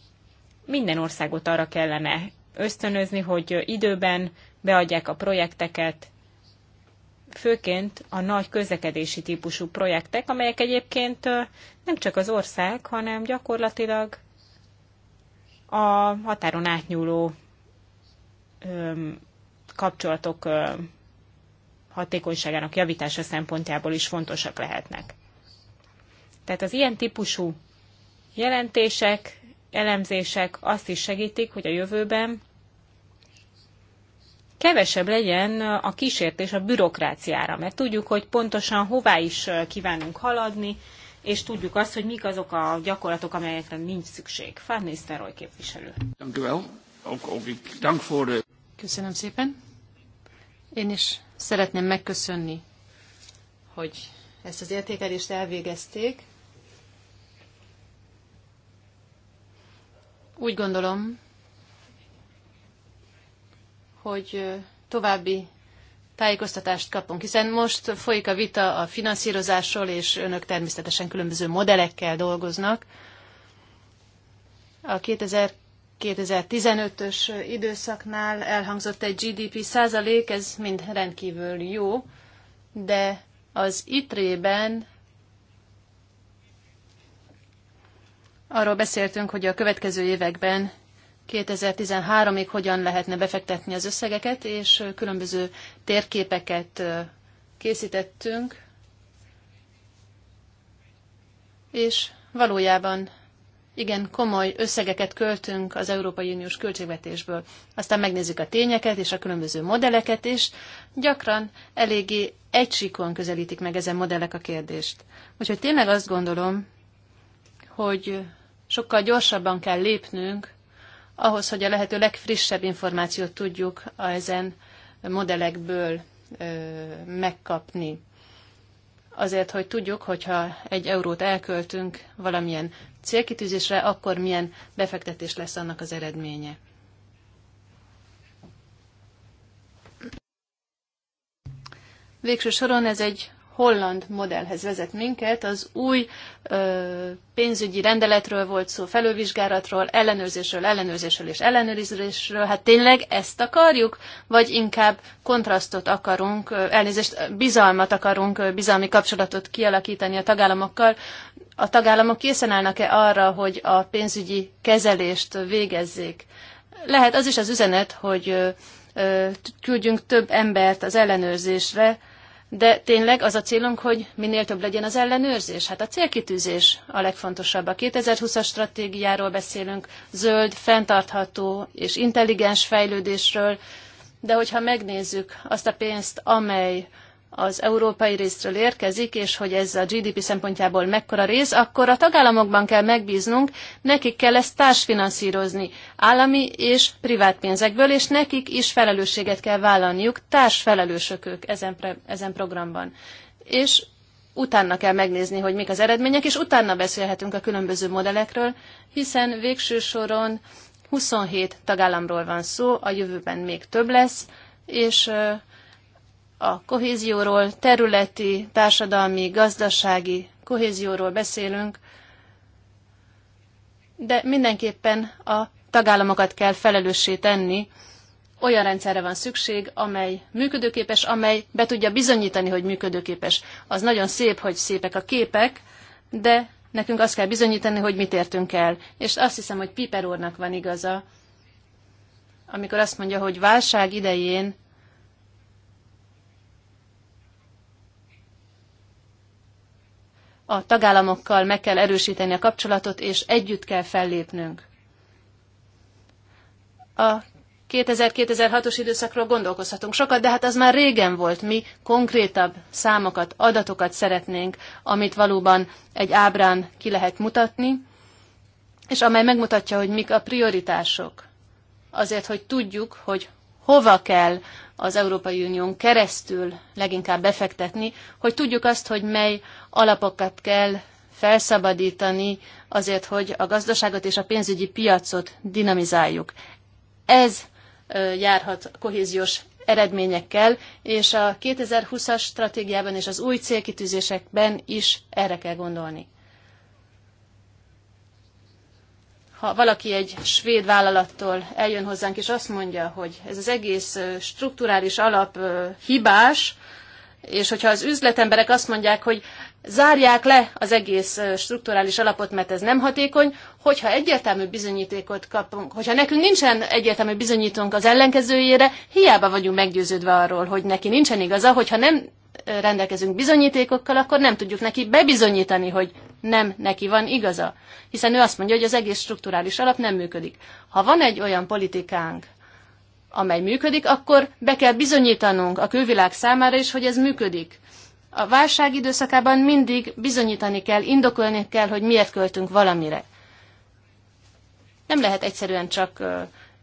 Minden országot arra kellene ösztönözni, hogy időben beadják a projekteket, főként a nagy közlekedési típusú projektek, amelyek egyébként nem csak az ország, hanem gyakorlatilag a határon átnyúló kapcsolatok hatékonyságának javítása szempontjából is fontosak lehetnek. Tehát az ilyen típusú jelentések, elemzések azt is segítik, hogy a jövőben kevesebb legyen a kísértés a bürokráciára, mert tudjuk, hogy pontosan hová is kívánunk haladni, és tudjuk azt, hogy mik azok a gyakorlatok, amelyekre nincs szükség. Van Nisztelrooy képviselő. Köszönöm szépen. Én is Szeretném megköszönni, hogy ezt az értékelést elvégezték. Úgy gondolom, hogy további tájékoztatást kapunk, hiszen most folyik a vita a finanszírozásról, és önök természetesen különböző modellekkel dolgoznak. A 2000 2015-ös időszaknál elhangzott egy GDP százalék, ez mind rendkívül jó, de az ITRE-ben arról beszéltünk, hogy a következő években 2013-ig hogyan lehetne befektetni az összegeket, és különböző térképeket készítettünk, és valójában igen komoly összegeket költünk az Európai Uniós költségvetésből. Aztán megnézzük a tényeket és a különböző modelleket, is. gyakran eléggé egysíkon közelítik meg ezen modellek a kérdést. Úgyhogy tényleg azt gondolom, hogy sokkal gyorsabban kell lépnünk ahhoz, hogy a lehető legfrissebb információt tudjuk a ezen modellekből megkapni azért, hogy tudjuk, hogyha egy eurót elköltünk valamilyen célkitűzésre, akkor milyen befektetés lesz annak az eredménye. Végső soron ez egy holland modellhez vezet minket. Az új ö, pénzügyi rendeletről volt szó, felülvizsgálatról, ellenőrzésről, ellenőrzésről és ellenőrzésről. Hát tényleg ezt akarjuk? Vagy inkább kontrasztot akarunk, elnézést, bizalmat akarunk, bizalmi kapcsolatot kialakítani a tagállamokkal? A tagállamok készen állnak-e arra, hogy a pénzügyi kezelést végezzék? Lehet az is az üzenet, hogy ö, küldjünk több embert az ellenőrzésre, de tényleg az a célunk, hogy minél több legyen az ellenőrzés. Hát a célkitűzés a legfontosabb. A 2020-as stratégiáról beszélünk, zöld, fenntartható és intelligens fejlődésről, de hogyha megnézzük azt a pénzt, amely az európai részről érkezik, és hogy ez a GDP szempontjából mekkora rész, akkor a tagállamokban kell megbíznunk, nekik kell ezt társfinanszírozni állami és privát pénzekből, és nekik is felelősséget kell vállalniuk, társfelelősök ők ezen, ezen programban. És utána kell megnézni, hogy mik az eredmények, és utána beszélhetünk a különböző modellekről, hiszen végső soron 27 tagállamról van szó, a jövőben még több lesz, és a kohézióról, területi, társadalmi, gazdasági kohézióról beszélünk, de mindenképpen a tagállamokat kell felelőssé tenni. Olyan rendszerre van szükség, amely működőképes, amely be tudja bizonyítani, hogy működőképes. Az nagyon szép, hogy szépek a képek, de nekünk azt kell bizonyítani, hogy mit értünk el. És azt hiszem, hogy Piper úrnak van igaza, amikor azt mondja, hogy válság idején a tagállamokkal meg kell erősíteni a kapcsolatot, és együtt kell fellépnünk. A 2000-2006-os időszakról gondolkozhatunk sokat, de hát az már régen volt. Mi konkrétabb számokat, adatokat szeretnénk, amit valóban egy ábrán ki lehet mutatni, és amely megmutatja, hogy mik a prioritások. Azért, hogy tudjuk, hogy hova kell az Európai Unión keresztül leginkább befektetni, hogy tudjuk azt, hogy mely alapokat kell felszabadítani azért, hogy a gazdaságot és a pénzügyi piacot dinamizáljuk. Ez járhat kohéziós eredményekkel, és a 2020-as stratégiában és az új célkitűzésekben is erre kell gondolni. ha valaki egy svéd vállalattól eljön hozzánk, és azt mondja, hogy ez az egész strukturális alap hibás, és hogyha az üzletemberek azt mondják, hogy zárják le az egész strukturális alapot, mert ez nem hatékony, hogyha egyértelmű bizonyítékot kapunk, hogyha nekünk nincsen egyértelmű bizonyítónk az ellenkezőjére, hiába vagyunk meggyőződve arról, hogy neki nincsen igaza, hogyha nem rendelkezünk bizonyítékokkal, akkor nem tudjuk neki bebizonyítani, hogy nem neki van igaza, hiszen ő azt mondja, hogy az egész strukturális alap nem működik. Ha van egy olyan politikánk, amely működik, akkor be kell bizonyítanunk a külvilág számára is, hogy ez működik. A válság időszakában mindig bizonyítani kell, indokolni kell, hogy miért költünk valamire. Nem lehet egyszerűen csak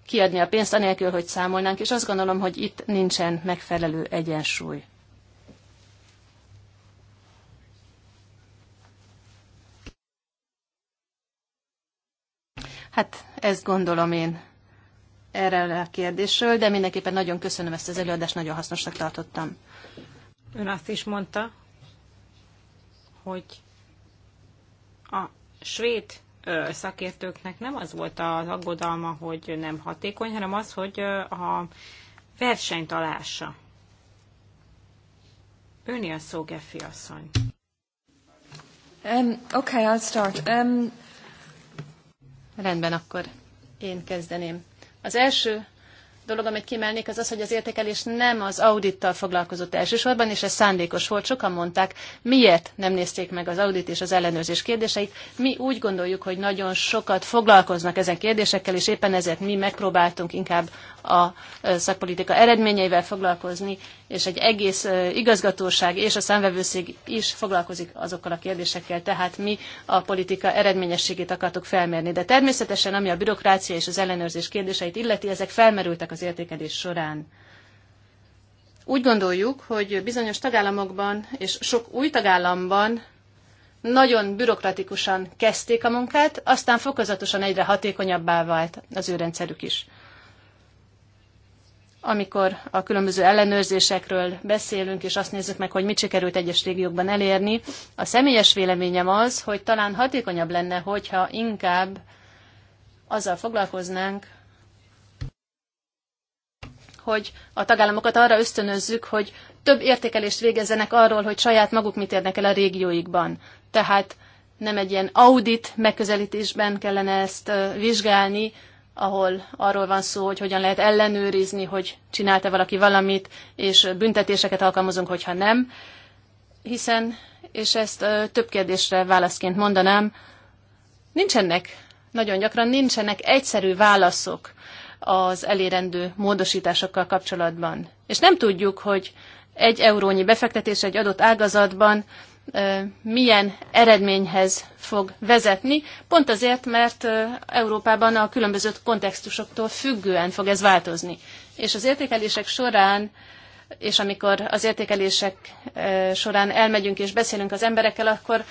kiadni a pénzt, anélkül, hogy számolnánk, és azt gondolom, hogy itt nincsen megfelelő egyensúly. Hát ezt gondolom én erre a kérdésről, de mindenképpen nagyon köszönöm ezt az előadást, nagyon hasznosnak tartottam. Ön azt is mondta, hogy a svéd szakértőknek nem az volt az aggodalma, hogy nem hatékony, hanem az, hogy a versenyt alássa. Öni a szó, Geffi asszony. Um, okay, I'll start. Um, Rendben, akkor én kezdeném. Az első dolog, amit kimelnék, az az, hogy az értékelés nem az audittal foglalkozott elsősorban, és ez szándékos volt. Sokan mondták, miért nem nézték meg az audit és az ellenőrzés kérdéseit. Mi úgy gondoljuk, hogy nagyon sokat foglalkoznak ezen kérdésekkel, és éppen ezért mi megpróbáltunk inkább a szakpolitika eredményeivel foglalkozni, és egy egész igazgatóság és a számvevőszék is foglalkozik azokkal a kérdésekkel, tehát mi a politika eredményességét akartuk felmérni. De természetesen, ami a bürokrácia és az ellenőrzés kérdéseit illeti, ezek felmerültek az értékelés során. Úgy gondoljuk, hogy bizonyos tagállamokban és sok új tagállamban nagyon bürokratikusan kezdték a munkát, aztán fokozatosan egyre hatékonyabbá vált az ő rendszerük is amikor a különböző ellenőrzésekről beszélünk, és azt nézzük meg, hogy mit sikerült egyes régiókban elérni, a személyes véleményem az, hogy talán hatékonyabb lenne, hogyha inkább azzal foglalkoznánk, hogy a tagállamokat arra ösztönözzük, hogy több értékelést végezzenek arról, hogy saját maguk mit érnek el a régióikban. Tehát nem egy ilyen audit megközelítésben kellene ezt vizsgálni, ahol arról van szó, hogy hogyan lehet ellenőrizni, hogy csinálta valaki valamit, és büntetéseket alkalmazunk, hogyha nem. Hiszen, és ezt több kérdésre válaszként mondanám, nincsenek, nagyon gyakran nincsenek egyszerű válaszok az elérendő módosításokkal kapcsolatban. És nem tudjuk, hogy egy eurónyi befektetés egy adott ágazatban milyen eredményhez fog vezetni, pont azért, mert Európában a különböző kontextusoktól függően fog ez változni. És az értékelések során, és amikor az értékelések során elmegyünk és beszélünk az emberekkel, akkor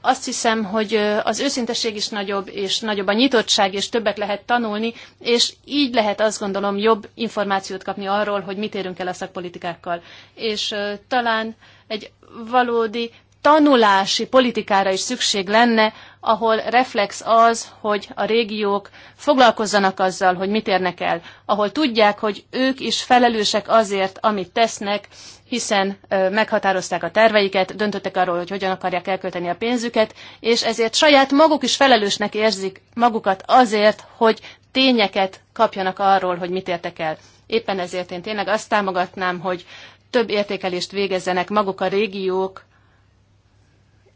azt hiszem, hogy az őszintesség is nagyobb, és nagyobb a nyitottság, és többet lehet tanulni, és így lehet azt gondolom jobb információt kapni arról, hogy mit érünk el a szakpolitikákkal. És talán egy valódi tanulási politikára is szükség lenne, ahol reflex az, hogy a régiók foglalkozzanak azzal, hogy mit érnek el, ahol tudják, hogy ők is felelősek azért, amit tesznek, hiszen meghatározták a terveiket, döntöttek arról, hogy hogyan akarják elkölteni a pénzüket, és ezért saját maguk is felelősnek érzik magukat azért, hogy tényeket kapjanak arról, hogy mit értek el. Éppen ezért én tényleg azt támogatnám, hogy több értékelést végezzenek maguk a régiók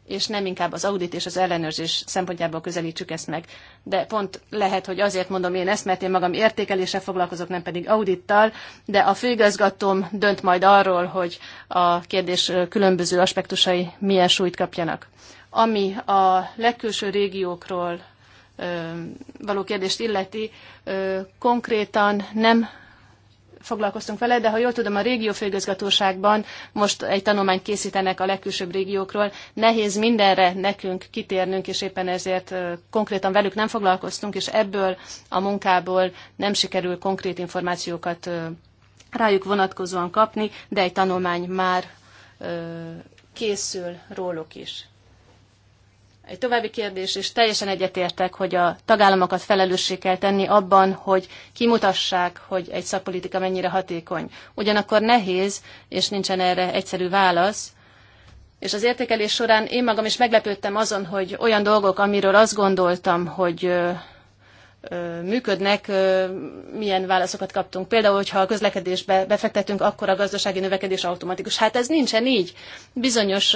és nem inkább az audit és az ellenőrzés szempontjából közelítsük ezt meg. De pont lehet, hogy azért mondom én ezt, mert én magam értékeléssel foglalkozok, nem pedig audittal, de a főigazgatóm dönt majd arról, hogy a kérdés különböző aspektusai milyen súlyt kapjanak. Ami a legkülső régiókról való kérdést illeti, konkrétan nem foglalkoztunk vele, de ha jól tudom, a régiófőgözgatóságban most egy tanulmányt készítenek a legkülsőbb régiókról. Nehéz mindenre nekünk kitérnünk, és éppen ezért konkrétan velük nem foglalkoztunk, és ebből a munkából nem sikerül konkrét információkat rájuk vonatkozóan kapni, de egy tanulmány már készül róluk is. Egy további kérdés, és teljesen egyetértek, hogy a tagállamokat felelőssé kell tenni abban, hogy kimutassák, hogy egy szakpolitika mennyire hatékony. Ugyanakkor nehéz, és nincsen erre egyszerű válasz, és az értékelés során én magam is meglepődtem azon, hogy olyan dolgok, amiről azt gondoltam, hogy működnek, milyen válaszokat kaptunk. Például, hogyha a közlekedésbe befektetünk, akkor a gazdasági növekedés automatikus. Hát ez nincsen így. Bizonyos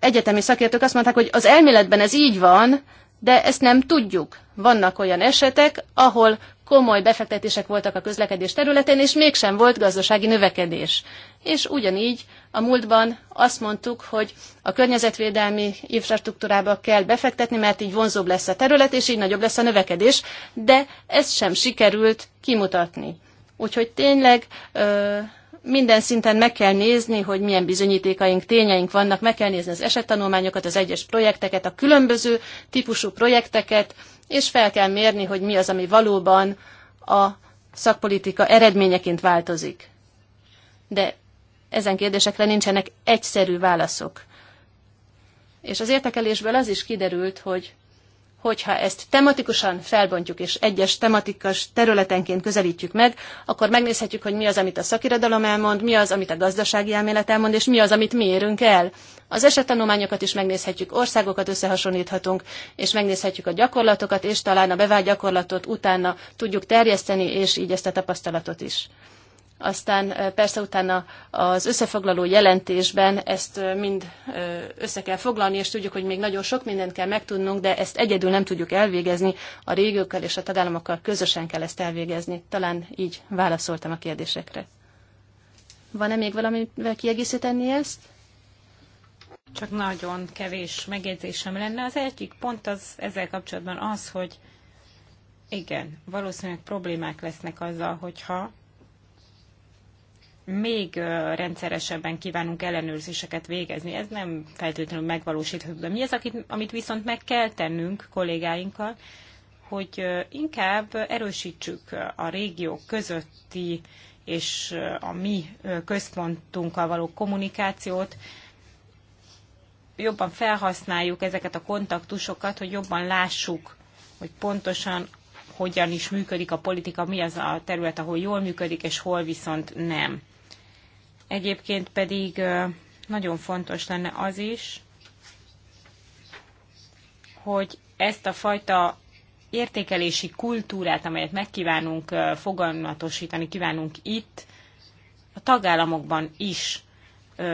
egyetemi szakértők azt mondták, hogy az elméletben ez így van, de ezt nem tudjuk. Vannak olyan esetek, ahol komoly befektetések voltak a közlekedés területén, és mégsem volt gazdasági növekedés és ugyanígy a múltban azt mondtuk, hogy a környezetvédelmi infrastruktúrába kell befektetni, mert így vonzóbb lesz a terület, és így nagyobb lesz a növekedés, de ezt sem sikerült kimutatni. Úgyhogy tényleg ö, minden szinten meg kell nézni, hogy milyen bizonyítékaink, tényeink vannak, meg kell nézni az esettanulmányokat, az egyes projekteket, a különböző típusú projekteket, és fel kell mérni, hogy mi az, ami valóban a szakpolitika eredményeként változik. De ezen kérdésekre nincsenek egyszerű válaszok. És az értekelésből az is kiderült, hogy hogyha ezt tematikusan felbontjuk és egyes tematikas területenként közelítjük meg, akkor megnézhetjük, hogy mi az, amit a szakirodalom elmond, mi az, amit a gazdasági elmélet elmond, és mi az, amit mi érünk el. Az esettanulmányokat is megnézhetjük, országokat összehasonlíthatunk, és megnézhetjük a gyakorlatokat, és talán a bevált gyakorlatot utána tudjuk terjeszteni, és így ezt a tapasztalatot is aztán persze utána az összefoglaló jelentésben ezt mind össze kell foglalni, és tudjuk, hogy még nagyon sok mindent kell megtudnunk, de ezt egyedül nem tudjuk elvégezni, a régőkkel és a tagállamokkal közösen kell ezt elvégezni. Talán így válaszoltam a kérdésekre. Van-e még valamivel kiegészíteni ezt? Csak nagyon kevés megjegyzésem lenne. Az egyik pont az ezzel kapcsolatban az, hogy igen, valószínűleg problémák lesznek azzal, hogyha még rendszeresebben kívánunk ellenőrzéseket végezni. Ez nem feltétlenül megvalósítható. De mi az, amit viszont meg kell tennünk kollégáinkkal, hogy inkább erősítsük a régiók közötti és a mi központunkkal való kommunikációt, jobban felhasználjuk ezeket a kontaktusokat, hogy jobban lássuk, hogy pontosan hogyan is működik a politika, mi az a terület, ahol jól működik, és hol viszont nem. Egyébként pedig nagyon fontos lenne az is, hogy ezt a fajta értékelési kultúrát, amelyet megkívánunk fogalmatosítani, kívánunk itt, a tagállamokban is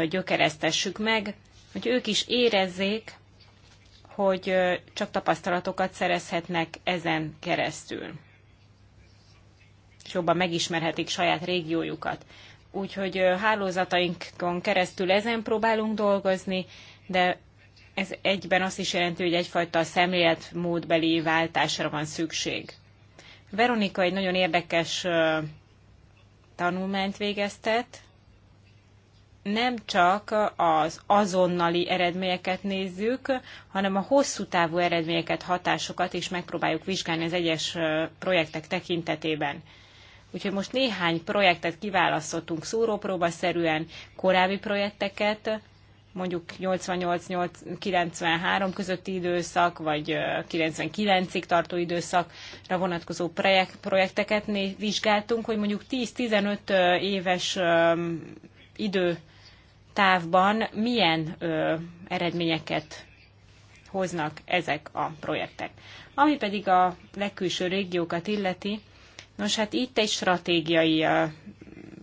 gyökeresztessük meg, hogy ők is érezzék, hogy csak tapasztalatokat szerezhetnek ezen keresztül. És jobban megismerhetik saját régiójukat úgyhogy hálózatainkon keresztül ezen próbálunk dolgozni, de ez egyben azt is jelenti, hogy egyfajta szemléletmódbeli váltásra van szükség. Veronika egy nagyon érdekes tanulmányt végeztet. Nem csak az azonnali eredményeket nézzük, hanem a hosszú távú eredményeket, hatásokat is megpróbáljuk vizsgálni az egyes projektek tekintetében. Úgyhogy most néhány projektet kiválasztottunk szúrópróbaszerűen, korábbi projekteket, mondjuk 88-93 közötti időszak, vagy 99-ig tartó időszakra vonatkozó projekteket vizsgáltunk, hogy mondjuk 10-15 éves időtávban milyen eredményeket hoznak ezek a projektek. Ami pedig a legkülső régiókat illeti, Nos, hát itt egy stratégiai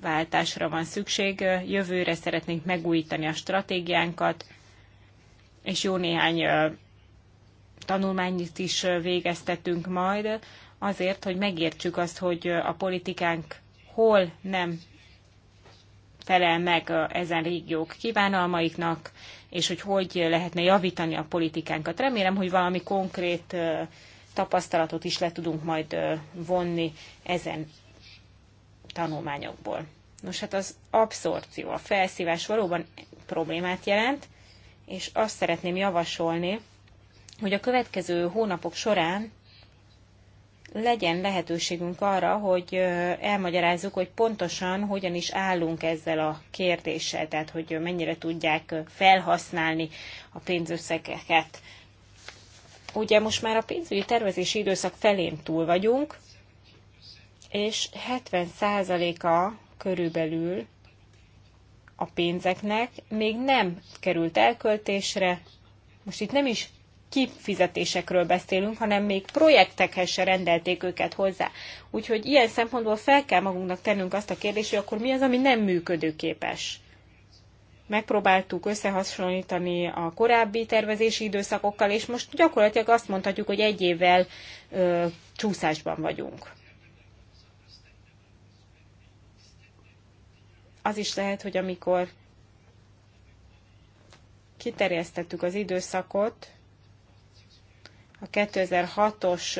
váltásra van szükség. Jövőre szeretnénk megújítani a stratégiánkat, és jó néhány tanulmányt is végeztetünk majd, azért, hogy megértsük azt, hogy a politikánk hol nem felel meg ezen régiók kívánalmaiknak, és hogy hogy lehetne javítani a politikánkat. Remélem, hogy valami konkrét tapasztalatot is le tudunk majd vonni ezen tanulmányokból. Nos, hát az abszorció, a felszívás valóban problémát jelent, és azt szeretném javasolni, hogy a következő hónapok során legyen lehetőségünk arra, hogy elmagyarázzuk, hogy pontosan hogyan is állunk ezzel a kérdéssel, tehát hogy mennyire tudják felhasználni a pénzösszegeket ugye most már a pénzügyi tervezési időszak felén túl vagyunk, és 70%-a körülbelül a pénzeknek még nem került elköltésre. Most itt nem is kifizetésekről beszélünk, hanem még projektekhez se rendelték őket hozzá. Úgyhogy ilyen szempontból fel kell magunknak tennünk azt a kérdést, hogy akkor mi az, ami nem működőképes megpróbáltuk összehasonlítani a korábbi tervezési időszakokkal, és most gyakorlatilag azt mondhatjuk, hogy egy évvel ö, csúszásban vagyunk. Az is lehet, hogy amikor kiterjesztettük az időszakot, a 2006-os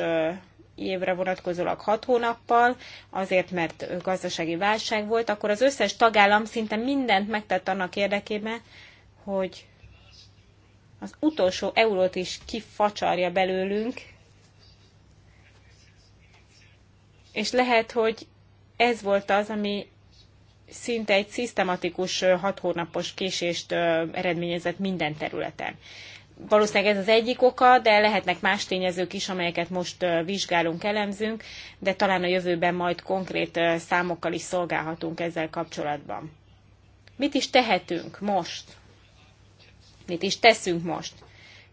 évre vonatkozólag 6 hónappal, azért mert gazdasági válság volt, akkor az összes tagállam szinte mindent megtett annak érdekében, hogy az utolsó eurót is kifacsarja belőlünk, és lehet, hogy ez volt az, ami szinte egy szisztematikus hat hónapos késést eredményezett minden területen valószínűleg ez az egyik oka, de lehetnek más tényezők is, amelyeket most vizsgálunk, elemzünk, de talán a jövőben majd konkrét számokkal is szolgálhatunk ezzel kapcsolatban. Mit is tehetünk most? Mit is teszünk most?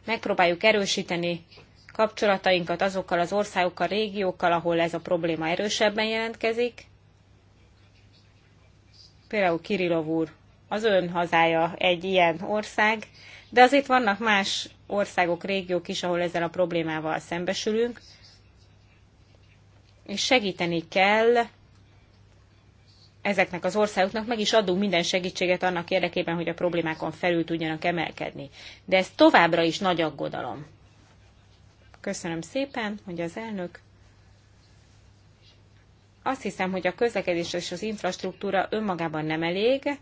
Megpróbáljuk erősíteni kapcsolatainkat azokkal az országokkal, régiókkal, ahol ez a probléma erősebben jelentkezik. Például Kirilov úr, az ön hazája egy ilyen ország, de azért vannak más országok, régiók is, ahol ezzel a problémával szembesülünk, és segíteni kell ezeknek az országoknak, meg is adunk minden segítséget annak érdekében, hogy a problémákon felül tudjanak emelkedni. De ez továbbra is nagy aggodalom. Köszönöm szépen, hogy az elnök. Azt hiszem, hogy a közlekedés és az infrastruktúra önmagában nem elég,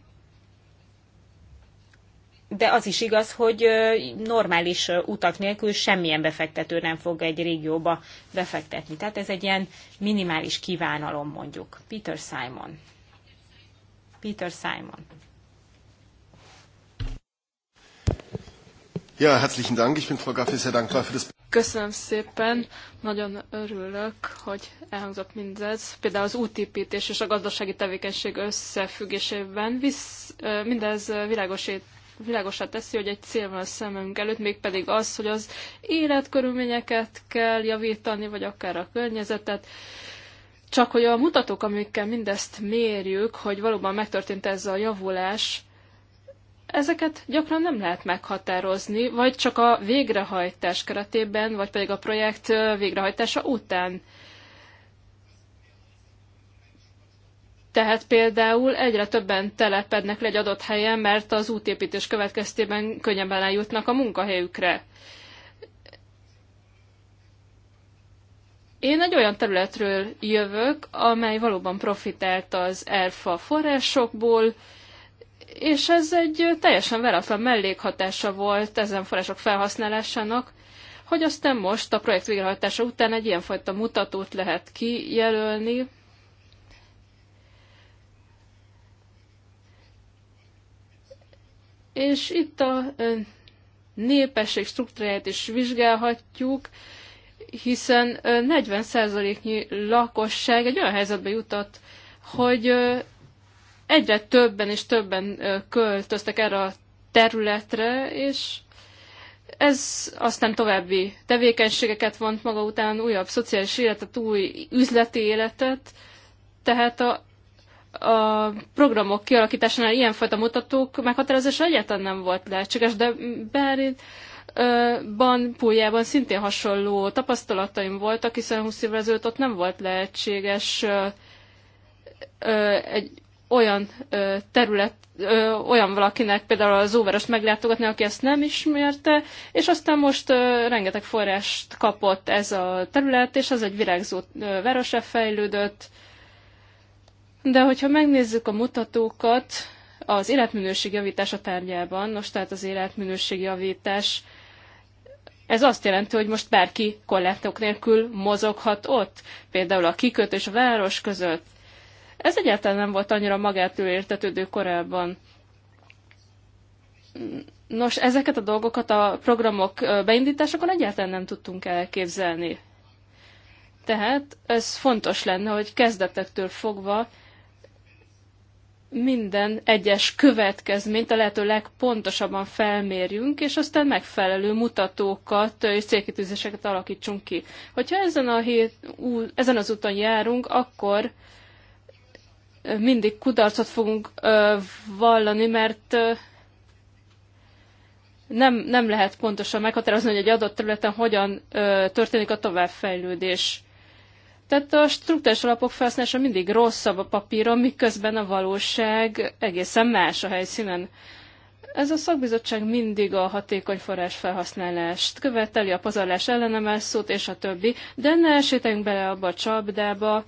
de az is igaz, hogy normális utak nélkül semmilyen befektető nem fog egy régióba befektetni. Tehát ez egy ilyen minimális kívánalom mondjuk. Peter Simon. Peter Simon. Ja, herzlichen Dank. Ich bin Frau Gaffi sehr dankbar für das. Köszönöm szépen, nagyon örülök, hogy elhangzott mindez. Például az útépítés és a gazdasági tevékenység összefüggésében visz, mindez világosít világosá teszi, hogy egy cél van a szemünk előtt, mégpedig az, hogy az életkörülményeket kell javítani, vagy akár a környezetet. Csak hogy a mutatók, amikkel mindezt mérjük, hogy valóban megtörtént ez a javulás, ezeket gyakran nem lehet meghatározni, vagy csak a végrehajtás keretében, vagy pedig a projekt végrehajtása után Tehát például egyre többen telepednek le egy adott helyen, mert az útépítés következtében könnyebben eljutnak a munkahelyükre. Én egy olyan területről jövök, amely valóban profitált az ERFA forrásokból, és ez egy teljesen veratlan mellékhatása volt ezen források felhasználásának, hogy aztán most a projekt végrehajtása után egy ilyenfajta mutatót lehet kijelölni, és itt a népesség struktúráját is vizsgálhatjuk, hiszen 40%-nyi lakosság egy olyan helyzetbe jutott, hogy egyre többen és többen költöztek erre a területre, és ez aztán további tevékenységeket vont maga után, újabb szociális életet, új üzleti életet, tehát a a programok kialakításánál ilyenfajta mutatók meghatározása egyáltalán nem volt lehetséges, de bár Ban, Pújában szintén hasonló tapasztalataim voltak, hiszen 20 évvel ezelőtt ott nem volt lehetséges egy olyan terület, olyan valakinek például az óverost meglátogatni, aki ezt nem ismerte, és aztán most rengeteg forrást kapott ez a terület, és az egy virágzó városra fejlődött, de hogyha megnézzük a mutatókat, az életminőség javítása tárgyában, nos tehát az életminőség javítás, ez azt jelenti, hogy most bárki korlátok nélkül mozoghat ott, például a kikötő és a város között. Ez egyáltalán nem volt annyira magától értetődő korábban. Nos, ezeket a dolgokat a programok beindításakon egyáltalán nem tudtunk elképzelni. Tehát ez fontos lenne, hogy kezdetektől fogva minden egyes következményt a lehető legpontosabban felmérjünk, és aztán megfelelő mutatókat és célkitűzéseket alakítsunk ki. Hogyha ezen, a hét, ú, ezen az úton járunk, akkor mindig kudarcot fogunk ö, vallani, mert ö, nem, nem lehet pontosan meghatározni, hogy egy adott területen hogyan ö, történik a továbbfejlődés tehát a struktúrás alapok felhasználása mindig rosszabb a papíron, miközben a valóság egészen más a helyszínen. Ez a szakbizottság mindig a hatékony forrás felhasználást követeli, a pazarlás szót és a többi, de ne esétünk bele abba a csapdába,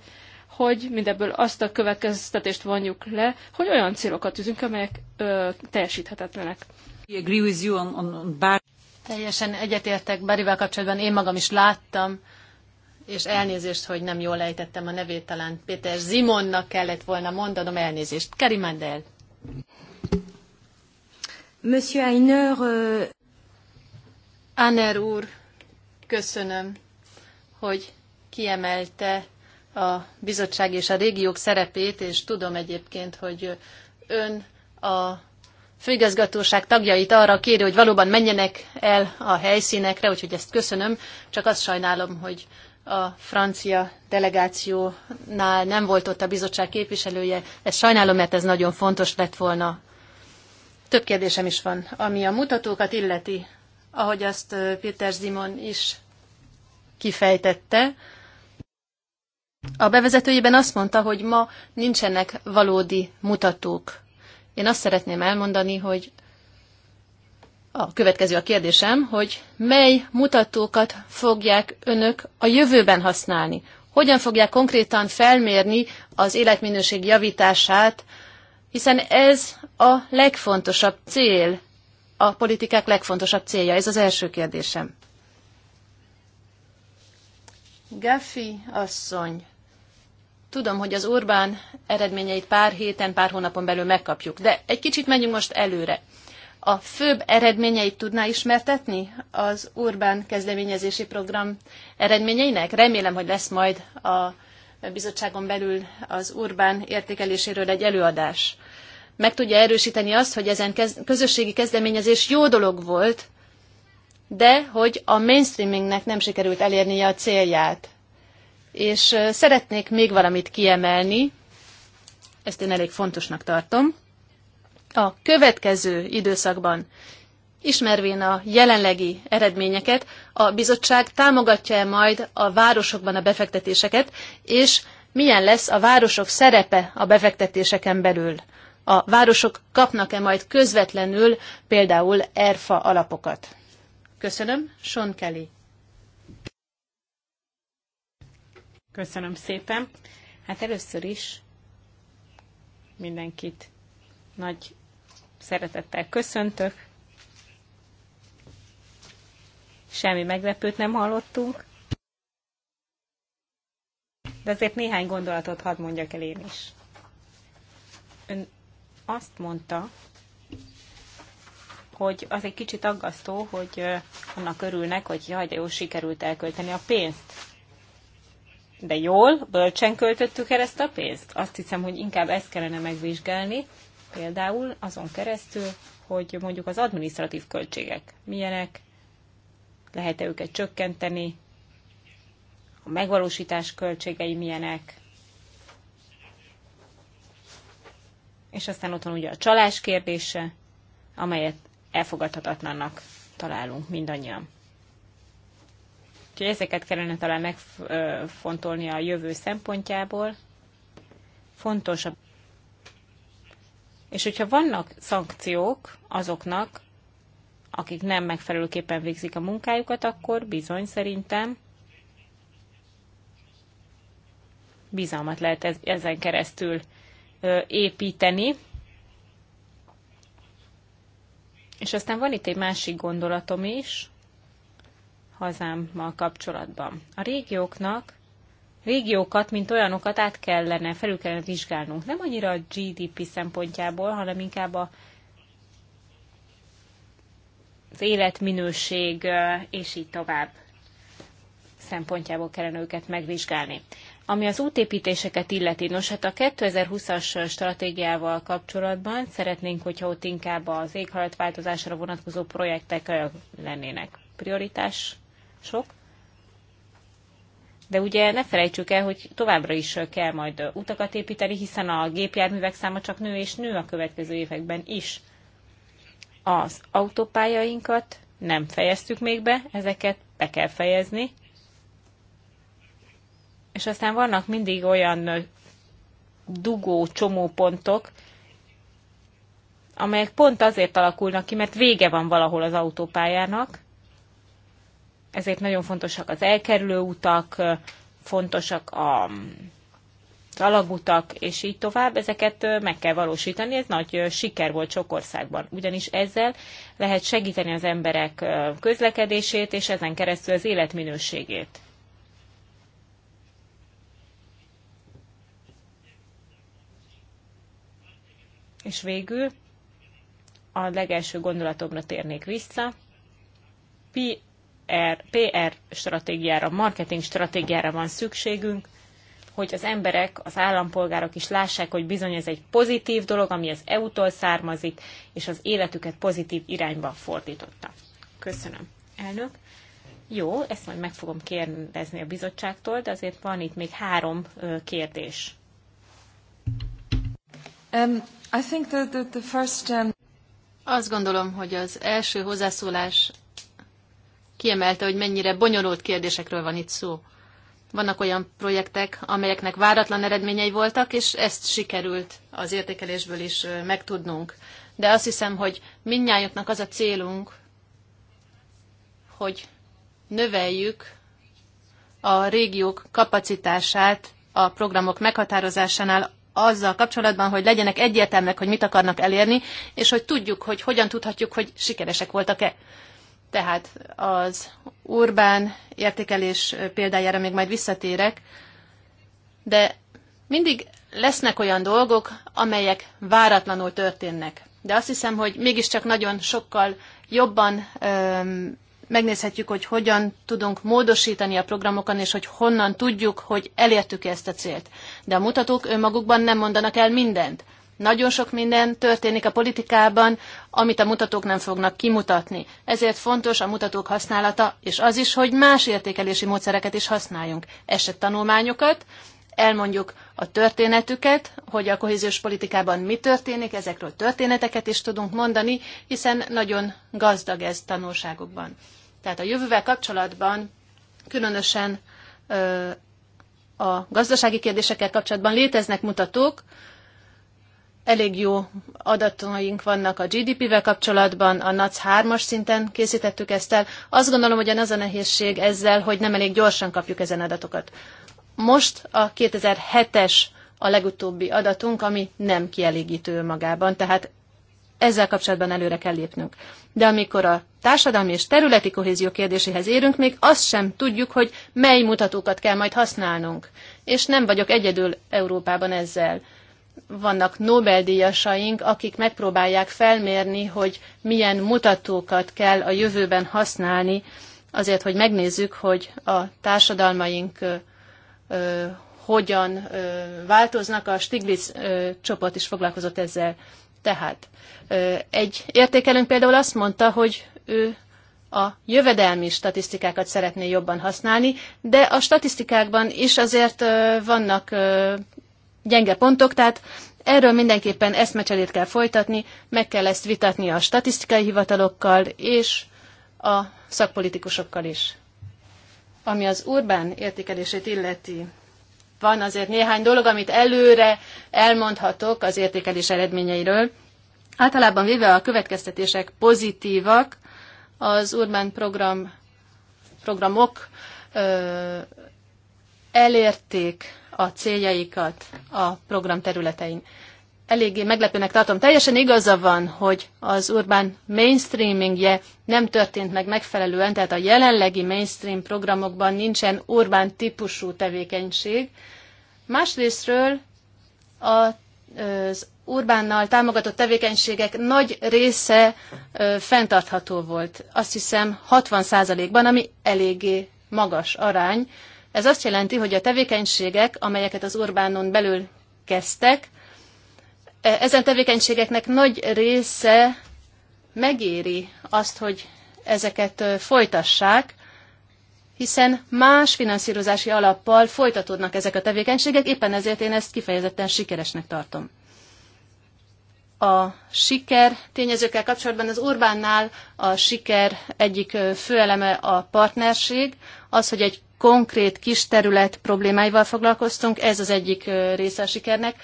hogy mindebből azt a következtetést vonjuk le, hogy olyan célokat tűzünk, amelyek ö, teljesíthetetlenek. Teljesen egyetértek Barivel kapcsolatban, én magam is láttam, és elnézést, hogy nem jól ejtettem a nevét, talán Péter Zimonnak kellett volna mondanom, elnézést. Mandel. Monsieur Einer, uh... Aner úr, köszönöm, hogy kiemelte a bizottság és a régiók szerepét, és tudom egyébként, hogy ön a főigazgatóság tagjait arra kéri, hogy valóban menjenek el a helyszínekre, úgyhogy ezt köszönöm, csak azt sajnálom, hogy a francia delegációnál nem volt ott a bizottság képviselője. Ezt sajnálom, mert ez nagyon fontos lett volna. Több kérdésem is van, ami a mutatókat illeti, ahogy azt Péter Zimon is kifejtette. A bevezetőjében azt mondta, hogy ma nincsenek valódi mutatók. Én azt szeretném elmondani, hogy a következő a kérdésem, hogy mely mutatókat fogják önök a jövőben használni? Hogyan fogják konkrétan felmérni az életminőség javítását, hiszen ez a legfontosabb cél, a politikák legfontosabb célja. Ez az első kérdésem. Gaffi asszony, tudom, hogy az Orbán eredményeit pár héten, pár hónapon belül megkapjuk, de egy kicsit menjünk most előre a főbb eredményeit tudná ismertetni az Urbán kezdeményezési program eredményeinek? Remélem, hogy lesz majd a bizottságon belül az Urbán értékeléséről egy előadás. Meg tudja erősíteni azt, hogy ezen közösségi kezdeményezés jó dolog volt, de hogy a mainstreamingnek nem sikerült elérnie a célját. És szeretnék még valamit kiemelni, ezt én elég fontosnak tartom a következő időszakban, ismervén a jelenlegi eredményeket, a bizottság támogatja-e majd a városokban a befektetéseket, és milyen lesz a városok szerepe a befektetéseken belül? A városok kapnak-e majd közvetlenül például ERFA alapokat? Köszönöm, Sean Kelly. Köszönöm szépen. Hát először is mindenkit nagy szeretettel köszöntök. Semmi meglepőt nem hallottunk. De azért néhány gondolatot hadd mondjak el én is. Ön azt mondta, hogy az egy kicsit aggasztó, hogy annak örülnek, hogy jaj, de jó, sikerült elkölteni a pénzt. De jól, bölcsen költöttük el ezt a pénzt? Azt hiszem, hogy inkább ezt kellene megvizsgálni, Például azon keresztül, hogy mondjuk az administratív költségek milyenek, lehet-e őket csökkenteni, a megvalósítás költségei milyenek, és aztán ott van ugye a csalás kérdése, amelyet elfogadhatatlannak találunk mindannyian. Úgyhogy ezeket kellene talán megfontolni a jövő szempontjából. Fontos a és hogyha vannak szankciók azoknak, akik nem megfelelőképpen végzik a munkájukat, akkor bizony szerintem bizalmat lehet ezen keresztül építeni. És aztán van itt egy másik gondolatom is hazámmal kapcsolatban. A régióknak régiókat, mint olyanokat át kellene, felül kellene vizsgálnunk. Nem annyira a GDP szempontjából, hanem inkább a, az életminőség és így tovább szempontjából kellene őket megvizsgálni. Ami az útépítéseket illeti, nos hát a 2020-as stratégiával kapcsolatban szeretnénk, hogyha ott inkább az éghajlatváltozásra vonatkozó projektek lennének prioritás sok de ugye ne felejtsük el, hogy továbbra is kell majd utakat építeni, hiszen a gépjárművek száma csak nő és nő a következő években is. Az autópályainkat nem fejeztük még be, ezeket be kell fejezni. És aztán vannak mindig olyan dugó csomópontok, amelyek pont azért alakulnak ki, mert vége van valahol az autópályának, ezért nagyon fontosak az elkerülő utak, fontosak a alagutak, és így tovább, ezeket meg kell valósítani. Ez nagy siker volt sok országban, ugyanis ezzel lehet segíteni az emberek közlekedését, és ezen keresztül az életminőségét. És végül a legelső gondolatomra térnék vissza. Pi PR, PR stratégiára, marketing stratégiára van szükségünk, hogy az emberek, az állampolgárok is lássák, hogy bizony ez egy pozitív dolog, ami az EU-tól származik, és az életüket pozitív irányba fordította. Köszönöm, elnök. Jó, ezt majd meg fogom kérdezni a bizottságtól, de azért van itt még három kérdés. Um, I think that the, the first, um... Azt gondolom, hogy az első hozzászólás kiemelte, hogy mennyire bonyolult kérdésekről van itt szó. Vannak olyan projektek, amelyeknek váratlan eredményei voltak, és ezt sikerült az értékelésből is megtudnunk. De azt hiszem, hogy mindnyájuknak az a célunk, hogy növeljük a régiók kapacitását a programok meghatározásánál azzal kapcsolatban, hogy legyenek egyértelműek, hogy mit akarnak elérni, és hogy tudjuk, hogy hogyan tudhatjuk, hogy sikeresek voltak-e. Tehát az urbán értékelés példájára még majd visszatérek, de mindig lesznek olyan dolgok, amelyek váratlanul történnek. De azt hiszem, hogy mégiscsak nagyon sokkal jobban öm, megnézhetjük, hogy hogyan tudunk módosítani a programokon, és hogy honnan tudjuk, hogy elértük -e ezt a célt. De a mutatók önmagukban nem mondanak el mindent. Nagyon sok minden történik a politikában, amit a mutatók nem fognak kimutatni. Ezért fontos a mutatók használata, és az is, hogy más értékelési módszereket is használjunk. Esettanulmányokat, elmondjuk a történetüket, hogy a kohéziós politikában mi történik, ezekről történeteket is tudunk mondani, hiszen nagyon gazdag ez tanulságokban. Tehát a jövővel kapcsolatban, különösen ö, a gazdasági kérdésekkel kapcsolatban léteznek mutatók, Elég jó adataink vannak a GDP-vel kapcsolatban, a NAC 3-as szinten készítettük ezt el. Azt gondolom, hogy az a nehézség ezzel, hogy nem elég gyorsan kapjuk ezen adatokat. Most a 2007-es a legutóbbi adatunk, ami nem kielégítő magában, tehát ezzel kapcsolatban előre kell lépnünk. De amikor a társadalmi és területi kohézió kérdéséhez érünk, még azt sem tudjuk, hogy mely mutatókat kell majd használnunk. És nem vagyok egyedül Európában ezzel vannak Nobel-díjasaink, akik megpróbálják felmérni, hogy milyen mutatókat kell a jövőben használni, azért, hogy megnézzük, hogy a társadalmaink ö, hogyan ö, változnak. A Stiglitz ö, csoport is foglalkozott ezzel. Tehát ö, egy értékelőnk például azt mondta, hogy ő a jövedelmi statisztikákat szeretné jobban használni, de a statisztikákban is azért ö, vannak ö, gyenge pontok, tehát erről mindenképpen eszmecserét kell folytatni, meg kell ezt vitatni a statisztikai hivatalokkal és a szakpolitikusokkal is. Ami az urbán értékelését illeti, van azért néhány dolog, amit előre elmondhatok az értékelés eredményeiről. Általában véve a következtetések pozitívak, az urbán program, programok ö, elérték a céljaikat a program területein. Eléggé meglepőnek tartom. Teljesen igaza van, hogy az urbán mainstreamingje nem történt meg megfelelően, tehát a jelenlegi mainstream programokban nincsen urbán típusú tevékenység. Másrésztről az urbánnal támogatott tevékenységek nagy része fenntartható volt. Azt hiszem 60%-ban, ami eléggé magas arány, ez azt jelenti, hogy a tevékenységek, amelyeket az Orbánon belül kezdtek, e, ezen tevékenységeknek nagy része megéri azt, hogy ezeket folytassák, hiszen más finanszírozási alappal folytatódnak ezek a tevékenységek, éppen ezért én ezt kifejezetten sikeresnek tartom. A siker tényezőkkel kapcsolatban az Orbánnál a siker egyik főeleme a partnerség, az, hogy egy konkrét kis terület problémáival foglalkoztunk, ez az egyik része a sikernek.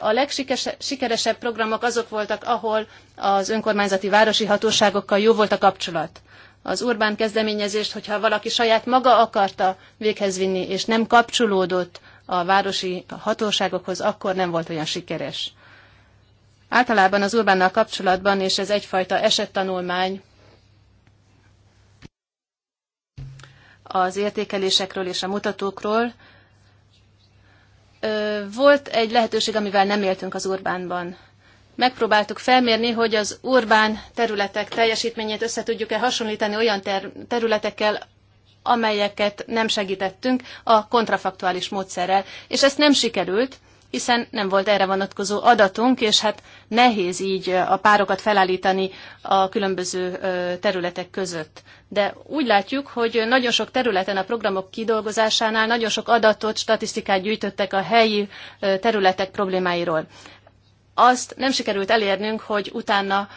A legsikeresebb programok azok voltak, ahol az önkormányzati városi hatóságokkal jó volt a kapcsolat. Az urbán kezdeményezést, hogyha valaki saját maga akarta véghez vinni, és nem kapcsolódott a városi hatóságokhoz, akkor nem volt olyan sikeres. Általában az urbánnal kapcsolatban, és ez egyfajta esettanulmány, az értékelésekről és a mutatókról, volt egy lehetőség, amivel nem éltünk az Urbánban. Megpróbáltuk felmérni, hogy az urbán területek teljesítményét össze tudjuk-e hasonlítani olyan ter- területekkel, amelyeket nem segítettünk a kontrafaktuális módszerrel. És ezt nem sikerült, hiszen nem volt erre vonatkozó adatunk, és hát nehéz így a párokat felállítani a különböző területek között. De úgy látjuk, hogy nagyon sok területen a programok kidolgozásánál nagyon sok adatot, statisztikát gyűjtöttek a helyi területek problémáiról azt nem sikerült elérnünk, hogy utána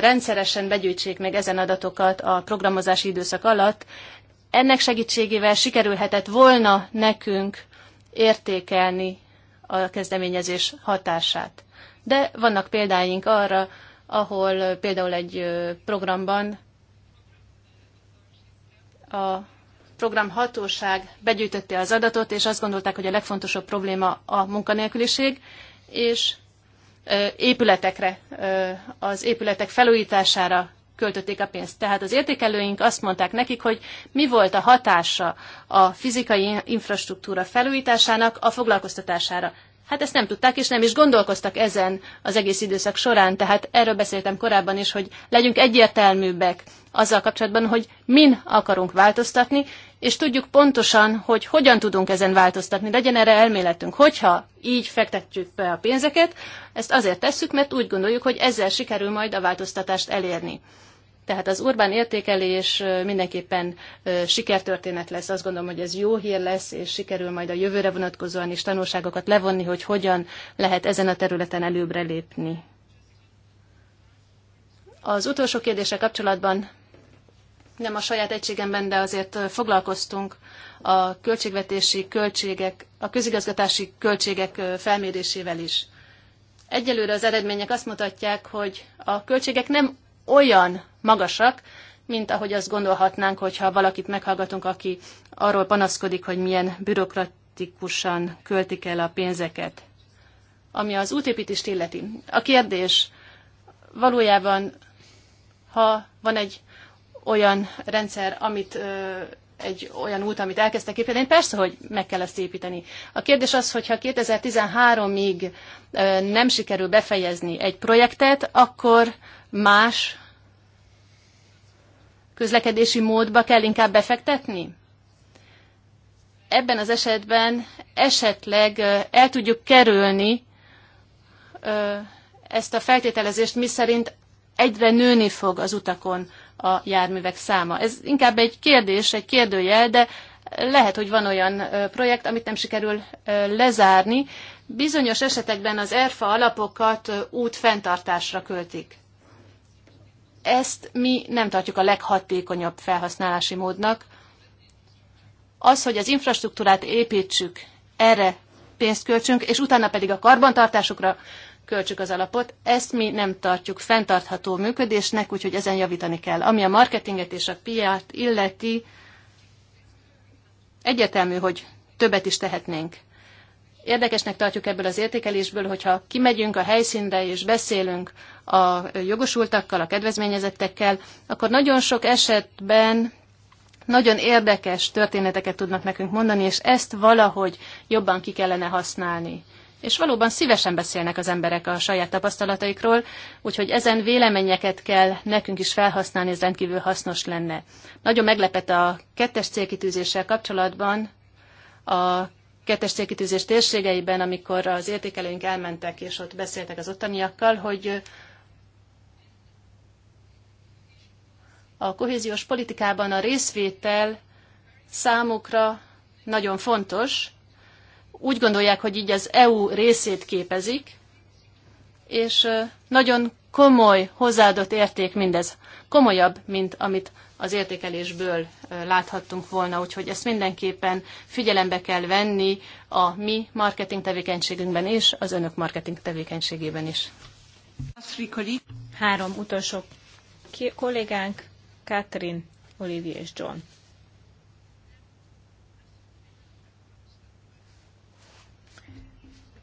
rendszeresen begyűjtsék meg ezen adatokat a programozási időszak alatt. Ennek segítségével sikerülhetett volna nekünk értékelni a kezdeményezés hatását. De vannak példáink arra, ahol például egy programban a programhatóság begyűjtötte az adatot, és azt gondolták, hogy a legfontosabb probléma a munkanélküliség, és épületekre, az épületek felújítására költötték a pénzt. Tehát az értékelőink azt mondták nekik, hogy mi volt a hatása a fizikai infrastruktúra felújításának a foglalkoztatására. Hát ezt nem tudták, és nem is gondolkoztak ezen az egész időszak során, tehát erről beszéltem korábban is, hogy legyünk egyértelműbbek azzal kapcsolatban, hogy min akarunk változtatni, és tudjuk pontosan, hogy hogyan tudunk ezen változtatni. Legyen erre elméletünk, hogyha így fektetjük be a pénzeket, ezt azért tesszük, mert úgy gondoljuk, hogy ezzel sikerül majd a változtatást elérni. Tehát az urbán értékelés mindenképpen sikertörténet lesz. Azt gondolom, hogy ez jó hír lesz, és sikerül majd a jövőre vonatkozóan is tanulságokat levonni, hogy hogyan lehet ezen a területen előbbre lépni. Az utolsó kérdése kapcsolatban nem a saját egységemben, de azért foglalkoztunk a költségvetési költségek, a közigazgatási költségek felmérésével is. Egyelőre az eredmények azt mutatják, hogy a költségek nem olyan magasak, mint ahogy azt gondolhatnánk, hogyha valakit meghallgatunk, aki arról panaszkodik, hogy milyen bürokratikusan költik el a pénzeket. Ami az útépítést illeti. A kérdés valójában, ha van egy olyan rendszer, amit egy olyan út, amit elkezdtek építeni. Persze, hogy meg kell ezt építeni. A kérdés az, hogyha 2013-ig nem sikerül befejezni egy projektet, akkor más közlekedési módba kell inkább befektetni? Ebben az esetben esetleg el tudjuk kerülni ezt a feltételezést, mi szerint egyre nőni fog az utakon a járművek száma. Ez inkább egy kérdés, egy kérdőjel, de lehet, hogy van olyan projekt, amit nem sikerül lezárni. Bizonyos esetekben az ERFA alapokat út fenntartásra költik ezt mi nem tartjuk a leghatékonyabb felhasználási módnak. Az, hogy az infrastruktúrát építsük, erre pénzt költsünk, és utána pedig a karbantartásukra költsük az alapot, ezt mi nem tartjuk fenntartható működésnek, úgyhogy ezen javítani kell. Ami a marketinget és a piát illeti, egyetemű, hogy többet is tehetnénk. Érdekesnek tartjuk ebből az értékelésből, hogyha kimegyünk a helyszínre és beszélünk a jogosultakkal, a kedvezményezettekkel, akkor nagyon sok esetben nagyon érdekes történeteket tudnak nekünk mondani, és ezt valahogy jobban ki kellene használni. És valóban szívesen beszélnek az emberek a saját tapasztalataikról, úgyhogy ezen véleményeket kell nekünk is felhasználni, ez rendkívül hasznos lenne. Nagyon meglepett a kettes célkitűzéssel kapcsolatban a kettes célkitűzés térségeiben, amikor az értékelőink elmentek, és ott beszéltek az ottaniakkal, hogy a kohéziós politikában a részvétel számukra nagyon fontos. Úgy gondolják, hogy így az EU részét képezik, és nagyon komoly hozzáadott érték mindez. Komolyabb, mint amit az értékelésből láthattunk volna, úgyhogy ezt mindenképpen figyelembe kell venni a mi marketing tevékenységünkben és az önök marketing tevékenységében is. Három utolsó kollégánk, Katrin, Olivia és John.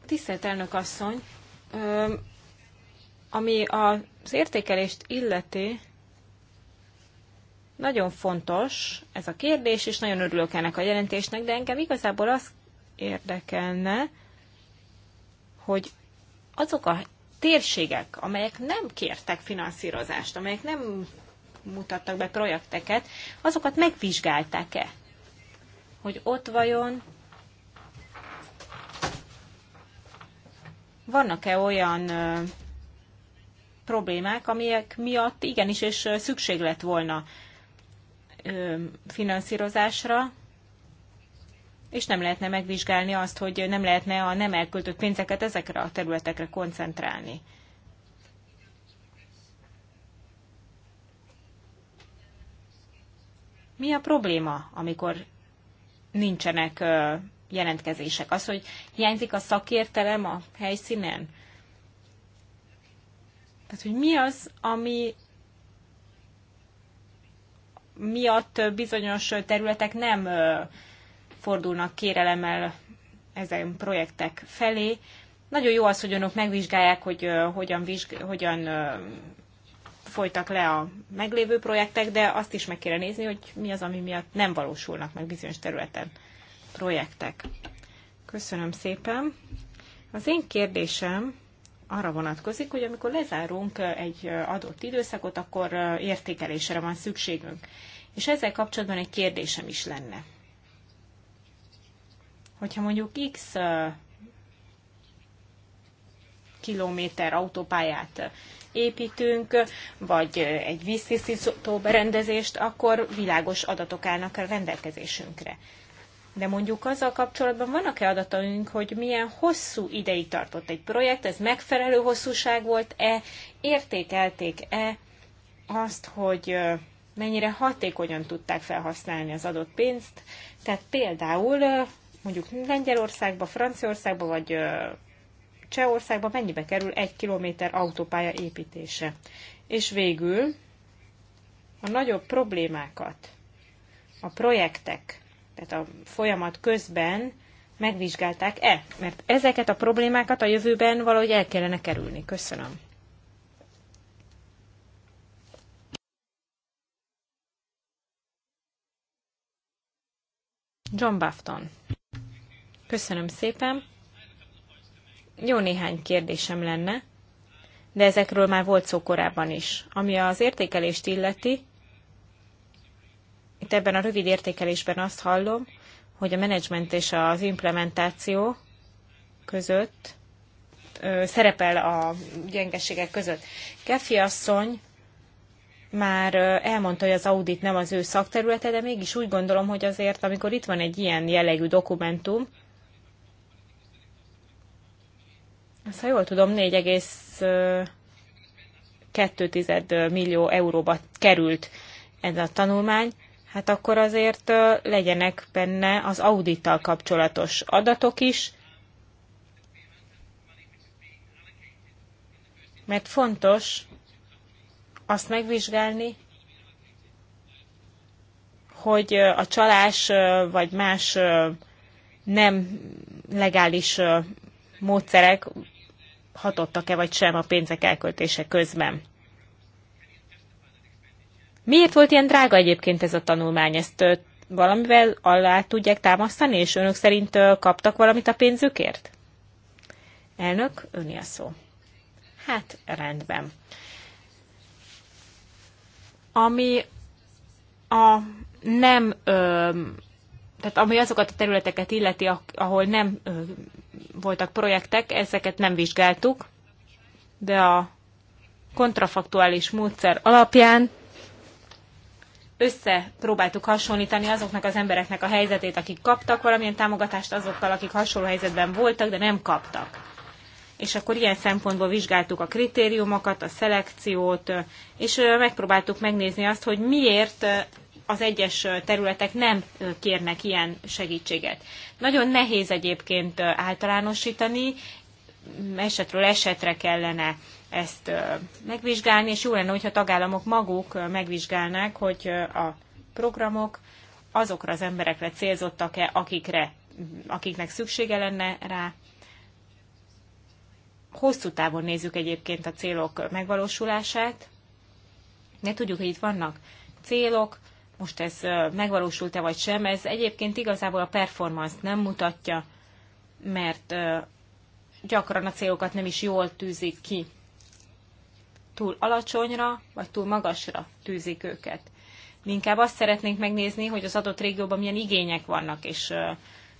Tisztelt elnök asszony, ami az értékelést illeti, nagyon fontos ez a kérdés, és nagyon örülök ennek a jelentésnek, de engem igazából az érdekelne, hogy azok a térségek, amelyek nem kértek finanszírozást, amelyek nem mutattak be projekteket, azokat megvizsgálták-e? Hogy ott vajon vannak-e olyan ö, problémák, amelyek miatt igenis és szükség lett volna finanszírozásra, és nem lehetne megvizsgálni azt, hogy nem lehetne a nem elköltött pénzeket ezekre a területekre koncentrálni. Mi a probléma, amikor nincsenek jelentkezések? Az, hogy hiányzik a szakértelem a helyszínen? Tehát, hogy mi az, ami miatt bizonyos területek nem fordulnak kérelemmel ezen projektek felé. Nagyon jó az, hogy önök megvizsgálják, hogy hogyan, vizsg- hogyan folytak le a meglévő projektek, de azt is meg kéne nézni, hogy mi az, ami miatt nem valósulnak meg bizonyos területen projektek. Köszönöm szépen. Az én kérdésem arra vonatkozik, hogy amikor lezárunk egy adott időszakot, akkor értékelésre van szükségünk. És ezzel kapcsolatban egy kérdésem is lenne. Hogyha mondjuk X kilométer autópályát építünk, vagy egy víztisztító berendezést, akkor világos adatok állnak a rendelkezésünkre. De mondjuk azzal kapcsolatban vannak-e adataink, hogy milyen hosszú ideig tartott egy projekt, ez megfelelő hosszúság volt-e, értékelték-e azt, hogy mennyire hatékonyan tudták felhasználni az adott pénzt. Tehát például mondjuk Lengyelországba, Franciaországba vagy Csehországba mennyibe kerül egy kilométer autópálya építése. És végül a nagyobb problémákat a projektek tehát a folyamat közben megvizsgálták-e? Mert ezeket a problémákat a jövőben valahogy el kellene kerülni. Köszönöm. John Bafton. Köszönöm szépen. Jó néhány kérdésem lenne, de ezekről már volt szó korábban is. Ami az értékelést illeti, itt ebben a rövid értékelésben azt hallom, hogy a menedzsment és az implementáció között ö, szerepel a gyengeségek között. Kefi asszony már elmondta, hogy az audit nem az ő szakterülete, de mégis úgy gondolom, hogy azért, amikor itt van egy ilyen jellegű dokumentum, azt ha jól tudom, 4,2 millió euróba került ez a tanulmány, hát akkor azért legyenek benne az audittal kapcsolatos adatok is, mert fontos azt megvizsgálni, hogy a csalás vagy más nem legális módszerek hatottak-e vagy sem a pénzek elköltése közben. Miért volt ilyen drága egyébként ez a tanulmány? Ezt valamivel alá tudják támasztani, és önök szerint kaptak valamit a pénzükért? Elnök, öni a szó. Hát, rendben. Ami a nem, ö, tehát ami azokat a területeket illeti, ahol nem ö, voltak projektek, ezeket nem vizsgáltuk, de a kontrafaktuális módszer alapján összepróbáltuk hasonlítani azoknak az embereknek a helyzetét, akik kaptak valamilyen támogatást azokkal, akik hasonló helyzetben voltak, de nem kaptak. És akkor ilyen szempontból vizsgáltuk a kritériumokat, a szelekciót, és megpróbáltuk megnézni azt, hogy miért az egyes területek nem kérnek ilyen segítséget. Nagyon nehéz egyébként általánosítani, esetről esetre kellene ezt megvizsgálni, és jó lenne, hogyha tagállamok maguk megvizsgálnák, hogy a programok azokra az emberekre célzottak-e, akikre, akiknek szüksége lenne rá. Hosszú távon nézzük egyébként a célok megvalósulását, Ne tudjuk, hogy itt vannak célok, most ez megvalósult-e vagy sem, ez egyébként igazából a performance nem mutatja, mert gyakran a célokat nem is jól tűzik ki túl alacsonyra vagy túl magasra tűzik őket. Mi inkább azt szeretnénk megnézni, hogy az adott régióban milyen igények vannak, és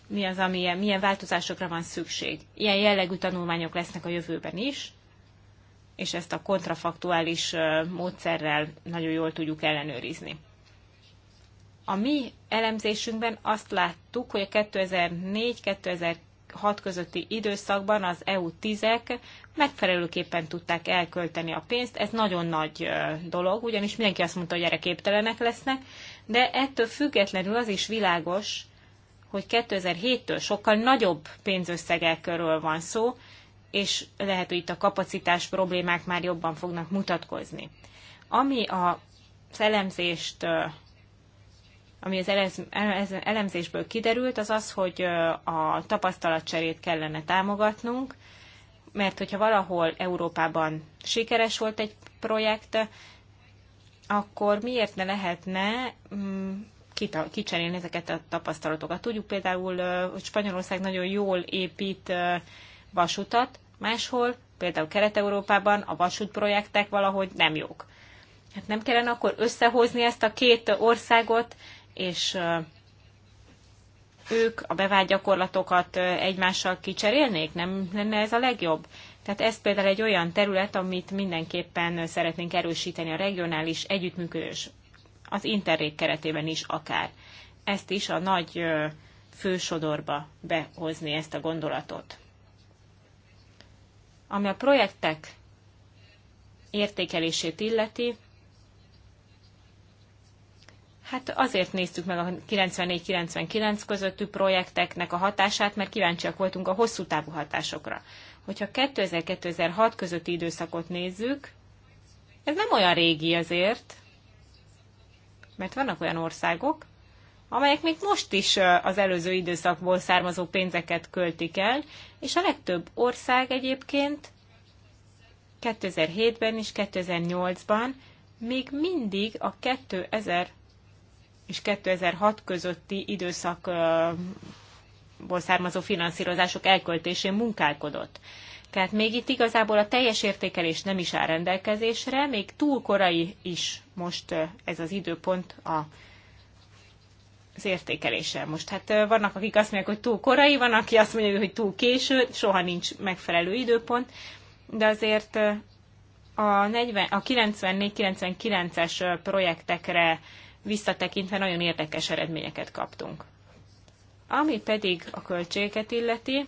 mi az, amilyen, milyen változásokra van szükség. Ilyen jellegű tanulmányok lesznek a jövőben is, és ezt a kontrafaktuális módszerrel nagyon jól tudjuk ellenőrizni. A mi elemzésünkben azt láttuk, hogy a 2004, hat közötti időszakban az EU tízek megfelelőképpen tudták elkölteni a pénzt. Ez nagyon nagy dolog, ugyanis mindenki azt mondta, hogy erre képtelenek lesznek, de ettől függetlenül az is világos, hogy 2007-től sokkal nagyobb pénzösszegekről van szó, és lehet, hogy itt a kapacitás problémák már jobban fognak mutatkozni. Ami a szellemzést ami az elemzésből kiderült, az az, hogy a tapasztalatcserét kellene támogatnunk, mert hogyha valahol Európában sikeres volt egy projekt, akkor miért ne lehetne mm, kicserélni ezeket a tapasztalatokat. Tudjuk például, hogy Spanyolország nagyon jól épít vasutat, máshol, például Kelet-Európában a vasútprojektek valahogy nem jók. Hát nem kellene akkor összehozni ezt a két országot, és ők a bevált gyakorlatokat egymással kicserélnék? Nem lenne ez a legjobb? Tehát ez például egy olyan terület, amit mindenképpen szeretnénk erősíteni a regionális együttműködés, az interrég keretében is akár. Ezt is a nagy fősodorba behozni ezt a gondolatot. Ami a projektek értékelését illeti, Hát azért néztük meg a 94-99 közötti projekteknek a hatását, mert kíváncsiak voltunk a hosszú távú hatásokra. Hogyha 2000-2006 közötti időszakot nézzük, ez nem olyan régi azért, mert vannak olyan országok, amelyek még most is az előző időszakból származó pénzeket költik el, és a legtöbb ország egyébként 2007-ben és 2008-ban még mindig a 2000 és 2006 közötti időszakból származó finanszírozások elköltésén munkálkodott. Tehát még itt igazából a teljes értékelés nem is áll rendelkezésre, még túl korai is most ez az időpont a az értékelése. Most hát vannak, akik azt mondják, hogy túl korai, van, aki azt mondja, hogy túl késő, soha nincs megfelelő időpont, de azért a, 40, a 94-99-es projektekre visszatekintve nagyon érdekes eredményeket kaptunk. Ami pedig a költségeket illeti,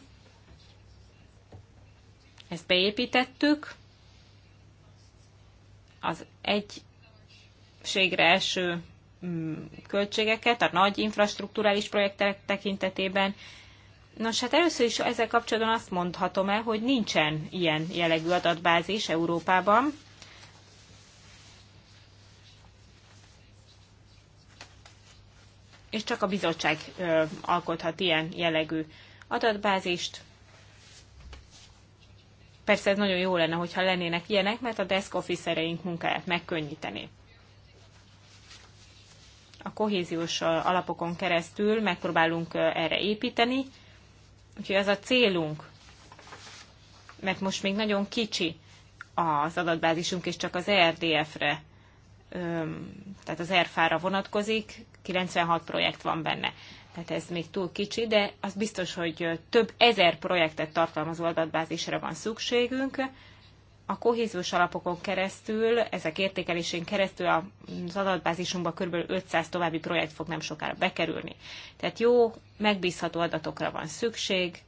ezt beépítettük, az egységre eső mm, költségeket, a nagy infrastruktúrális projektek tekintetében. Nos, hát először is ezzel kapcsolatban azt mondhatom el, hogy nincsen ilyen jellegű adatbázis Európában. és csak a bizottság alkothat ilyen jellegű adatbázist. Persze ez nagyon jó lenne, hogyha lennének ilyenek, mert a desk officereink munkáját megkönnyíteni. A kohéziós alapokon keresztül megpróbálunk erre építeni, úgyhogy az a célunk, mert most még nagyon kicsi az adatbázisunk, és csak az ERDF-re, tehát az ERFA-ra vonatkozik, 96 projekt van benne. Tehát ez még túl kicsi, de az biztos, hogy több ezer projektet tartalmazó adatbázisra van szükségünk. A kohéziós alapokon keresztül, ezek értékelésén keresztül az adatbázisunkba kb. 500 további projekt fog nem sokára bekerülni. Tehát jó, megbízható adatokra van szükség,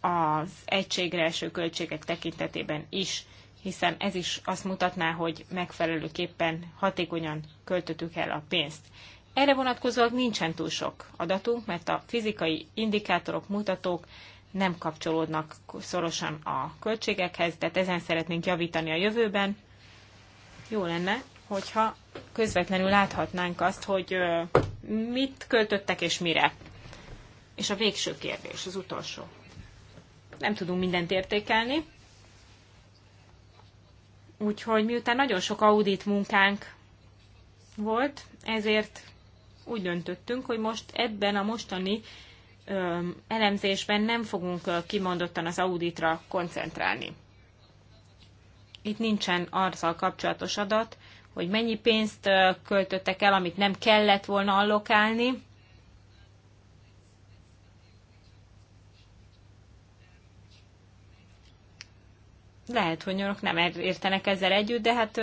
az egységre eső költségek tekintetében is, hiszen ez is azt mutatná, hogy megfelelőképpen hatékonyan költöttük el a pénzt. Erre vonatkozóan nincsen túl sok adatunk, mert a fizikai indikátorok, mutatók nem kapcsolódnak szorosan a költségekhez, tehát ezen szeretnénk javítani a jövőben. Jó lenne, hogyha közvetlenül láthatnánk azt, hogy mit költöttek és mire. És a végső kérdés, az utolsó. Nem tudunk mindent értékelni, úgyhogy miután nagyon sok audit munkánk volt, ezért úgy döntöttünk, hogy most ebben a mostani elemzésben nem fogunk kimondottan az auditra koncentrálni. Itt nincsen arccal kapcsolatos adat, hogy mennyi pénzt költöttek el, amit nem kellett volna allokálni. Lehet, hogy önök nem er-, értenek ezzel együtt, de hát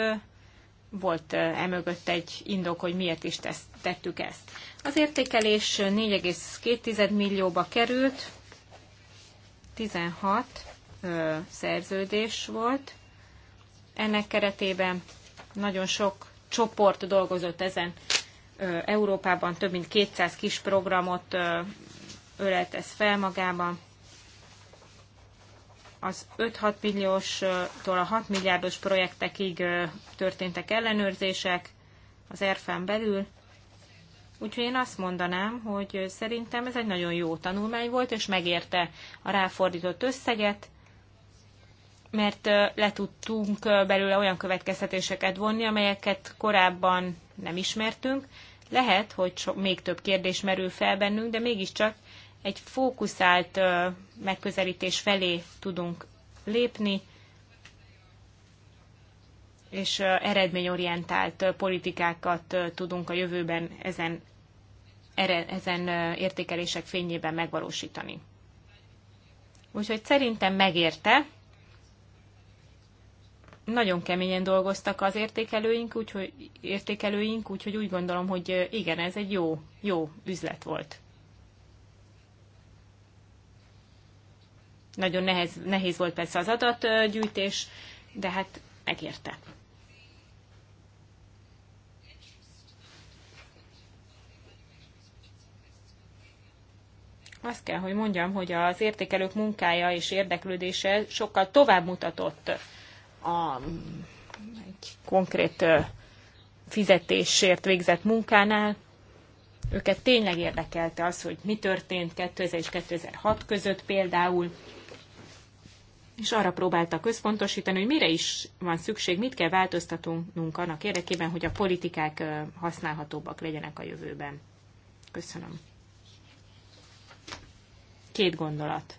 volt emögött egy indok, hogy miért is tesz, tettük ezt. Az értékelés 4,2 millióba került, 16 ö, szerződés volt. Ennek keretében nagyon sok csoport dolgozott ezen ö, Európában, több mint 200 kis programot ö, ölelt ez fel magában az 5-6 milliós-tól a 6 milliárdos projektekig történtek ellenőrzések az ERFEN belül. Úgyhogy én azt mondanám, hogy szerintem ez egy nagyon jó tanulmány volt, és megérte a ráfordított összeget, mert le tudtunk belőle olyan következtetéseket vonni, amelyeket korábban nem ismertünk. Lehet, hogy még több kérdés merül fel bennünk, de mégiscsak egy fókuszált megközelítés felé tudunk lépni, és eredményorientált politikákat tudunk a jövőben ezen, ezen értékelések fényében megvalósítani. Úgyhogy szerintem megérte. Nagyon keményen dolgoztak az értékelőink, úgyhogy, értékelőink, úgyhogy úgy gondolom, hogy igen, ez egy jó, jó üzlet volt. Nagyon nehéz, nehéz volt persze az adatgyűjtés, de hát megérte. Azt kell, hogy mondjam, hogy az értékelők munkája és érdeklődése sokkal tovább mutatott a, egy konkrét fizetésért végzett munkánál. Őket tényleg érdekelte az, hogy mi történt 2000 és 2006 között például, és arra próbáltak központosítani, hogy mire is van szükség, mit kell változtatnunk annak érdekében, hogy a politikák használhatóbbak legyenek a jövőben. Köszönöm. Két gondolat.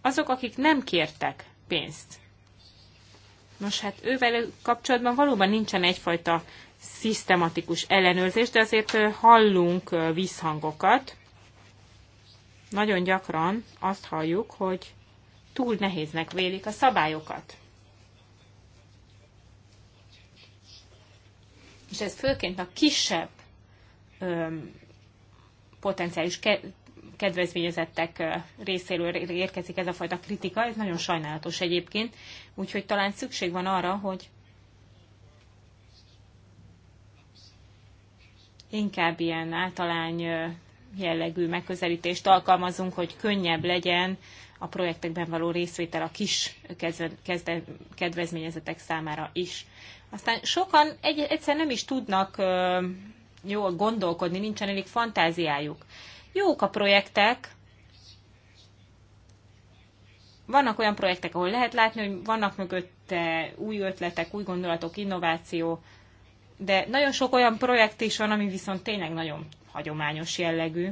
Azok, akik nem kértek pénzt. Nos, hát ővel kapcsolatban valóban nincsen egyfajta szisztematikus ellenőrzés, de azért hallunk visszhangokat, nagyon gyakran azt halljuk, hogy túl nehéznek vélik a szabályokat. És ez főként a kisebb öm, potenciális ke- kedvezményezettek részéről érkezik ez a fajta kritika, ez nagyon sajnálatos egyébként, úgyhogy talán szükség van arra, hogy inkább ilyen általány jellegű megközelítést alkalmazunk, hogy könnyebb legyen a projektekben való részvétel a kis kedvezményezetek számára is. Aztán sokan egy, egyszer nem is tudnak jól gondolkodni, nincsen elég fantáziájuk. Jók a projektek, vannak olyan projektek, ahol lehet látni, hogy vannak mögötte új ötletek, új gondolatok, innováció, de nagyon sok olyan projekt is van, ami viszont tényleg nagyon hagyományos jellegű,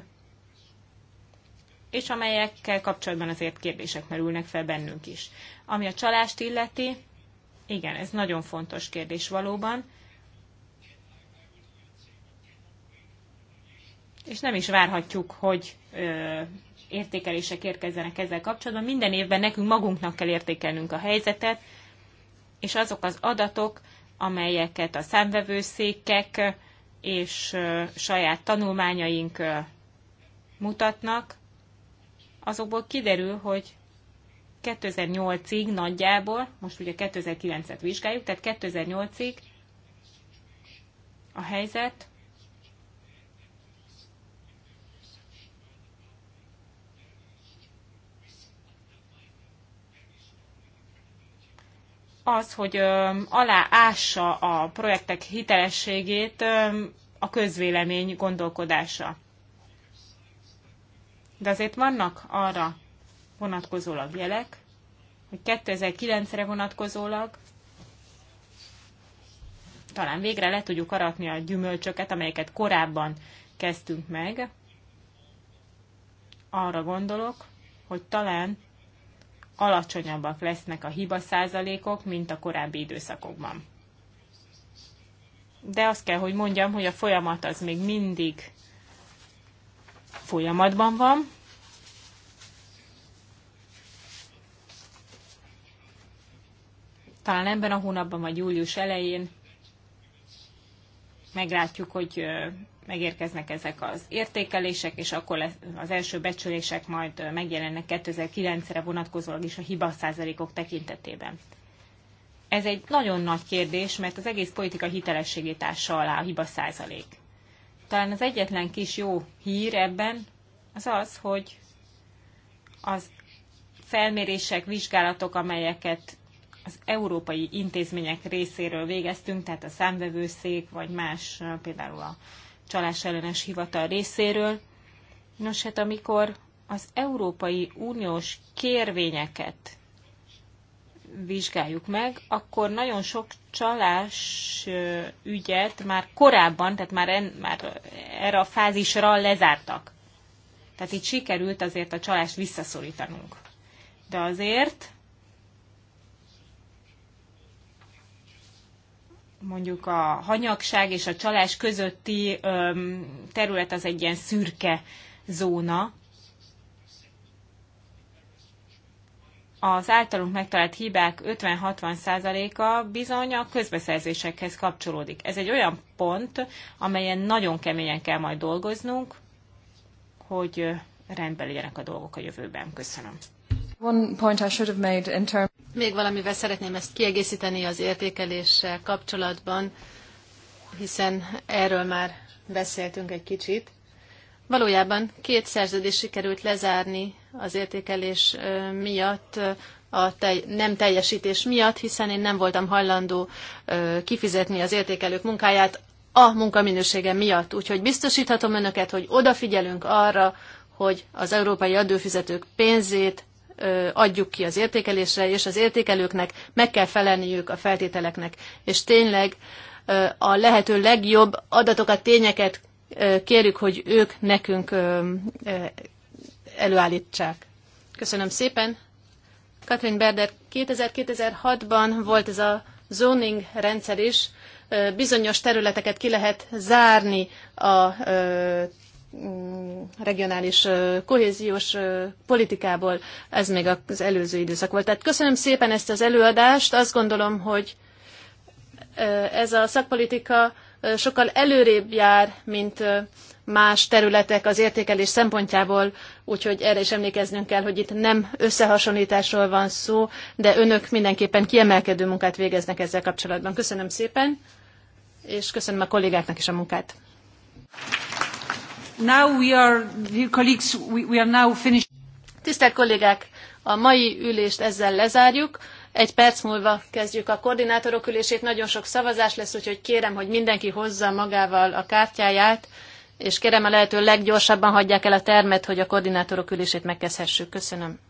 és amelyekkel kapcsolatban azért kérdések merülnek fel bennünk is. Ami a csalást illeti, igen, ez nagyon fontos kérdés valóban, és nem is várhatjuk, hogy ö, értékelések érkezzenek ezzel kapcsolatban. Minden évben nekünk magunknak kell értékelnünk a helyzetet, és azok az adatok, amelyeket a számvevőszékek és saját tanulmányaink mutatnak, azokból kiderül, hogy 2008-ig nagyjából, most ugye 2009-et vizsgáljuk, tehát 2008-ig a helyzet az, hogy aláássa a projektek hitelességét a közvélemény gondolkodása. De azért vannak arra vonatkozólag jelek, hogy 2009-re vonatkozólag talán végre le tudjuk aratni a gyümölcsöket, amelyeket korábban kezdtünk meg. Arra gondolok, hogy talán alacsonyabbak lesznek a hiba százalékok, mint a korábbi időszakokban. De azt kell, hogy mondjam, hogy a folyamat az még mindig folyamatban van, talán ebben a hónapban, vagy július elején meglátjuk, hogy megérkeznek ezek az értékelések, és akkor az első becsülések majd megjelennek 2009-re vonatkozólag is a hiba százalékok tekintetében. Ez egy nagyon nagy kérdés, mert az egész politika hitelességét ássa alá a hiba százalék. Talán az egyetlen kis jó hír ebben az az, hogy az felmérések, vizsgálatok, amelyeket az európai intézmények részéről végeztünk, tehát a számvevőszék, vagy más, például a csalás ellenes hivatal részéről. Nos, hát amikor az Európai Uniós kérvényeket vizsgáljuk meg, akkor nagyon sok csalás ügyet már korábban, tehát már, en, már erre a fázisra lezártak. Tehát itt sikerült azért a csalást visszaszorítanunk. De azért mondjuk a hanyagság és a csalás közötti terület az egy ilyen szürke zóna. Az általunk megtalált hibák 50-60%-a bizony a közbeszerzésekhez kapcsolódik. Ez egy olyan pont, amelyen nagyon keményen kell majd dolgoznunk, hogy rendben legyenek a dolgok a jövőben. Köszönöm. One point I should have made in term... Még valamivel szeretném ezt kiegészíteni az értékeléssel kapcsolatban, hiszen erről már beszéltünk egy kicsit. Valójában két szerződés sikerült lezárni az értékelés miatt, a tej, nem teljesítés miatt, hiszen én nem voltam hajlandó kifizetni az értékelők munkáját a munkaminősége miatt. Úgyhogy biztosíthatom önöket, hogy odafigyelünk arra, hogy az európai adófizetők pénzét adjuk ki az értékelésre, és az értékelőknek meg kell felelniük a feltételeknek. És tényleg a lehető legjobb adatokat, tényeket kérjük, hogy ők nekünk előállítsák. Köszönöm szépen. Katrin Berder 2006 ban volt ez a zoning rendszer is, bizonyos területeket ki lehet zárni a regionális kohéziós politikából, ez még az előző időszak volt. Tehát köszönöm szépen ezt az előadást, azt gondolom, hogy ez a szakpolitika sokkal előrébb jár, mint más területek az értékelés szempontjából, úgyhogy erre is emlékeznünk kell, hogy itt nem összehasonlításról van szó, de önök mindenképpen kiemelkedő munkát végeznek ezzel kapcsolatban. Köszönöm szépen, és köszönöm a kollégáknak is a munkát. Tisztelt kollégák, a mai ülést ezzel lezárjuk. Egy perc múlva kezdjük a koordinátorok ülését. Nagyon sok szavazás lesz, úgyhogy kérem, hogy mindenki hozza magával a kártyáját, és kérem a lehető leggyorsabban hagyják el a termet, hogy a koordinátorok ülését megkezdhessük. Köszönöm.